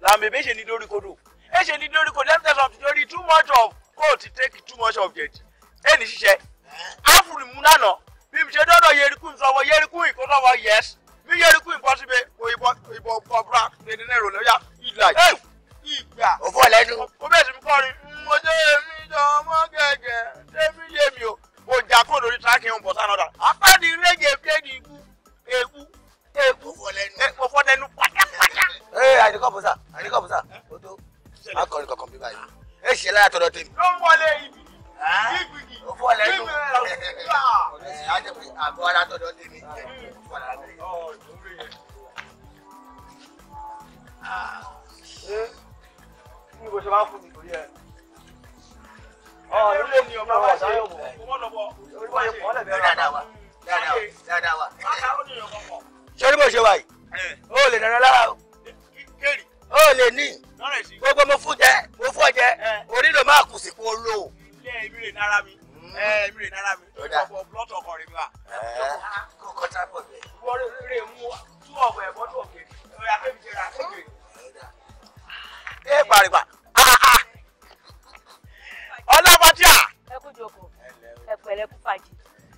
làmì bí ṣe ni lórí kodò ẹ ṣe ni lórí kodò ẹni tẹsán torí too much of coat take too much of dead ẹ ní ṣiṣẹ áfùrù mú lánàá bí mi ṣe dọ́dọ̀ yerikun sọ̀wọ́ yerikun ìkọ́sọ̀wọ́ yẹs bí yerikun ìbọ̀síbẹ̀ òyìnbó ìbọ̀ kọ̀ọ̀bùrà lẹ́ni náà ìrọ̀lẹ́ yá ìlà ìgbà òfò lẹ́nu. ó bẹ̀rẹ̀ sí mi kọrin mo ṣe èmi jọ ọmọ gẹ̀gẹ̀ tẹ́mi yé mi o mo jà kúrò lórí tíráàkì ń bọ̀ sánà dà. apáàdì rẹ́gẹ̀ẹ́ fẹ́ẹ́ di ikú ewu ewu òfò lẹ́nu pátá ee àdìkọ́ fún sà àdìkọ́ fún sà ó tó akọrin kankan bí báyìí ẹ ṣe láyà tọdọ tèmi. ló ń wọlé ibi gbígbìgì ó fọlẹ inú àgọ́ ara tọdọ tèmi ó fọlẹ abẹ́rẹ́. ṣé kí ni bó ṣe máa ń fún mi torí ẹ ilé ni ọba wa ṣe ọmọ lọ́wọ́ olúwa o kọ́ lẹ́bẹ̀ẹ́ dáadáa wa dáadáa wa dáadáa wa. ṣé ní bó ṣe wáyé o lè dáná lára o kéèrè. ó lè ní gbogbo mo fún jẹ mo fún ọjẹ orí ló máa kù sí kó lò. ilé èmi rè nára mi èmi hmm. rè nára mi ọ̀pọ̀ blọ́ọ̀tù ọkọ̀ rẹ̀ mi wà. kókó tábà bẹ̀. wọ́n rè mú tú ọ̀bọ̀ ẹ̀bọ́ tó ọ̀gẹ̀rẹ̀ ọ̀yà kébì jẹ́ ra kébì. ẹ pariwa ọlọ́mọdíà. ẹ kú jókòó ẹ pẹ̀lẹ́ kú fàájì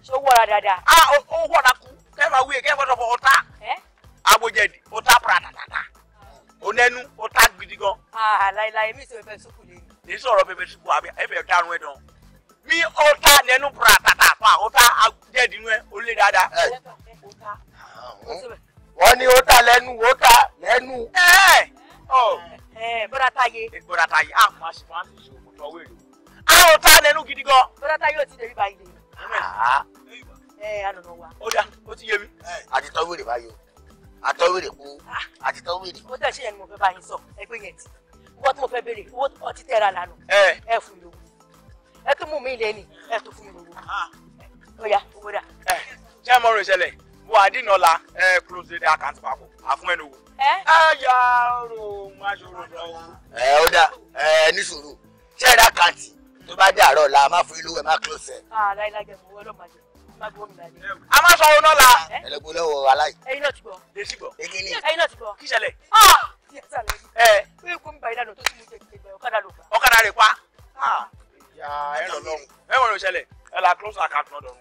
ṣé ó wọra dáadáa. a ah, ó wọra kú kẹfà wíyẹ kẹfà tó ọta. àbójẹdì ọta pradàdàdà ó nẹ́nu ó tá gidi gan. Ah, láìláì mi ìṣòro fẹ́ sùkùn lẹ́yìn. ní sọ̀rọ̀ pẹpẹ sùkùn àbí ẹ̀fẹ̀ darun ẹ̀ dán. mi ó ta nẹ́nu pra tata fa ó ta jẹ́dínú ẹ̀ ó lé dáadáa. wọ́n ní ó ta lẹ́nu ó ta lẹ́nu. bọ́dà táyé. bọ́dà táyé a máa ṣe máa ń ṣe òkú tọ́wé rẹ̀. a ó ta nẹ́nu gidi gan. bọ́dà táyé ò ti dé bíbá ilé. Ah, ah. ẹ ẹ ànàmọ́ wa. ó dà ó ti yé mi. àti tọ́wé rẹ̀ báyìí o àtọ́wèrè kú ah. àti tọ́wèrè. mo tẹ̀ ṣe yẹn ni mo fẹ́ bá yín sọ ẹgbẹ́ yẹn ti owó tí mo fẹ́ béèrè owó ọtí tẹ́ ra lànà ẹ fún mi owó ẹ tún mú mi ilé ni ẹ tún fún mi ah. owó ọ̀yà owó rà. ṣé mo rìn ṣẹlẹ̀ bó adínọ́lá ẹ close the account papọ̀ àfúnmẹ́nu owó. ẹ yà ọ̀rọ̀ ohun aṣọ́rọ̀ lọ. ẹ ó dà ẹ ní sùúrù ṣé ẹ dá kàǹtì tó bá dàrọ̀ la má fún ilé owó ẹ má close ẹ. ààrẹ ìlàjẹ̀ mọ̀ wọ́n lọ́ọ́ máa a máa sọ ọ̀nà la. ẹlẹgbẹ́ lọ́wọ́ aláì. ẹyin náà ti gbọ́. lèsì gbọ́. èkìní. ẹyin náà ti gbọ́. kí ṣẹlẹ̀. ẹ ẹ kó mi bá ìdáná tó ti mú jẹjẹrẹ ọ̀kadà ló pa. ọ̀kadà rẹ̀ pa. ìyá ẹ lọ lọ́rùn ẹ wọ̀n ló ṣẹlẹ̀ ẹ la close account náà dọ̀rùn.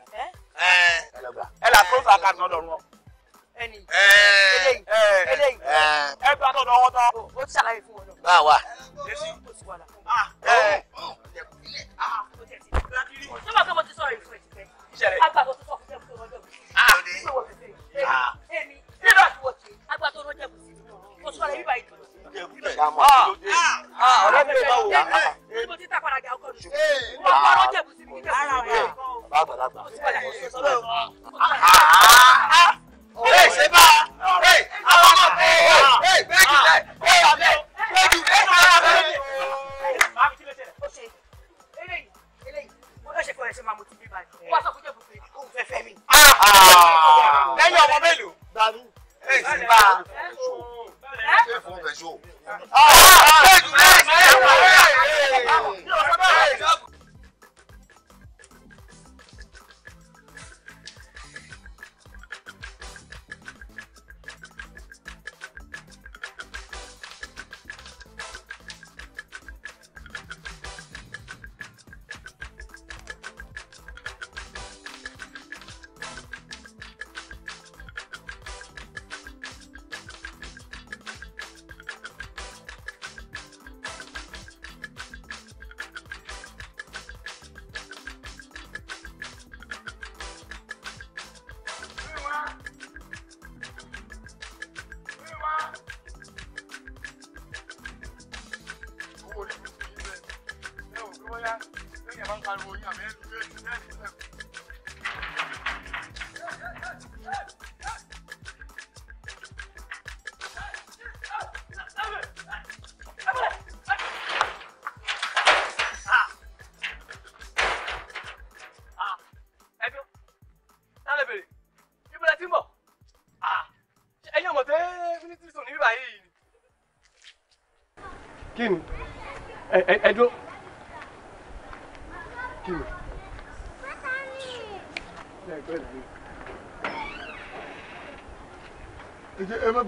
ẹ la close account náà dọ̀rùn. ẹni eléyìí eléyìí ẹ gba tọ̀dọ̀ wọn tán. o ti ṣàlàyé fún wọn náà. bá a wà. o ti wà lá. ẹ ẹ ṣẹlẹ̀. agbàdo tó sọ fún tó rọjò bù èmi nígbà tí wọ́n ti tàpá àjà ọkọ mi. sí mi nígbà tí wọ́n ṣe. bàgbàlagbà. ọ̀rẹ́ Ah ṣe máa mú tìbí báyìí ó wá sọ fún jẹ̀bù pé òun Ah fẹ́ mi. Ah! lẹ́yìn ọmọ mélòó. gbàdú. ẹ ẹ sì bá a. ṣé fún fẹ́ ṣó. ṣé jù lẹ́yìn.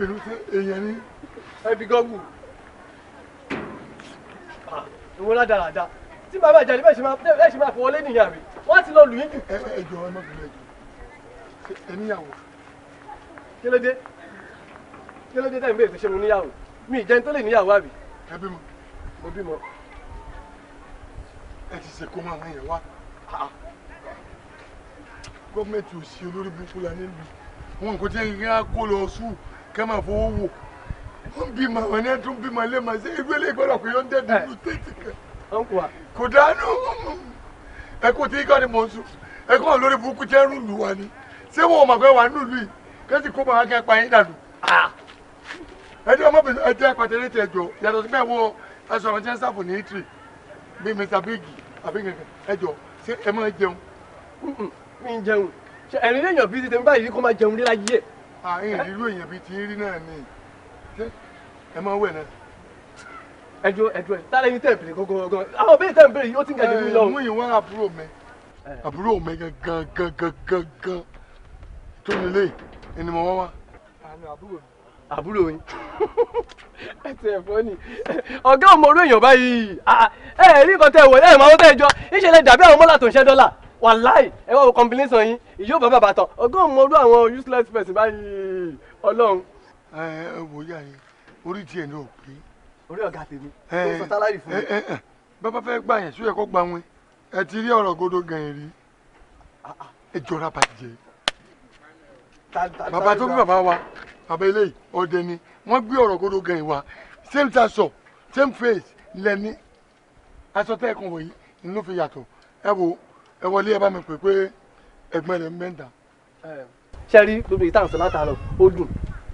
bínú sí èèyàn ní. ẹ fi gọ́gù ìwọ ah, ládàradà tí bàbá ìjàlè bẹ́ẹ̀ ṣe máa fọwọ́ lé nìyà rẹ̀ wọ́n ti lọ lù yín jù. ẹ ẹ jọ ẹ má bínú ẹ jọ ẹ níyàwó. kílódé kílódé táyì bẹ́ẹ̀ ṣe mo níyàwó mi ìjẹun tó lè níyàwó àbí. ẹ bímọ. mo bímọ. ẹ ti ṣe kó máa ràn yẹn wá. Ah, ah. gọ́ọ̀mẹ̀ntì ò sí olórí burúkú la nílùú wọn kò tí ń rí akó lọ sùn kán máa fowó wò wọ́n bímọ àwọn ẹni tún bímọ lé màá ṣe irú eléyìí gbọ́dọ̀ pé yóò ń dẹ́bi ìlú tẹ́tì kan kò dánú ẹ kò tí kàn ní mò ń sùn ẹ kàn lórí burúkú tẹ́ rú lù wá ni ṣé wọn ò mà pé wà nílùú yìí kẹ́sì kó bàbá kẹ́ pa yín dànù ẹni ọmọbìnrin ẹjẹ pàtẹ́lẹ́ tẹ̀ jọ yàtọ̀ sí bẹ́ẹ̀ wọ aṣọ àwọn jẹ́ sáfù ní italy bíi mr big àbí kankan ẹjọ ṣé ẹ máa jẹun. mi ń jẹun ẹ̀rín lèèyàn bí ti tẹ̀ ń báyìí kó máa jẹun níláyé àárín ìrírú èèyàn bíi ti ń rí náà ni ẹ máa wẹ̀ náà. ẹjọ ẹjọ tálẹ̀ yín tẹ̀ bèrè gangan gangan àwọn bẹ́ẹ̀ tẹ̀ ń bèrè yìí ó ti ń gàdé mi lọ. mú ìwọ àbúrò mi àbúrò mi gangan gangan gangan tó nílé ẹni mo wá wá. àbúrò yín ẹ ti ẹ̀ fọ́ ni ọ̀gá ọmọọ̀rọ̀ èèyàn báyìí ẹ ẹ̀ rí nǹkan tẹ̀ wọ̀ ẹ̀ máa wọ́n tẹ̀ jọ ìṣẹ̀lẹ̀ dàbí àwọn mọ́là tó ń ṣẹ́ dọ́là wàláì ẹ wá wo combination yín ìyóò bàbà bàtàn ọgọ́ ọmọ ọdún àwọn useless person báyìí Ọlọ́run. ẹ ẹ wò ó yàrá orí tiẹ̀ ní òpè. orí ọ̀gá tèmi tó sọ sálárì fún mi. bàbá fẹ́ gbà yẹn sóyẹ kó gba wọn ẹ ti rí ọ̀rọ̀ godo gan-an rí ah, ah. ẹ jọra bàjẹ́. bàbá tó bí bàbá wa bàbá eléyìí ọdẹ ni wọ́n gbé ọ̀rọ̀ godo gan-an wa same taso same face lẹ́ni aṣọ tẹ́ ẹ kàn wọ̀nyí ló fi yàtọ̀ ẹ wo ẹ wọlé ẹ bá mi pè pé ẹgbẹ́ rẹ̀ ń bẹ́ńdà ṣẹ́rí gbogbo ìtàn sí látàárọ̀ ó dùn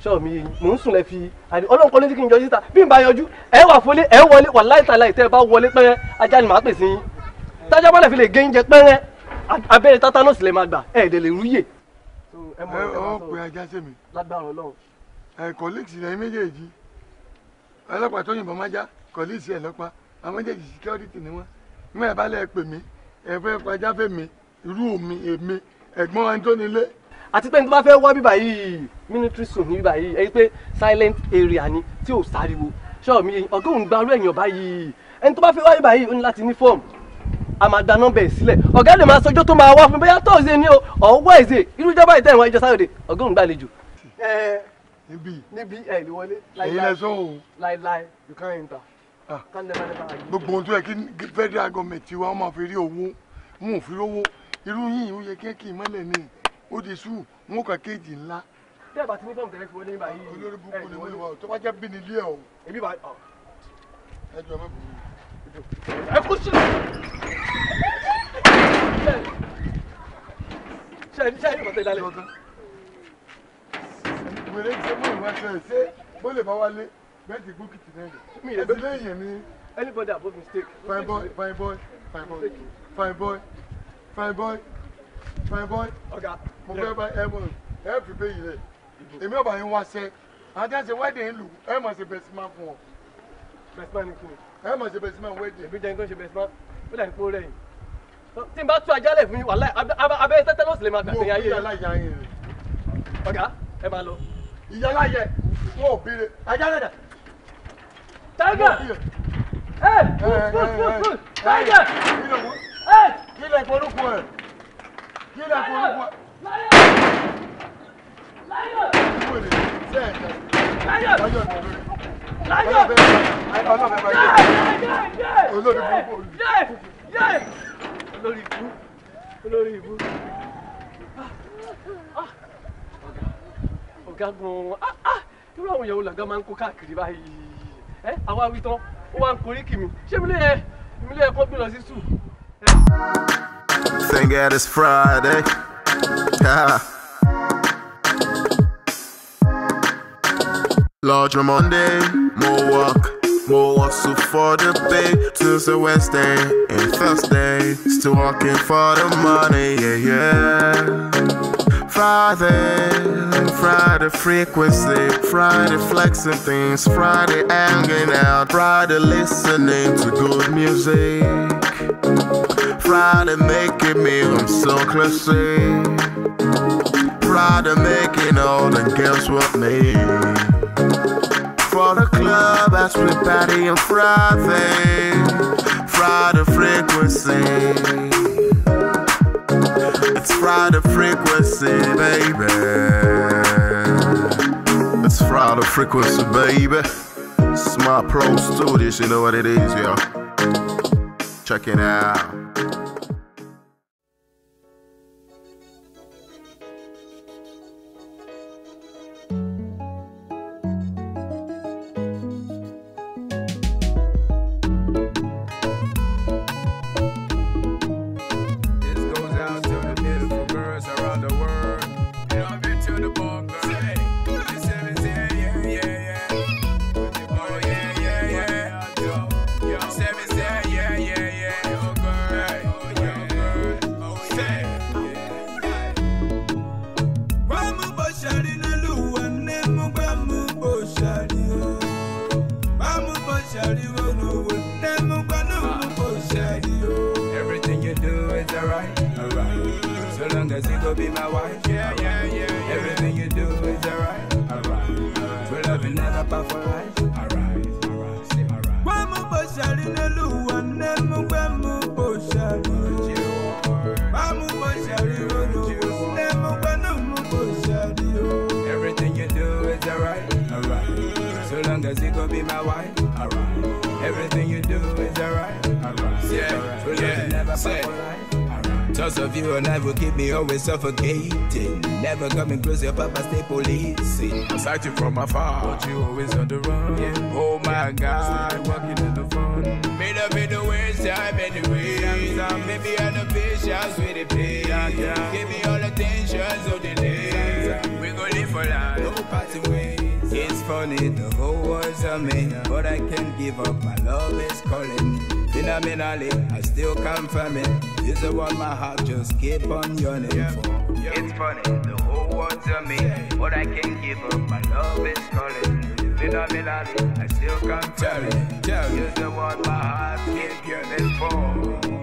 ṣọ́ mi mò ń sùn lẹ́ fi àní ọlọ́run kọ́ ló ní kí n yọjú síta bí n bá yọjú ẹ wà fọlé ẹ wọlé wà láìta láìtẹ́ ẹ bá wọlé pẹ́rẹ́ ajá ni màá pèsè yín tájá bá lè fi lè gé oúnjẹ pẹ́rẹ́ abẹ́rẹ́ tátá náà sì lè máa gbà ẹ̀ ẹ̀dẹ̀ lè rúyè. ẹ ọ pe ajá sí mi ẹ kọ́líìsì rẹ méjèèjì ọlọ́pàá tó yìnbọn májá kọ́líìsì ẹ̀ lọ́pàá àwọn méjèèjì síkírọ́tì ni wọ́n nígbà yẹn bá lẹ́ pè mí ẹ fẹ́ pajá fẹ́ mi irú mi èmi àti pé ní tó bá fẹ́ wá bíbà yìí military zone ní bíbà yìí ẹni pé silent area ni tí ò sáriwo ṣọ́ọ̀mí ọ̀gá òun gbarú ẹ̀yàn báyìí ẹni tó bá fẹ́ wá bíbà yìí ó ní láti ní fọ́ọ̀mù a máa gba nọ́mbà ẹ̀ sílẹ̀ ọ̀gá lè máa sọjọ́ tó máa wá fún bóyá tọ́sídẹ̀ẹ́ ni o ọ̀wọ́ ẹ̀sẹ̀ irú ìjọba ìtẹ́ ìwọ̀n ìjọ sáyọ̀dẹ̀ ọ̀gá òun gbàlejò. ẹ ẹ ní wọlé you can't ah. enter. gbogbo ohun tó yẹ kí federal government tiwa wọn máa fi rí owó wọn ò fi rówó irú yìnyín ó yẹ kí ẹ kì í mọ́lẹ̀ ní ó di sùn wọn kàn kéèjì bá ti ní fọ́ọ̀mù tẹ́lẹ̀ fi wọlé nígbà yìí. olórí búkú ni wọ́n wà tó bá jẹ́ bíi nílé ọ̀. èmi bá ẹ jọ ẹ má bù mí. ẹ kú sí. ṣe ẹni ṣe ẹni kọ́tẹ́ ìdálẹ́. wèrè ṣe mú ìwà ṣe ṣe bó lè bá wálé bẹ́ẹ̀ ti gbókìtì náà rẹ̀. ẹsẹ̀ lẹ́yìn mi. anybody above mistake. fine boy fine boy fine boy fine boy fine boy fine boy. Okay mo fẹ́ bá ẹ mọ̀ ẹ fi bẹ́yìí rẹ̀ èmi ọ̀bà yín wá sẹ́ àti àti wẹ́ẹ̀dì ń lù ẹ mọ̀ ṣe bẹ̀sí máa fún ọ. bẹ̀sí máa ní kí ni. ẹ mọ̀ ṣe bẹ̀sí máa wẹ́ẹ̀dì. èmi jẹ́ nǹkan ṣe bẹ̀sí máa ó dà ní kó rẹ̀ yìí. tí n bá tú ajálẹ̀ fún yín wàhálà abẹ́ tẹ́tẹ́ ló sì lè máa gbà tẹ̀yìn ayé rẹ̀. ọ̀gá ẹ máa lọ. ìyá láyẹ wọn ò bíire ajálẹ̀ dà. tiger ẹ tiger ẹ kílẹ̀ kó orúkọ ẹ kílẹ̀ kó orúkọ ẹ olórí ibú irú àwọn ìyàwó làgá máa ń kó káàkiri báyìí ẹ àwa wí tán ó wá ń korí kì ṣé mi lè yẹ mi lè yẹ kó bí sí sùn. Thank God it's Friday. Nah. Larger Monday, more work, more hustle for the pay. Tuesday, Wednesday, and Thursday, still working for the money, yeah, yeah. Friday, Friday frequency, Friday flexing things, Friday hanging out, Friday listening to good music, Friday making me, I'm so classy. Proud of making all the girls with me. For the club, I split patty and Friday. Friday frequency. It's Friday frequency, baby. It's Friday frequency, baby. Smart Pro Studios, you know what it is, yo. Check it out. be my wife. Yeah, yeah, yeah. yeah. Everything you do is alright. Alright. We're loving that up for life. Alright. Bọ́sàrí Everything you do is alright. Alright. So long as you go be my wife. Alright. Everything you do is alright. Alright. Yeah. Yeah. Never yeah. Thoughts of you alive will keep me always suffocating. Never coming close, your papa stay policing. I sight you from afar, but you always on the run. Yeah. Oh my God, so walking in the fun. Made up in the worst time anyway. Sometimes maybe I'm the patience with the pain. Yeah. Give me all attention, so delay. We gon' live for life, no parting ways. It's funny, the whole world's a man, but I can't give up. My love is calling phenomenally. I still confirm from it. This is what my heart just keep on yearning yeah. for. Yeah. It's funny, the whole world's on me. but I can not give up, my love is calling. Phenomenally, I still confirm it. Tell this is what my heart keep yearning for.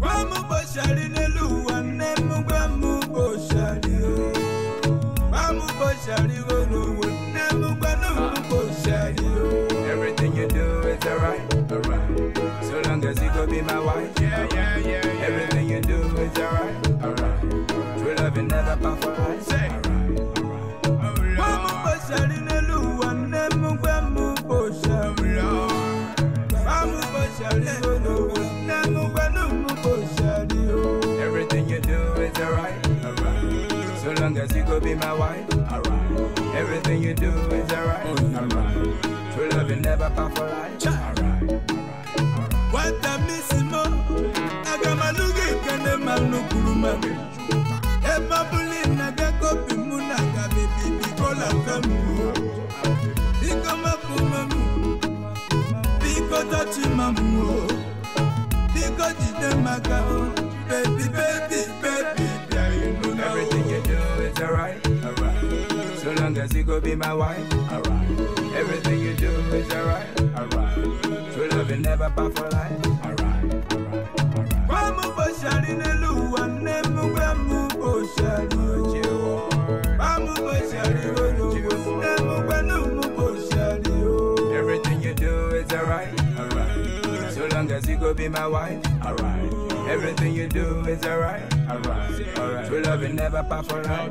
Kwamu boshali nelu wanemu kwamu boshali o. Kwamu boshali wonu. be my wife. Alright. Everything you do is alright. Oh, alright. True love you never pass for life. Alright. What a missing I got my agamalugi kende malnukuru mabe. Emma bulin na deko pimuna gabe bibi kola kamu. Biko makumamu. Biko tachi mamu. Biko jide makao. go be my wife. Alright. Everything you do is alright. Alright. True love will never part for life. Alright. Alright. Kwamu boshari nelu amne mugwamu boshari. Kwamu boshari wonu ne mugwanu boshari. Everything you do is alright. Alright. So long as you go be my wife. Alright. Everything you do is alright. Alright. Alright. True love will never part for life.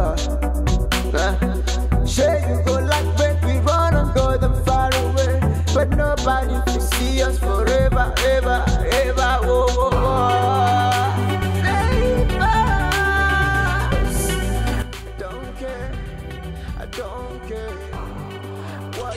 forever. you go like when we run and go them far away, but nobody can see us forever, ever, ever. Whoa, whoa, whoa. Neighbors, I don't care, I don't care. What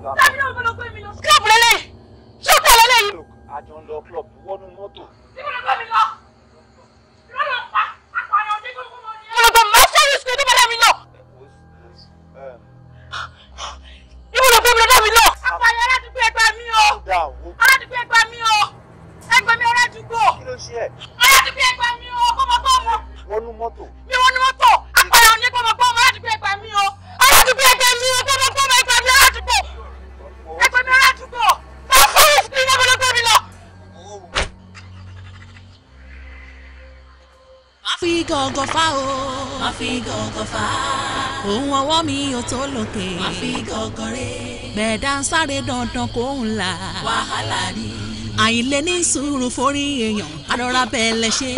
Stop. fi gọ̀ǹgọ̀ fà o. má fi gọ̀ǹgọ̀ fà. òun ọwọ́ mi ò tó lòkè. má fi gọ̀ǹgọ̀ rè. bẹ̀ẹ̀dá ń sáré dandan kó ń là. wàhálà ni. àìlè ní sùúrù forí èèyàn arọra bẹ́ẹ̀ lẹ ṣe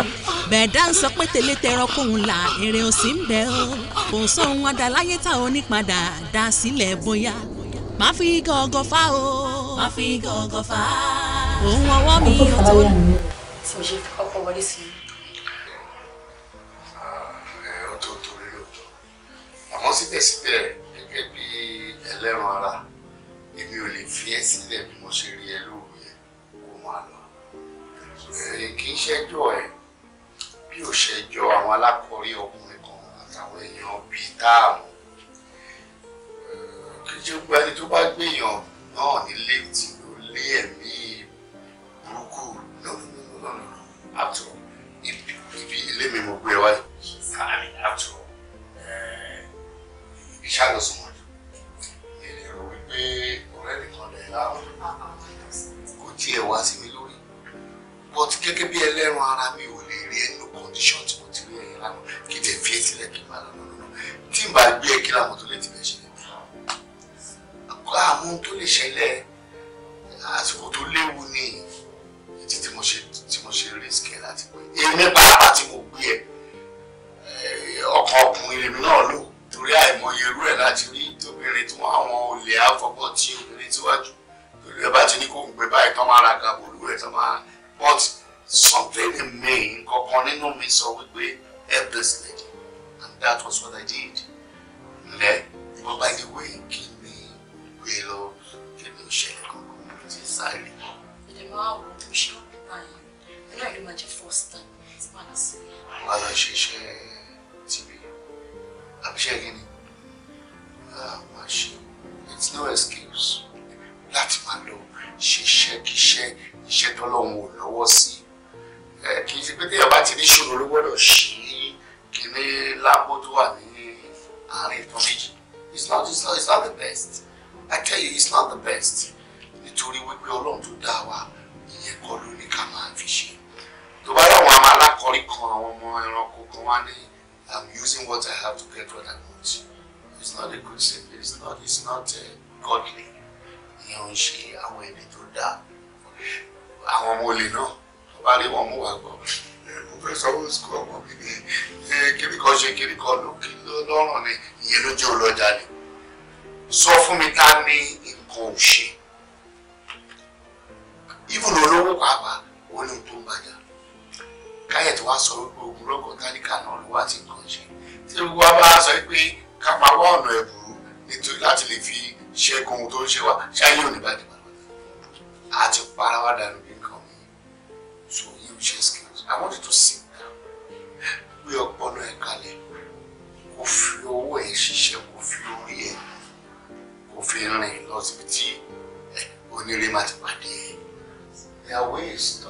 bẹ̀ẹ̀dá ń sọ pé tèlé tẹrọ kó ń là èrè ò sí ń bẹ o. kò sóhun adaláyé tá ò dá sílẹ̀ bóyá. má fi gọ̀ǹgọ̀ fà o. má fi gọ̀ǹgọ̀ fà. òun ọwọ́ mi ò tó lòkè. ọkọ̀ wọlé sí i. síbẹ̀síbẹ̀ gẹ́gẹ́ bí ẹlẹ́ran ara èmi ò lè fi ẹ́ sílẹ̀ bí mo ṣe rí ẹ lóru yẹn kó máa lọ. kì í ṣẹjọ́ ẹ bí ò ṣẹjọ́ àwọn alákọ̀ọ́rí ọkùnrin kan àtàwọn èèyàn bíi táàmù kì í ṣe gbogbo ẹni tó bá gbèyàn náà nílé tí ló lé ẹ̀mí burúkú lọ́nà àtọ̀ ibi ilé mi mo gbé wáyé àmì àtọ̀ ìṣàlọ́sùnmọ́ èrè rò wípé ọ̀rẹ́ nìkan lẹ̀ láwọn kò tiẹ̀ wá sí mi lórí but gẹ́gẹ́ bí ẹlẹ́ran ara mi ò no rí ẹnu condition tí mo ti rí ẹ̀yẹ lánàá kí lè fi etí lẹ̀ kí n máa lọ lọ́nà tí n bá gbé ẹ kí làwọn tó lè tilẹ̀ ṣe lè fún wa àwọn tó lè ṣẹlẹ̀ àsìkò tó léwu ni ètí tí mo ṣe tí mo ṣe risk ẹ láti pé mo gbé ẹ ọkùnrin lèmi náà lò torí àìmọye irú ẹ̀ láti rí tóbìnrin tí àwọn olè àfọwọ́ tí obìnrin síwájú torí ẹ bá ti ní kó gbé báyìí tán máa ra gàbó olú ẹ̀ tán máa but something in me nǹkankan nínú mi sọ wípé help this lady and that was what I did lẹ but by the way kí ni gbé lọ kí ni ó ṣẹlẹ̀ kankan ti sáré. ìdìbò àwọn òṣèlú pípa yìí nínú ìlú máa jẹ first time tí wọn lọ sí. wọn lọ ṣe iṣẹ́ àbíṣẹ́ kí ni ah, it's no excuse That man, though, she shake, she shake, she don't know kì í ṣe pé téèyàn bá ti ní ṣòro ló gbọ́dọ̀ ṣí kíní lápò tó wà ní àárín ìtàn it's not it's not it's not the best I tell you it's not the best nítorí wípé ọlọ́run tó dá to ìyẹn kọ́ ló ní ká máa fi ṣe tó bá yà wọn a máa lákọ̀ọ́rí kan àwọn ọmọ ẹranko kan wá ní. I'm using what I have to get what I want. It's not a good thing. It's not. It's not uh, godly. Ní o ń ṣe àwọn ẹni tó dáa. Àwọn ọmọ olè náà tó bá rí wọn mú wa gbọ́. Mo fẹ́ sanwó sukú ọmọ mi ní kíní kan ṣe kíní kan lókè lọ́rùn ni ìyẹn ló jẹ́ olọ́jà ni. Sọ fún mi ta ní nǹkan ò ṣe. Ibùdó olówó pàápàá ó ní ohun tó káyẹ̀ tí wàá sọ wípé ogun lọ́kọ̀ náà ló wá ti kàn ṣe tí gbogbo wa bá sọ pé ká máa wá ọ̀nà ẹ̀bùrú nítorí láti lè fi ṣẹ́gun ohun tó ń ṣe wá ṣáyé òní bá dìbò a ti para wa dànù bí nǹkan mi so you share skills I want you to sit down gbé ọpọlọ ẹ kalẹ̀ kò fi owó ẹ ṣiṣẹ́ kò fi orí ẹ kò fi rìn lọ síbi tí onírè máa ti pàdé ẹ there are ways to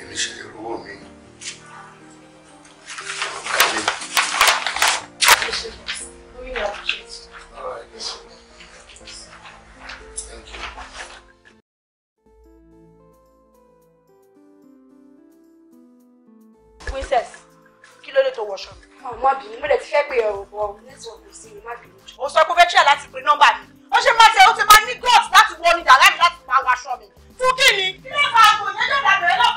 èmi ṣe lè rówó mi. Princess, kí ló lè tó wọṣọ? Ọmọ bìí, mo lè ti fẹ́ pé ẹ̀rọ bọ̀ nẹ́tíwọ̀kì sí ni má bìí. Ó sọ pé ó fẹ́ tíra láti pe nọ́mbà mi. Ó ṣe máa tẹ ó ti máa ní gọ́ọ̀tì láti wọ ní dàlámì láti máa wọ aṣọ mi. Fún kí ni? Kí ló máa gbòòyìn ẹjọ́ ìdàgbẹ́ lọ?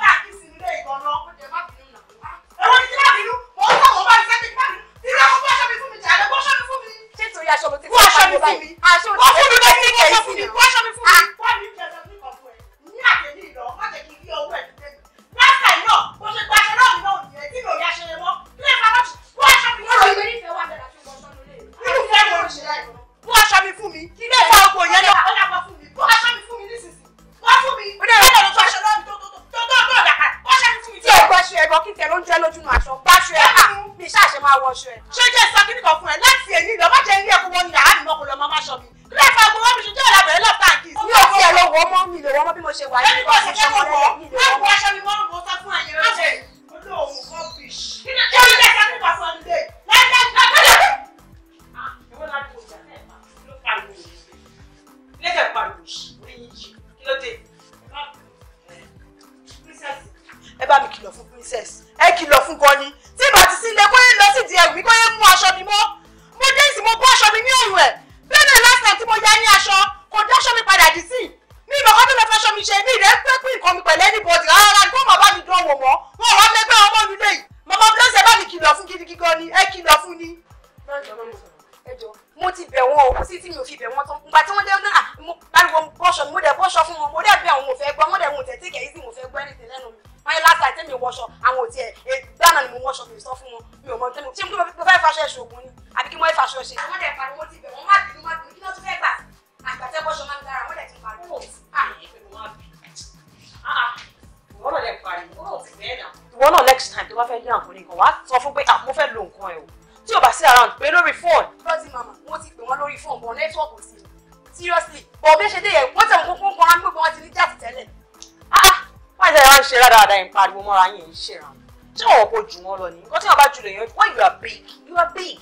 rádaràda ẹ̀ pariwo mọ́ra yẹn ń ṣèrànwọ́ tí wọn kò jù wọn lọ ni nǹkan tí wọn bá jù lè yan why you are big you are big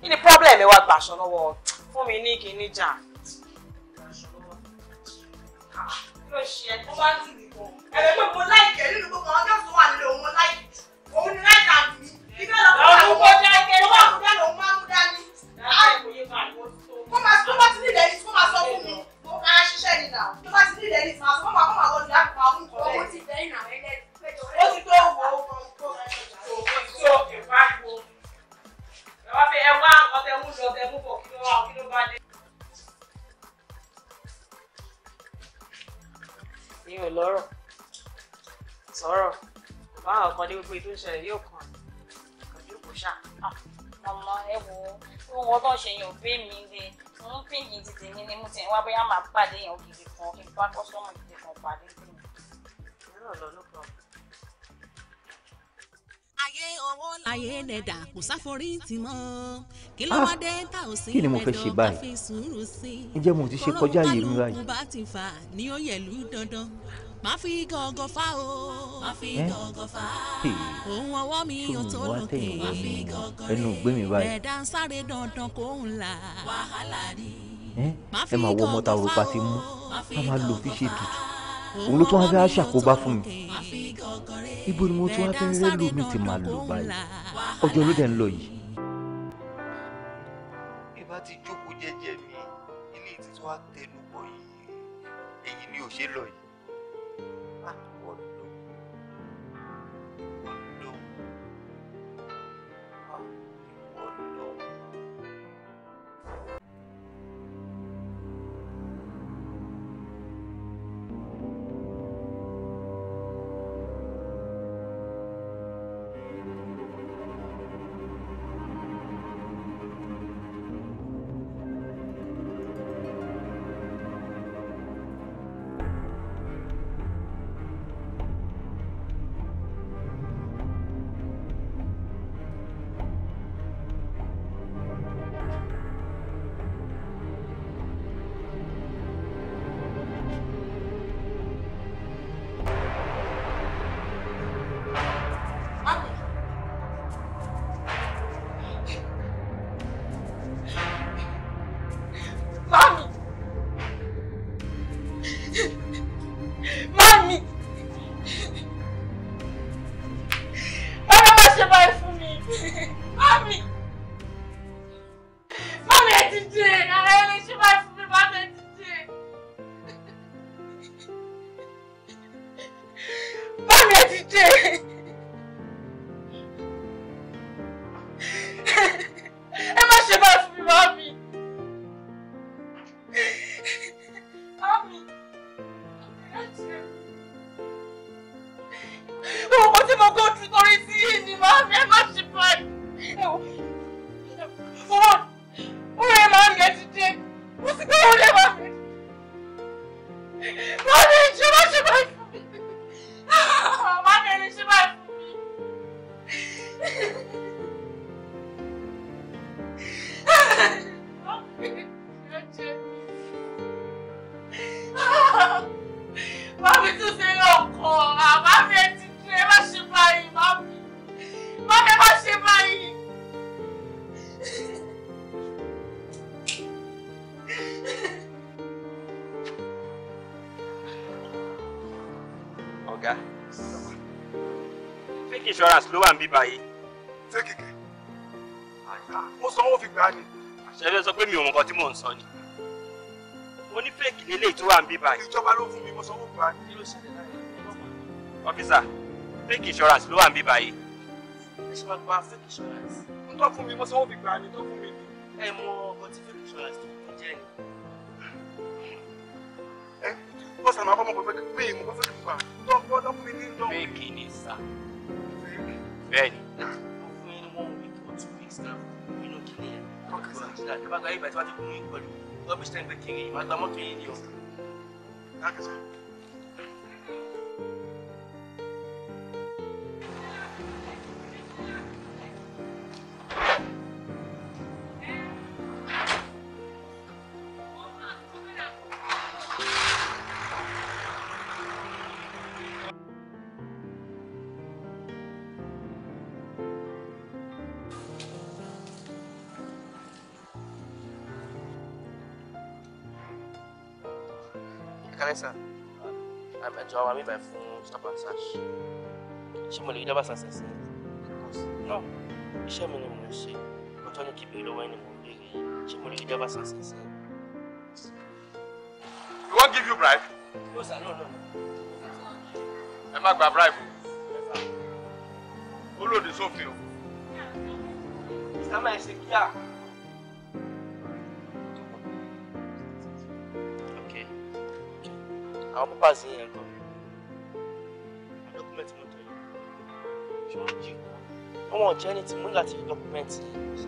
kí ni problem ẹ wá gbàṣọ lọ́wọ́ fún mi ní kíní kí ló ṣe ẹ tó mo ká ṣiṣẹ́ ni nà tó bá ti ní ìdẹ́ni tí màá sọ mọ́mọ́ àkọ́mọ́ àwọn olùdá kan mú nǹkan owó ti bẹ́ẹ̀ nà ẹ̀ ó ti tó wo ó kè bá wo ẹ wá fẹ́ ẹ wá nǹkan tẹ mú lọ tẹ mú bọ̀ kí ló wá kí ló bá dé. mi ò lọ́rọ̀ sọ̀rọ̀ bá ọ̀kan dé gbogbo ètò ìṣẹ̀lẹ̀ yóò kàn kàn jókòó ṣáà. àmọ́ ah, ẹ wo ohun ọgbọ́n ṣe yàn bí mi ni mo ń kíngì ti tèmi ni mo ti wá bóyá máa pàdé èèyàn gidi kan kí n bá kọ́sọ́mù gidi kan pàdé tèmi. ìrọ̀ lọ ló kọ́ ayé ọwọ́ láyé nẹ̀dà kò sáforí tì mọ́ kí ló ah, wá dé tá ò sí ẹ̀dọ̀ bá sùúrù sí i ǹjẹ́ mo ti bá ti fà ní ó dandan má fi gọ̀ǹgọ̀ fà o. má fi gọ̀ǹgọ̀ fà. òun ọwọ́ mi yóò tó lókè. má fi gọ̀ǹgọ̀ ẹnu gbé mi báyìí. ẹ̀dá ń sáré dandan kó ń là. wàhálà ni. ẹ máa wọ ọmọ ta òrùka ti mú a máa lò fi ṣe tutù òun ló tún wáá fẹ́ ṣàkóbá fún mi ibo ni mo tún wáá fẹ́ rẹ́ lómi ti máa lò báyìí ọjọ́ ló dẹ̀ ń lọ yìí. ìbá ti jókòó jẹ́jẹ́ mi ilé ìtìtú àtẹnubọ̀ yìí èyí ni ò ṣe lọ yìí. wà ń bí báyìí. ṣé kìkì mo sanwó fi gbà á ni. àṣẹ fẹ́ sọ pé mi ò mọ nǹkan tí mò ń sọ ni. mo ní fẹ́ẹ̀kì lélẹ̀ tó wà ń bí báyìí. ìjọba ló fún mi mo sanwó gbà á ni. ọ́fíìsà fẹ́ẹ̀kì insurance ló wà ń bí báyìí. ẹ ṣe máa gba fẹ́ẹ̀kì insurance. n tó fún mi mo sanwó fi gbà á ni tó fún mi ni. ẹ mọ ọkọ tí fẹ́ẹ̀kì insurance tó kún jẹ́ ni. ẹ bọ́sà máa kọ́ mọ́ pé pé yìí bàtí wàá ti gún yín pẹ̀lú rubbish ten gbé kiri ìmọ̀ mọ́tò yìí ni o. Thank mi báyìí fún sábà sash ṣé mo lè rí dábàá sàṣẹ sí náà iṣẹ́ mi ni mo ń ṣe ọjọ́ ní kíbi lọ́wọ́ ẹni mo ń béèrè ṣé mo lè rí dábàá sàṣẹ sí. we wan give you bribe. no sir no no. ẹ má bribe o ó lòdì sófin o. ìsámà ẹ̀ ṣe kíá. àwọn pápá lójú méjì wọn ò jẹ́ ní tìmú láti document yìí.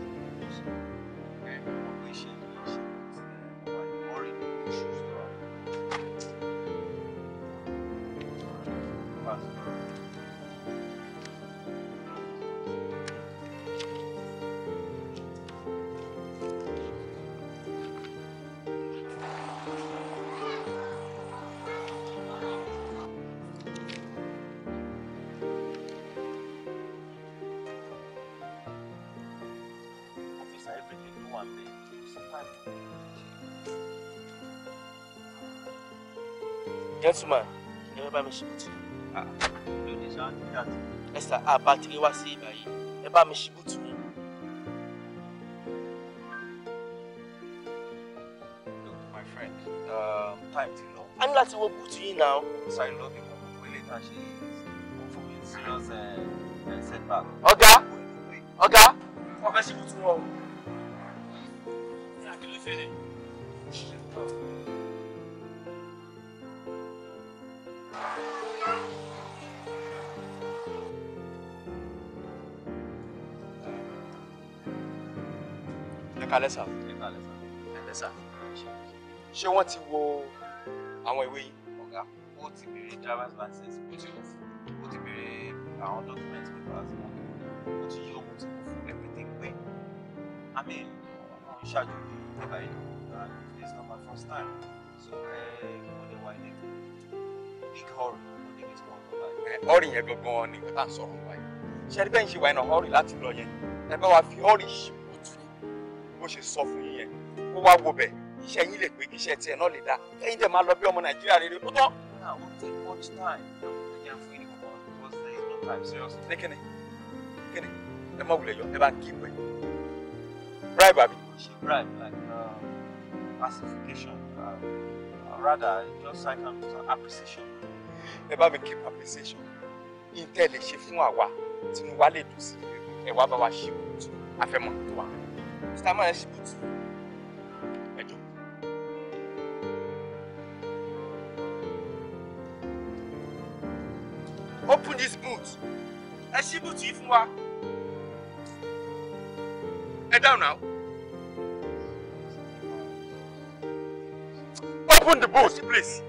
Pasuma ẹ bá mi ṣubútù. Ah, ẹ sà àbá wá sí ìbàyí ẹ bá mi ṣubútù. Um, a ní láti wo bùtù yìí náà. sáré lọ bí kòkó pélé tá a ṣe fún mi serious eh, eh, setback. ọ̀gá ọ̀gá. wọ́n fẹ́ ṣubútù wọn o. ìyá kìlú fẹ́rẹ̀. kalẹ̀ sà. ẹ̀lẹ́ sà. ṣé wọ́n ti wo àwọn ìwé yìí. ọ̀gá ó ti béèrè driver's license ó ti wò fún ó ti béèrè àwọn document paper tí wọ́n kí ó ti yí òkú tí mo fún everything pé i mean mo ń ṣàjòjì nígbà yìí and it's not my first time so eh, mo lè wá ilé big hurry mo lè get one báyìí. Eh, ọ̀rì yẹn gbọ̀ngàn ni tá à ń sọ̀rọ̀ báyìí ṣe ẹni bẹ́ẹ̀ ń ṣe wáyé náà ọ̀rì láti lọ yẹn ẹ bá wa fi ọ̀rì ṣe ṣe sọ fún yín yẹn kó wá wo bẹ̀ iṣẹ́ yín lè pé kí iṣẹ́ tiẹ̀ náà lè dáa kẹ́yìn dẹ̀ máa lọ bí ọmọ nàìjíríà rere ó tán. Ah, ní kíni kíni ẹ má wulẹ̀ yọ ẹ bá kí ìwé bribe àbí. ṣe bribe like uh, pacification uh, uh rather just like an appreciation. ẹ bá mi keep appreciation intel ṣe fún àwa tinubu wa lè dùn sí ẹ wá bá wa ṣe òtún afẹ́mọ́ tó wà mr man ṣì open this boot ẹ ṣí bùtù yìí fún wa down now. open the boot please.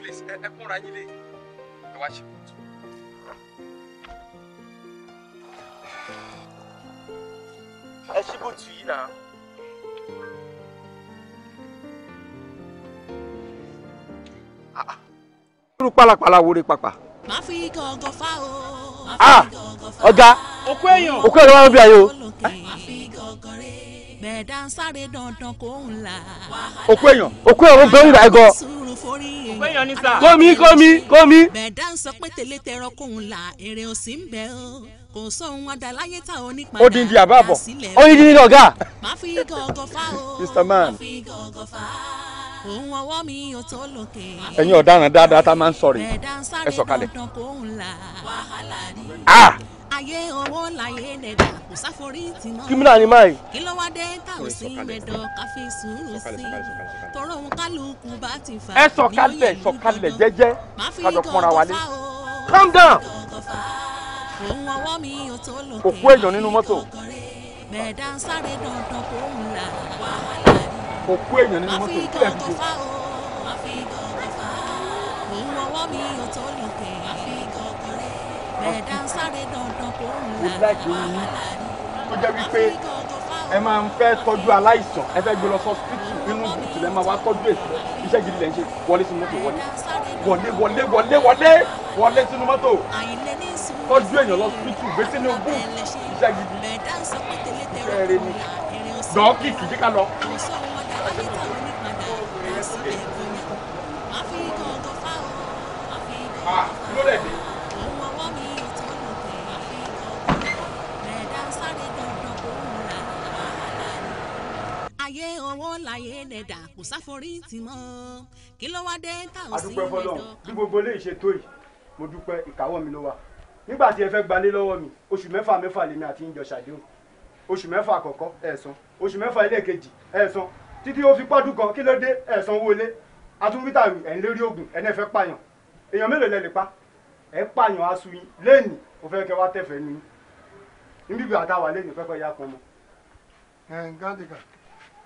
please ẹ kúnra yín lé ẹ wá 上去一呢？irú ah, ah. pálapàla wo re pàpà. má fi gàngàn fa o. Ah, a ọ̀gá òkú èèyàn òkú èèyàn wà ń bí ayé o. má fi gàngàn re bẹ̀ẹ̀dá ń sáré dandan kó ń la kò sóhun adaláyé táwọn nípa náà ó dín di àbábọ̀ ó yín dín ní ọ̀gá. má fi gọ̀ọ̀gọ̀ fá o má fi gọ̀ọ̀gọ̀ fá òun ọwọ́ mi ò tó lókè. ẹ̀yin ọ̀daràn dáadáa tá a máa ń sọ rèé ẹ sọ̀kalẹ̀. ayé owó láyé lẹ́dà kò sáforí tì mọ́. kí mi náà ni máa yìí. kí ló wá dé tá ò sí mẹ́dọ̀ ká fi sùúrù sí i tọrọ òun kálukú bá ti fà. ẹ sọ̀kalẹ̀ sọ̀kalẹ̀ jẹ́jẹ́ kájọ fúnra wa lé. calm down kò kú èèyàn nínú mọ́tò kò kú èèyàn nínú mọ́tò kí lè fi ṣe. mo láìpẹ́ oyin tó jẹ́ wípé ẹ máa ń fẹ́ tọ́jú aláìsàn ẹ fẹ́ gbé lọ sọ́sítì inú bùtù lẹ́ẹ̀ máa wá tọ́jú ẹ̀ iṣẹ́ gidi lẹ́ ń ṣe wọlé sínú mọ́tò wọlé wọlé wọlé wọlé wọlé wọlé sínú mọ́tò tọ́jú èèyàn lọ tútù gbé sínú ogún iṣẹ́ gidi iṣẹ́ rẹ ni dọ́ọ̀kì kìí ká lọ. Ah, ló lẹ̀ dé. láyé owó láyé lẹ́dà kò sáforí tì mọ́ kí ló wá dé tá ò sí lẹ́dọ̀. bí gbogbo ilé ìṣe tó yìí mo dúpẹ́ ìkáwọ́ mi ló wà nígbà tí ẹ fẹ́ gbalé lọ́wọ́ mi oṣù mẹ́fà mẹ́fà lèmi àti ìjọ ṣàdéhùn oṣù mẹ́fà àkọ́kọ́ ẹ̀ san oṣù mẹ́fà ẹlẹ́ẹ̀kejì ẹ̀ san títí ó fi pọ́dún kan kí ló dé ẹ̀ san owó ilé atúnwítàwí ẹ̀ ń lérí oògùn ẹ̀ náà fẹ́ pààyàn èèyàn mélòó lẹ lè pa ẹ̀ pààyàn aṣu yín lẹ́ẹ̀nì ó fẹ́ kẹ́ wá tẹ̀fẹ́ nínú níbi ìgbà tá a wà lẹ́ẹ̀nì pẹ́pẹ́ yá kan mọ́. ẹ̀ ń gádìgà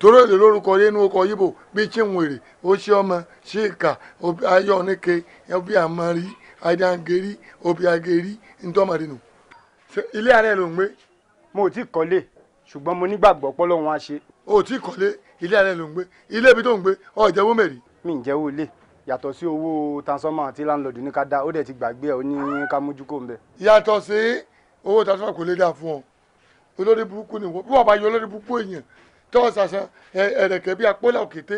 torí èlé lórúkọ yé inú ọkọ yíbò bíi chinwere oṣiọmọ ṣèkà ayọ̀nìke obi àmọ́rí adangeri obi ageri ntọ́mọdínú. ilé ààrẹ ló ń gbé. mo ò tí ì kọ́lé ṣùgbọ́n mo nígbàgbọ́ pé Ọlọ́run á ṣe. o ò tí ì kọ́lé ilé ààrẹ ló ń gbé ilé ibi tó ń gbé ọ̀ jẹ́wọ́ mẹ́rin. mi ń jẹ́wọ́ ilé yàtọ̀ sí owó tansọ́mọ̀ àti láńlọ́ọ̀dù ní ká dá ó dẹ̀ ti gbàgbé ẹ̀ ó ní ká mójú kó ń bẹ̀. yàtọ̀ sí owó tansọ́mọ̀ kò lè dà fún ọ olórí burúkú ni wọ́n wọ́n bá yọ olórí burúkú èèyàn tó ṣàṣàn ẹ̀rẹ̀kẹ́ bíi apólà òkété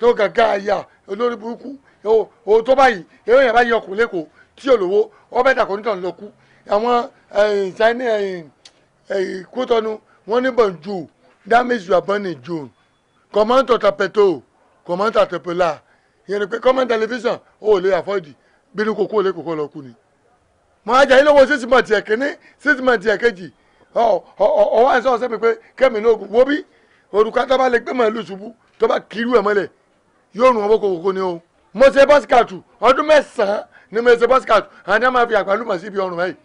tó gàgà àyà olórí burúkú o tó báyìí èèyàn yàrá yẹ ọkùnrin lẹ́kọ̀ọ́ tí olówó ọbẹ̀ dàkọ̀ nítorí lọ́kú àwọn ṣáínì kútọ́nu wọ́n ní bọ̀njú dámẹ́sì àbọ̀nì jù kọ̀mọ́ntò tapẹ̀tò kọ̀mọ́ntò àtẹ̀pẹ̀là ìyẹn ni pé kọ́mọ́ntò tẹlifíṣàn ó lè àfọ́ọ̀dì bínú kókó lè kókó lọ́kù ni. mọ ajá yìí lọ́wọ́ sísìmọ̀ tiẹ̀ kínní sísìmọ̀ ọwọ́ àìsàn ọ̀sẹ̀ mi pé kẹ́mi náà wo bí òrùka tó bá lè gbé màálù ṣubú tó bá kiri ẹ̀ mọ́lẹ̀ yóò rùn ọwọ́ kòkòkò ni o. mo ṣe bọ́sìkàtù ọdún mẹ́sàn-án ni mo ṣe bọ́sìkàtù àti a máa fi àgbálùmọ̀ sí ibi ọrùn báyìí.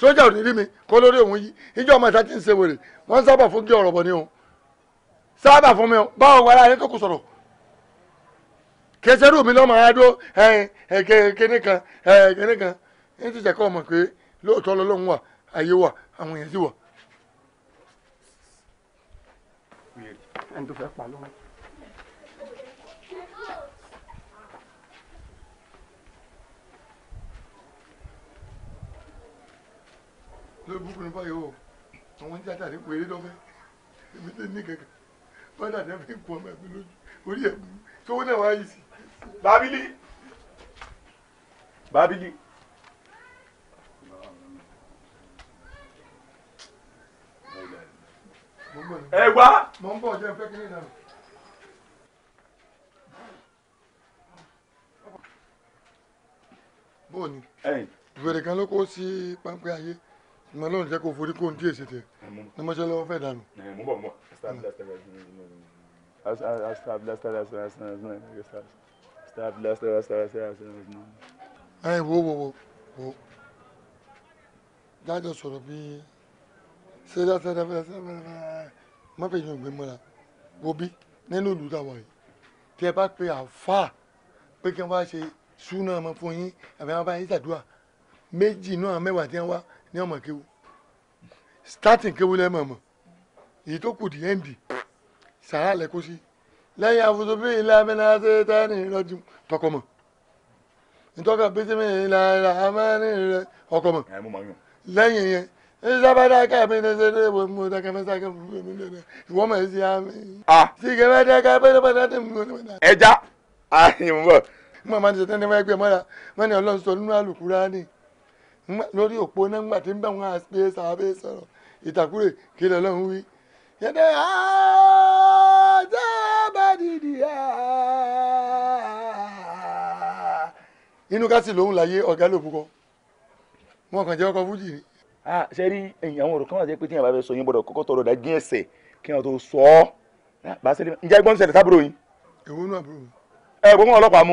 sójà ò ní rí mi kó lórí òun yí ìjọ ọmọ ìta ti ń ṣe wèrè wọ́n sábà fún kí ọ̀rọ̀ bọ̀ ni o sábà fún mi o báwo wà láyé tó kù sọ̀rọ̀ kẹsẹ́rù mi lọ́mọ adó ẹ̀ ẹ̀ kẹ́ni kan ẹ̀ kẹ́ni kan ayé wà àwọn èèyàn sì wà. ẹni tó fẹ́ pa ló ń. lórí búkú ní báyìí o àwọn tí a tàdé péré lọ́fẹ́ èmi tẹ́ ní kankan bọ́dà tẹ́ fi kú ọmọ ẹ̀mí lójú orí ẹ̀mí tó wọ́n náà wáyé sí. bábílì bábílì. ẹ wá. mo ń bọ̀ jẹ́ pé kí ni ìlànà. bó o ní ìbéèrè kan ló kó sí pápẹ́ ayé ìmọ̀ lọ́run jẹ́ kó forí kó ń díè ṣe tẹ̀ ní mọ́ṣẹ́ lọ́wọ́ fẹ́ dànù. mo bọ̀ mọ́ ẹ wo wo wo wo dájọ sọ̀rọ̀ bíi sẹ́dá sẹ́dá fẹ́ sẹ́dá má fẹ́ yan ògbé mọ́ra wo bí nínú ìlú tàwa yìí tí ẹ bá pe àáfàá pé kí wọ́n bá ṣe súnà ọmọ fún yín àbí wọ́n bá yín ṣàdúrà méjì náà mẹ́wàá tí wọ́n wá ní ọmọ kéwu starting kéwu lẹ́mọ̀ mọ̀ èyí tó kù di ẹ́ǹdì sàrà lẹ kó sí lẹ́yìn àfúnṣe bí ilé amẹ́nà ṣe tẹ́ni ìrọ́jú tọkọ mọ̀ nítorí àbẹ́sẹ̀ mi ìlà ìlà amẹ́ni ọkọ mọ̀ lẹ́yìn yẹn sabadaka minasere womutaka masaka mumene iwoma siyami ah sikebadaka pele banate mumene ẹja ayinbo mama ti tẹni wẹgbẹ mọra wọn ni Ọlọ́run sọ nínú àlùkùránì lórí òpó náà ńgbà tí ń bẹ wọn àṣẹ sàbẹ sọ̀rọ̀ ìtàkùrẹ kí lọ́lọ́run wí. yẹtẹ àjàbàdìdì à inú ká sì lóhùn láyé ọ̀gá lòbùkọ wọn kàn jẹ́ ọkọ̀ fújì ni. Ah, ṣe rí ẹ̀yìn àwọn ọ̀rọ̀ kan wà jẹ́ pé tí yàrá bá fẹ́ sọ yín gbọ́dọ̀ kọ́kọ́ tọrọ dájú ẹsẹ̀ kí wọ́n tó sọ ọ́ ah, bá ṣe ǹjẹ́ ẹgbọ́n ṣẹlẹ̀ sábúrò yín. èwo náà butu ẹ gbọ́n ọlọ́pàá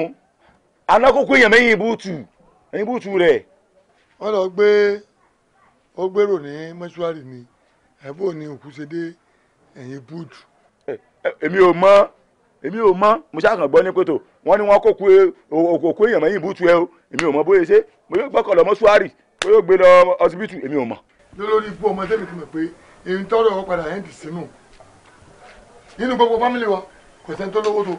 anákókó èèyàn rẹ̀. lọ ni ẹ̀bùn ni òkú ṣe dé ẹ̀yìn èmi ò mọ èmi ò mọ mo ṣàkàn gbọ́ ní pẹ̀tọ̀ wọ́n ní wọ́n èèyàn o èmi ò mọ bóyá ṣe mo mọ́ṣúárì pé yóò gbé lọ ọsibítù èmi ò mọ̀. lórí ikú ọmọ tẹ́mi ti mọ̀ pé èyí tọ́rọ̀ ọ padà ẹ̀ ń dì sínú nínú gbogbo fámìlì wa kò sẹ́ni tó lówó tó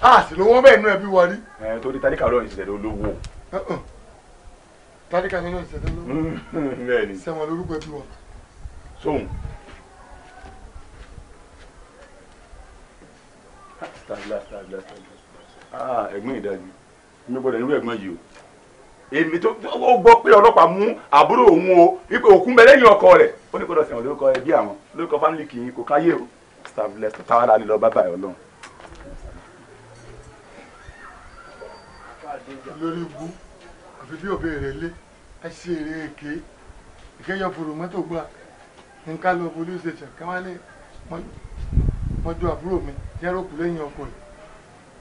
a sì lówó bẹ́ẹ̀ nú ẹbí wa rí. ẹ torí tálíkà lọ ìṣẹ̀lẹ̀ olówó. tálíkà lọ ìṣẹ̀lẹ̀ olówó sẹ́wọ̀n mm, mm, lórúkọ ẹbí wa. sóhun. Ah, ẹ̀gbọ́n ìdájú mi gbọ́dọ̀ nínú ẹ̀gbọ́n yìí o èmi tó ó gbọ́ pé ọlọ́pàá mú àbúrò òun o wípé òkú bẹ lẹ́yìn ọkọ rẹ̀ ó ní kó lọ sẹ̀wọ̀n lórúkọ ẹbí àwọn lórúkọ fámìlì kì í kó káyé o stabless tó táwọn àlè lọ bá bàyọ̀ lọ. lórí ibu àfi bí òbí rẹ̀ lé àṣì èrè èké ìkẹyọ fòrò mọ́tò gbà ní ká lọ police station ká wálé mọ́jú àbúrò mi jẹ́rọ̀ kù lẹ́yìn ọkọ rẹ̀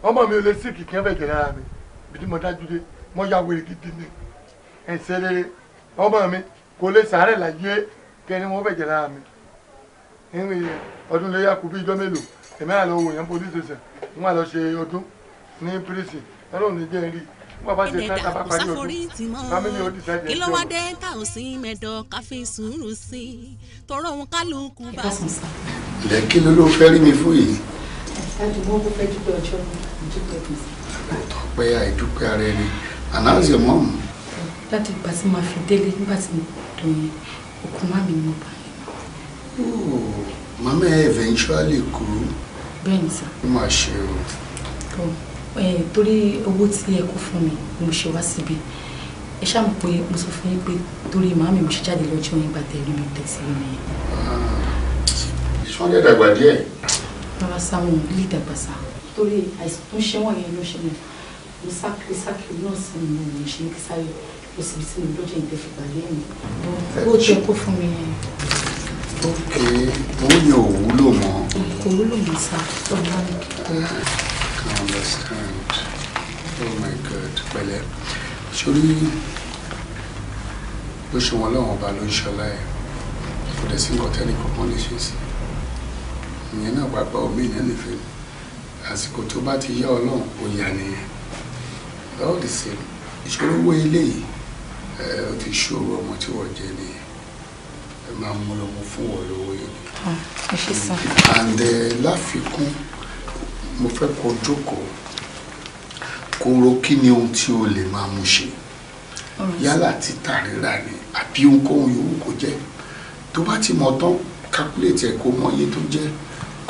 ọmọ mi ò lè sí kìkì ẹ̀fẹ̀ jẹ̀ lára mi bìtí mo dájú dé mo ya wèrè gidi ni ẹ̀sẹ̀ rere ọmọ mi kò lè sàárẹ̀ láyé kẹni wọn bẹ̀jẹ̀ lára mi nínú ọdún lóyà kù bí ijọ́ mélòó èmi àlọ́ wò yẹn police station n wà lọ ṣe ọdún ní prison ọlọ́run ní jẹ́ rí wọ́n bá ṣe tán tábà parí ọdún family ó decide ẹjọ́ kí ló wá dé tá ò sí mẹ́dọ̀ ká fi sùúrù sí i tọrọ òun kálukú bá sùn. ilẹ̀ kí ló ló fẹ́ rí mi fún yìí. àdùnnú ó fẹ́ dúpẹ́ ọjọ́ mi And how's your mom? Láti ìgbà tí màá fi délé nígbà tí mo dùn yẹn, òkú má eventually kú. Bẹ́ẹ̀ni sá. Ó máa ṣe o. Tó torí owó tí ẹ kó fún mi ni mo ṣe wá síbi. Ẹ ṣáà pé mo sọ fún yín pé torí màá mi mo ṣe jáde lọ́jọ́ yẹn bàtẹ́ rí mi tẹ̀sí mi yẹn. Ah, Ṣọ́n lè dàgbà díẹ̀. Bàbá sáwọn ò lè dàgbà sá. Torí àìsàn tó ń ṣe mo sákiri sákiri náà mi ò ṣe ní sáré lọ síbi tí mo lọ́jọ́ ìdè fìgbà lẹ́yìn owó jẹ kó fún mi yẹn. ok owó yẹn ò wúlò mọ́. kò wúlò mọ́ sá mi kò I understand oh my God pẹ̀lẹ́ sórí bó ṣe wọn lọ́wọ́n ọba ló ń ṣọlá ẹ̀ kò dẹ̀ sí nǹkan tẹ́lẹ̀ kankan lè ṣe sí ìyẹn náà pàápàá omi ìyẹn nìfẹ́ àsìkò tó bá ti yá ọlọ́run kò yà nìyẹn all the same ìṣòro owó ilé yìí ẹ ó ti ṣòro ọmọ tí wọ́n jẹ ní ẹ máa mú lọ́mọ fún wọn lówó yìí. Ah, ẹ ṣe sá. and eh, láfikún mo fẹ́ kó jókòó kó ro kí ni ohun tí o lè máa mú ṣe yálà títà rírà ni àbí ohunkóhun yòówù kó jẹ́ tó bá ti mọ̀ tán calculate ẹ̀ kó mọ iye tó jẹ́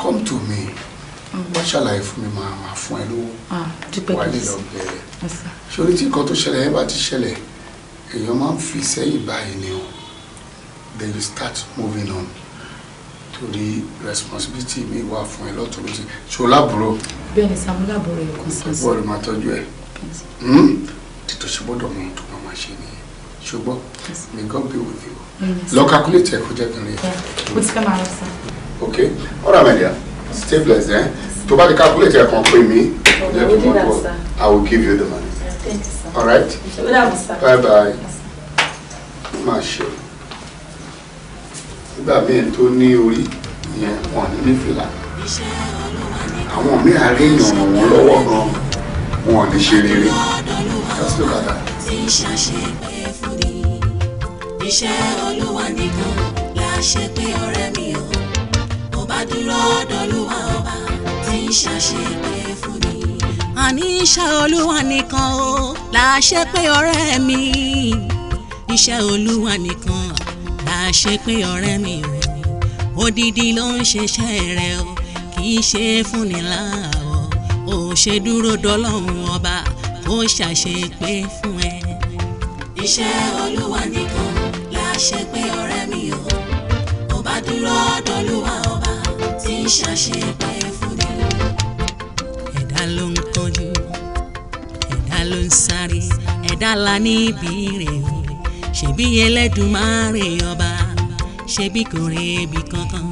come to me wọ́n ṣàlàyé fún mi máa máa fún ẹ lówó ah, wà lè lọ bẹ̀rẹ̀ sórí tí nǹkan tó ṣẹlẹ̀ ẹ bá ti ṣẹlẹ̀ èèyàn máa ń fi sẹ́yìn báyìí ni o then you start moving on torí responsibility mi wà fún ẹ lọ́tọ̀ lọ́sẹ̀ ṣo lábúrò. bẹ́ẹ̀ ni sàmú lábúrò yóò kàn sí. bọ́ọ̀lù máa tọ́jú ẹ̀ hmm? títọ́ ṣe gbọ́dọ̀ mọ ohun tó máa ṣe nìyẹn ṣùgbọ́n may God be with you mm, lọ calculate ẹ̀ kó jẹ́ kí rí ẹ̀. ok ọ̀rọ̀ àmàlẹ́ yà staples eh. To buy the calculator kan me. mí ọjọ́ tó mọ̀ bọ̀ I will give you the money Thank you, sir. all right bye bye má ṣe nígbà míì tó ní orí ìyẹn wọn ní fìlà àwọn míì àríyàn ràn wọ́n lọ́wọ́ gan wọn ò ní the rere just look at that. iṣẹ́ olúwa nìkan láṣẹ pé ọ̀rẹ́ mi adúró dọ̀lúwa ọba tí ń ṣàṣepé fún ni. àní iṣẹ́ olúwa nìkan o láṣẹ pé ọ̀rẹ́ mi iṣẹ́ olúwa nìkan láṣẹ pé ọ̀rẹ́ mi rẹ̀ ni odidi ló ń ṣiṣẹ́ rẹ̀ o kì í ṣe fúnni láàwọ̀ ò ṣe dúró dọ́lọ́run ọba ó ṣàṣepé fún ẹ. iṣẹ́ olúwa nìkan láṣẹ pé ọ̀rẹ́ ṣàṣepẹ fúnni ẹ̀dá ló ń kánjú ẹ̀dá ló ń sáré ẹ̀dá la níbi rẹ̀ o ṣebí Ẹlẹ́dùmarè ọba ṣebí kò rẹ ibi kankan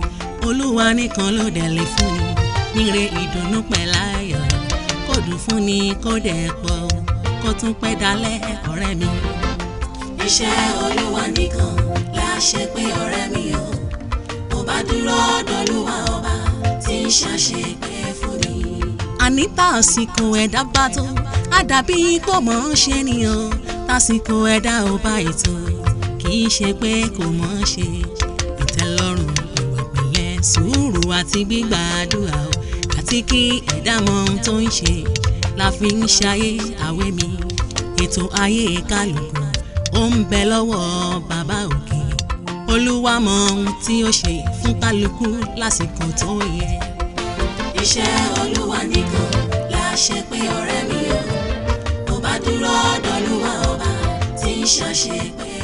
olúwa nìkan ló dẹ̀ lè fúnni níre ìdùnnú pẹ̀láyọ̀ kò dùn fúnni kó dẹ̀ pọ̀ kó tún pẹ́ dalẹ̀ ọ̀rẹ́ mi. iṣẹ́ olúwa nìkan la ṣe pé ọ̀rẹ́ mi o bó bá dúró dọ́lúwa ọba ṣàṣegbé fún mi. àníta àsìkò ẹ̀dá bá tó á dàbí kò mọ̀ ọ́n ṣe nìyàn tásìkò ẹ̀dá ò bá ètò kì í ṣe pé kò mọ̀ ọ́n ṣe ìtẹ́lọ́rùn ìwà pẹ̀lẹ́ sùúrù àti gbígbàdúrà o àti kí ẹ̀dá mọ ohun tó ń ṣe la ń ṣayé àwé mi ètò ayé kálukú ó ń bẹ lọ́wọ́ bàbá òkè olúwa mọ ohun tí ó ṣe fún kálukú lásìkò tó yẹ iṣẹ́ olúwa nìkan láṣẹ pé ọ̀rẹ́ mi ò bó bá dúró ọ̀dọ̀ olúwa ọba tí ń ṣàṣepẹ́.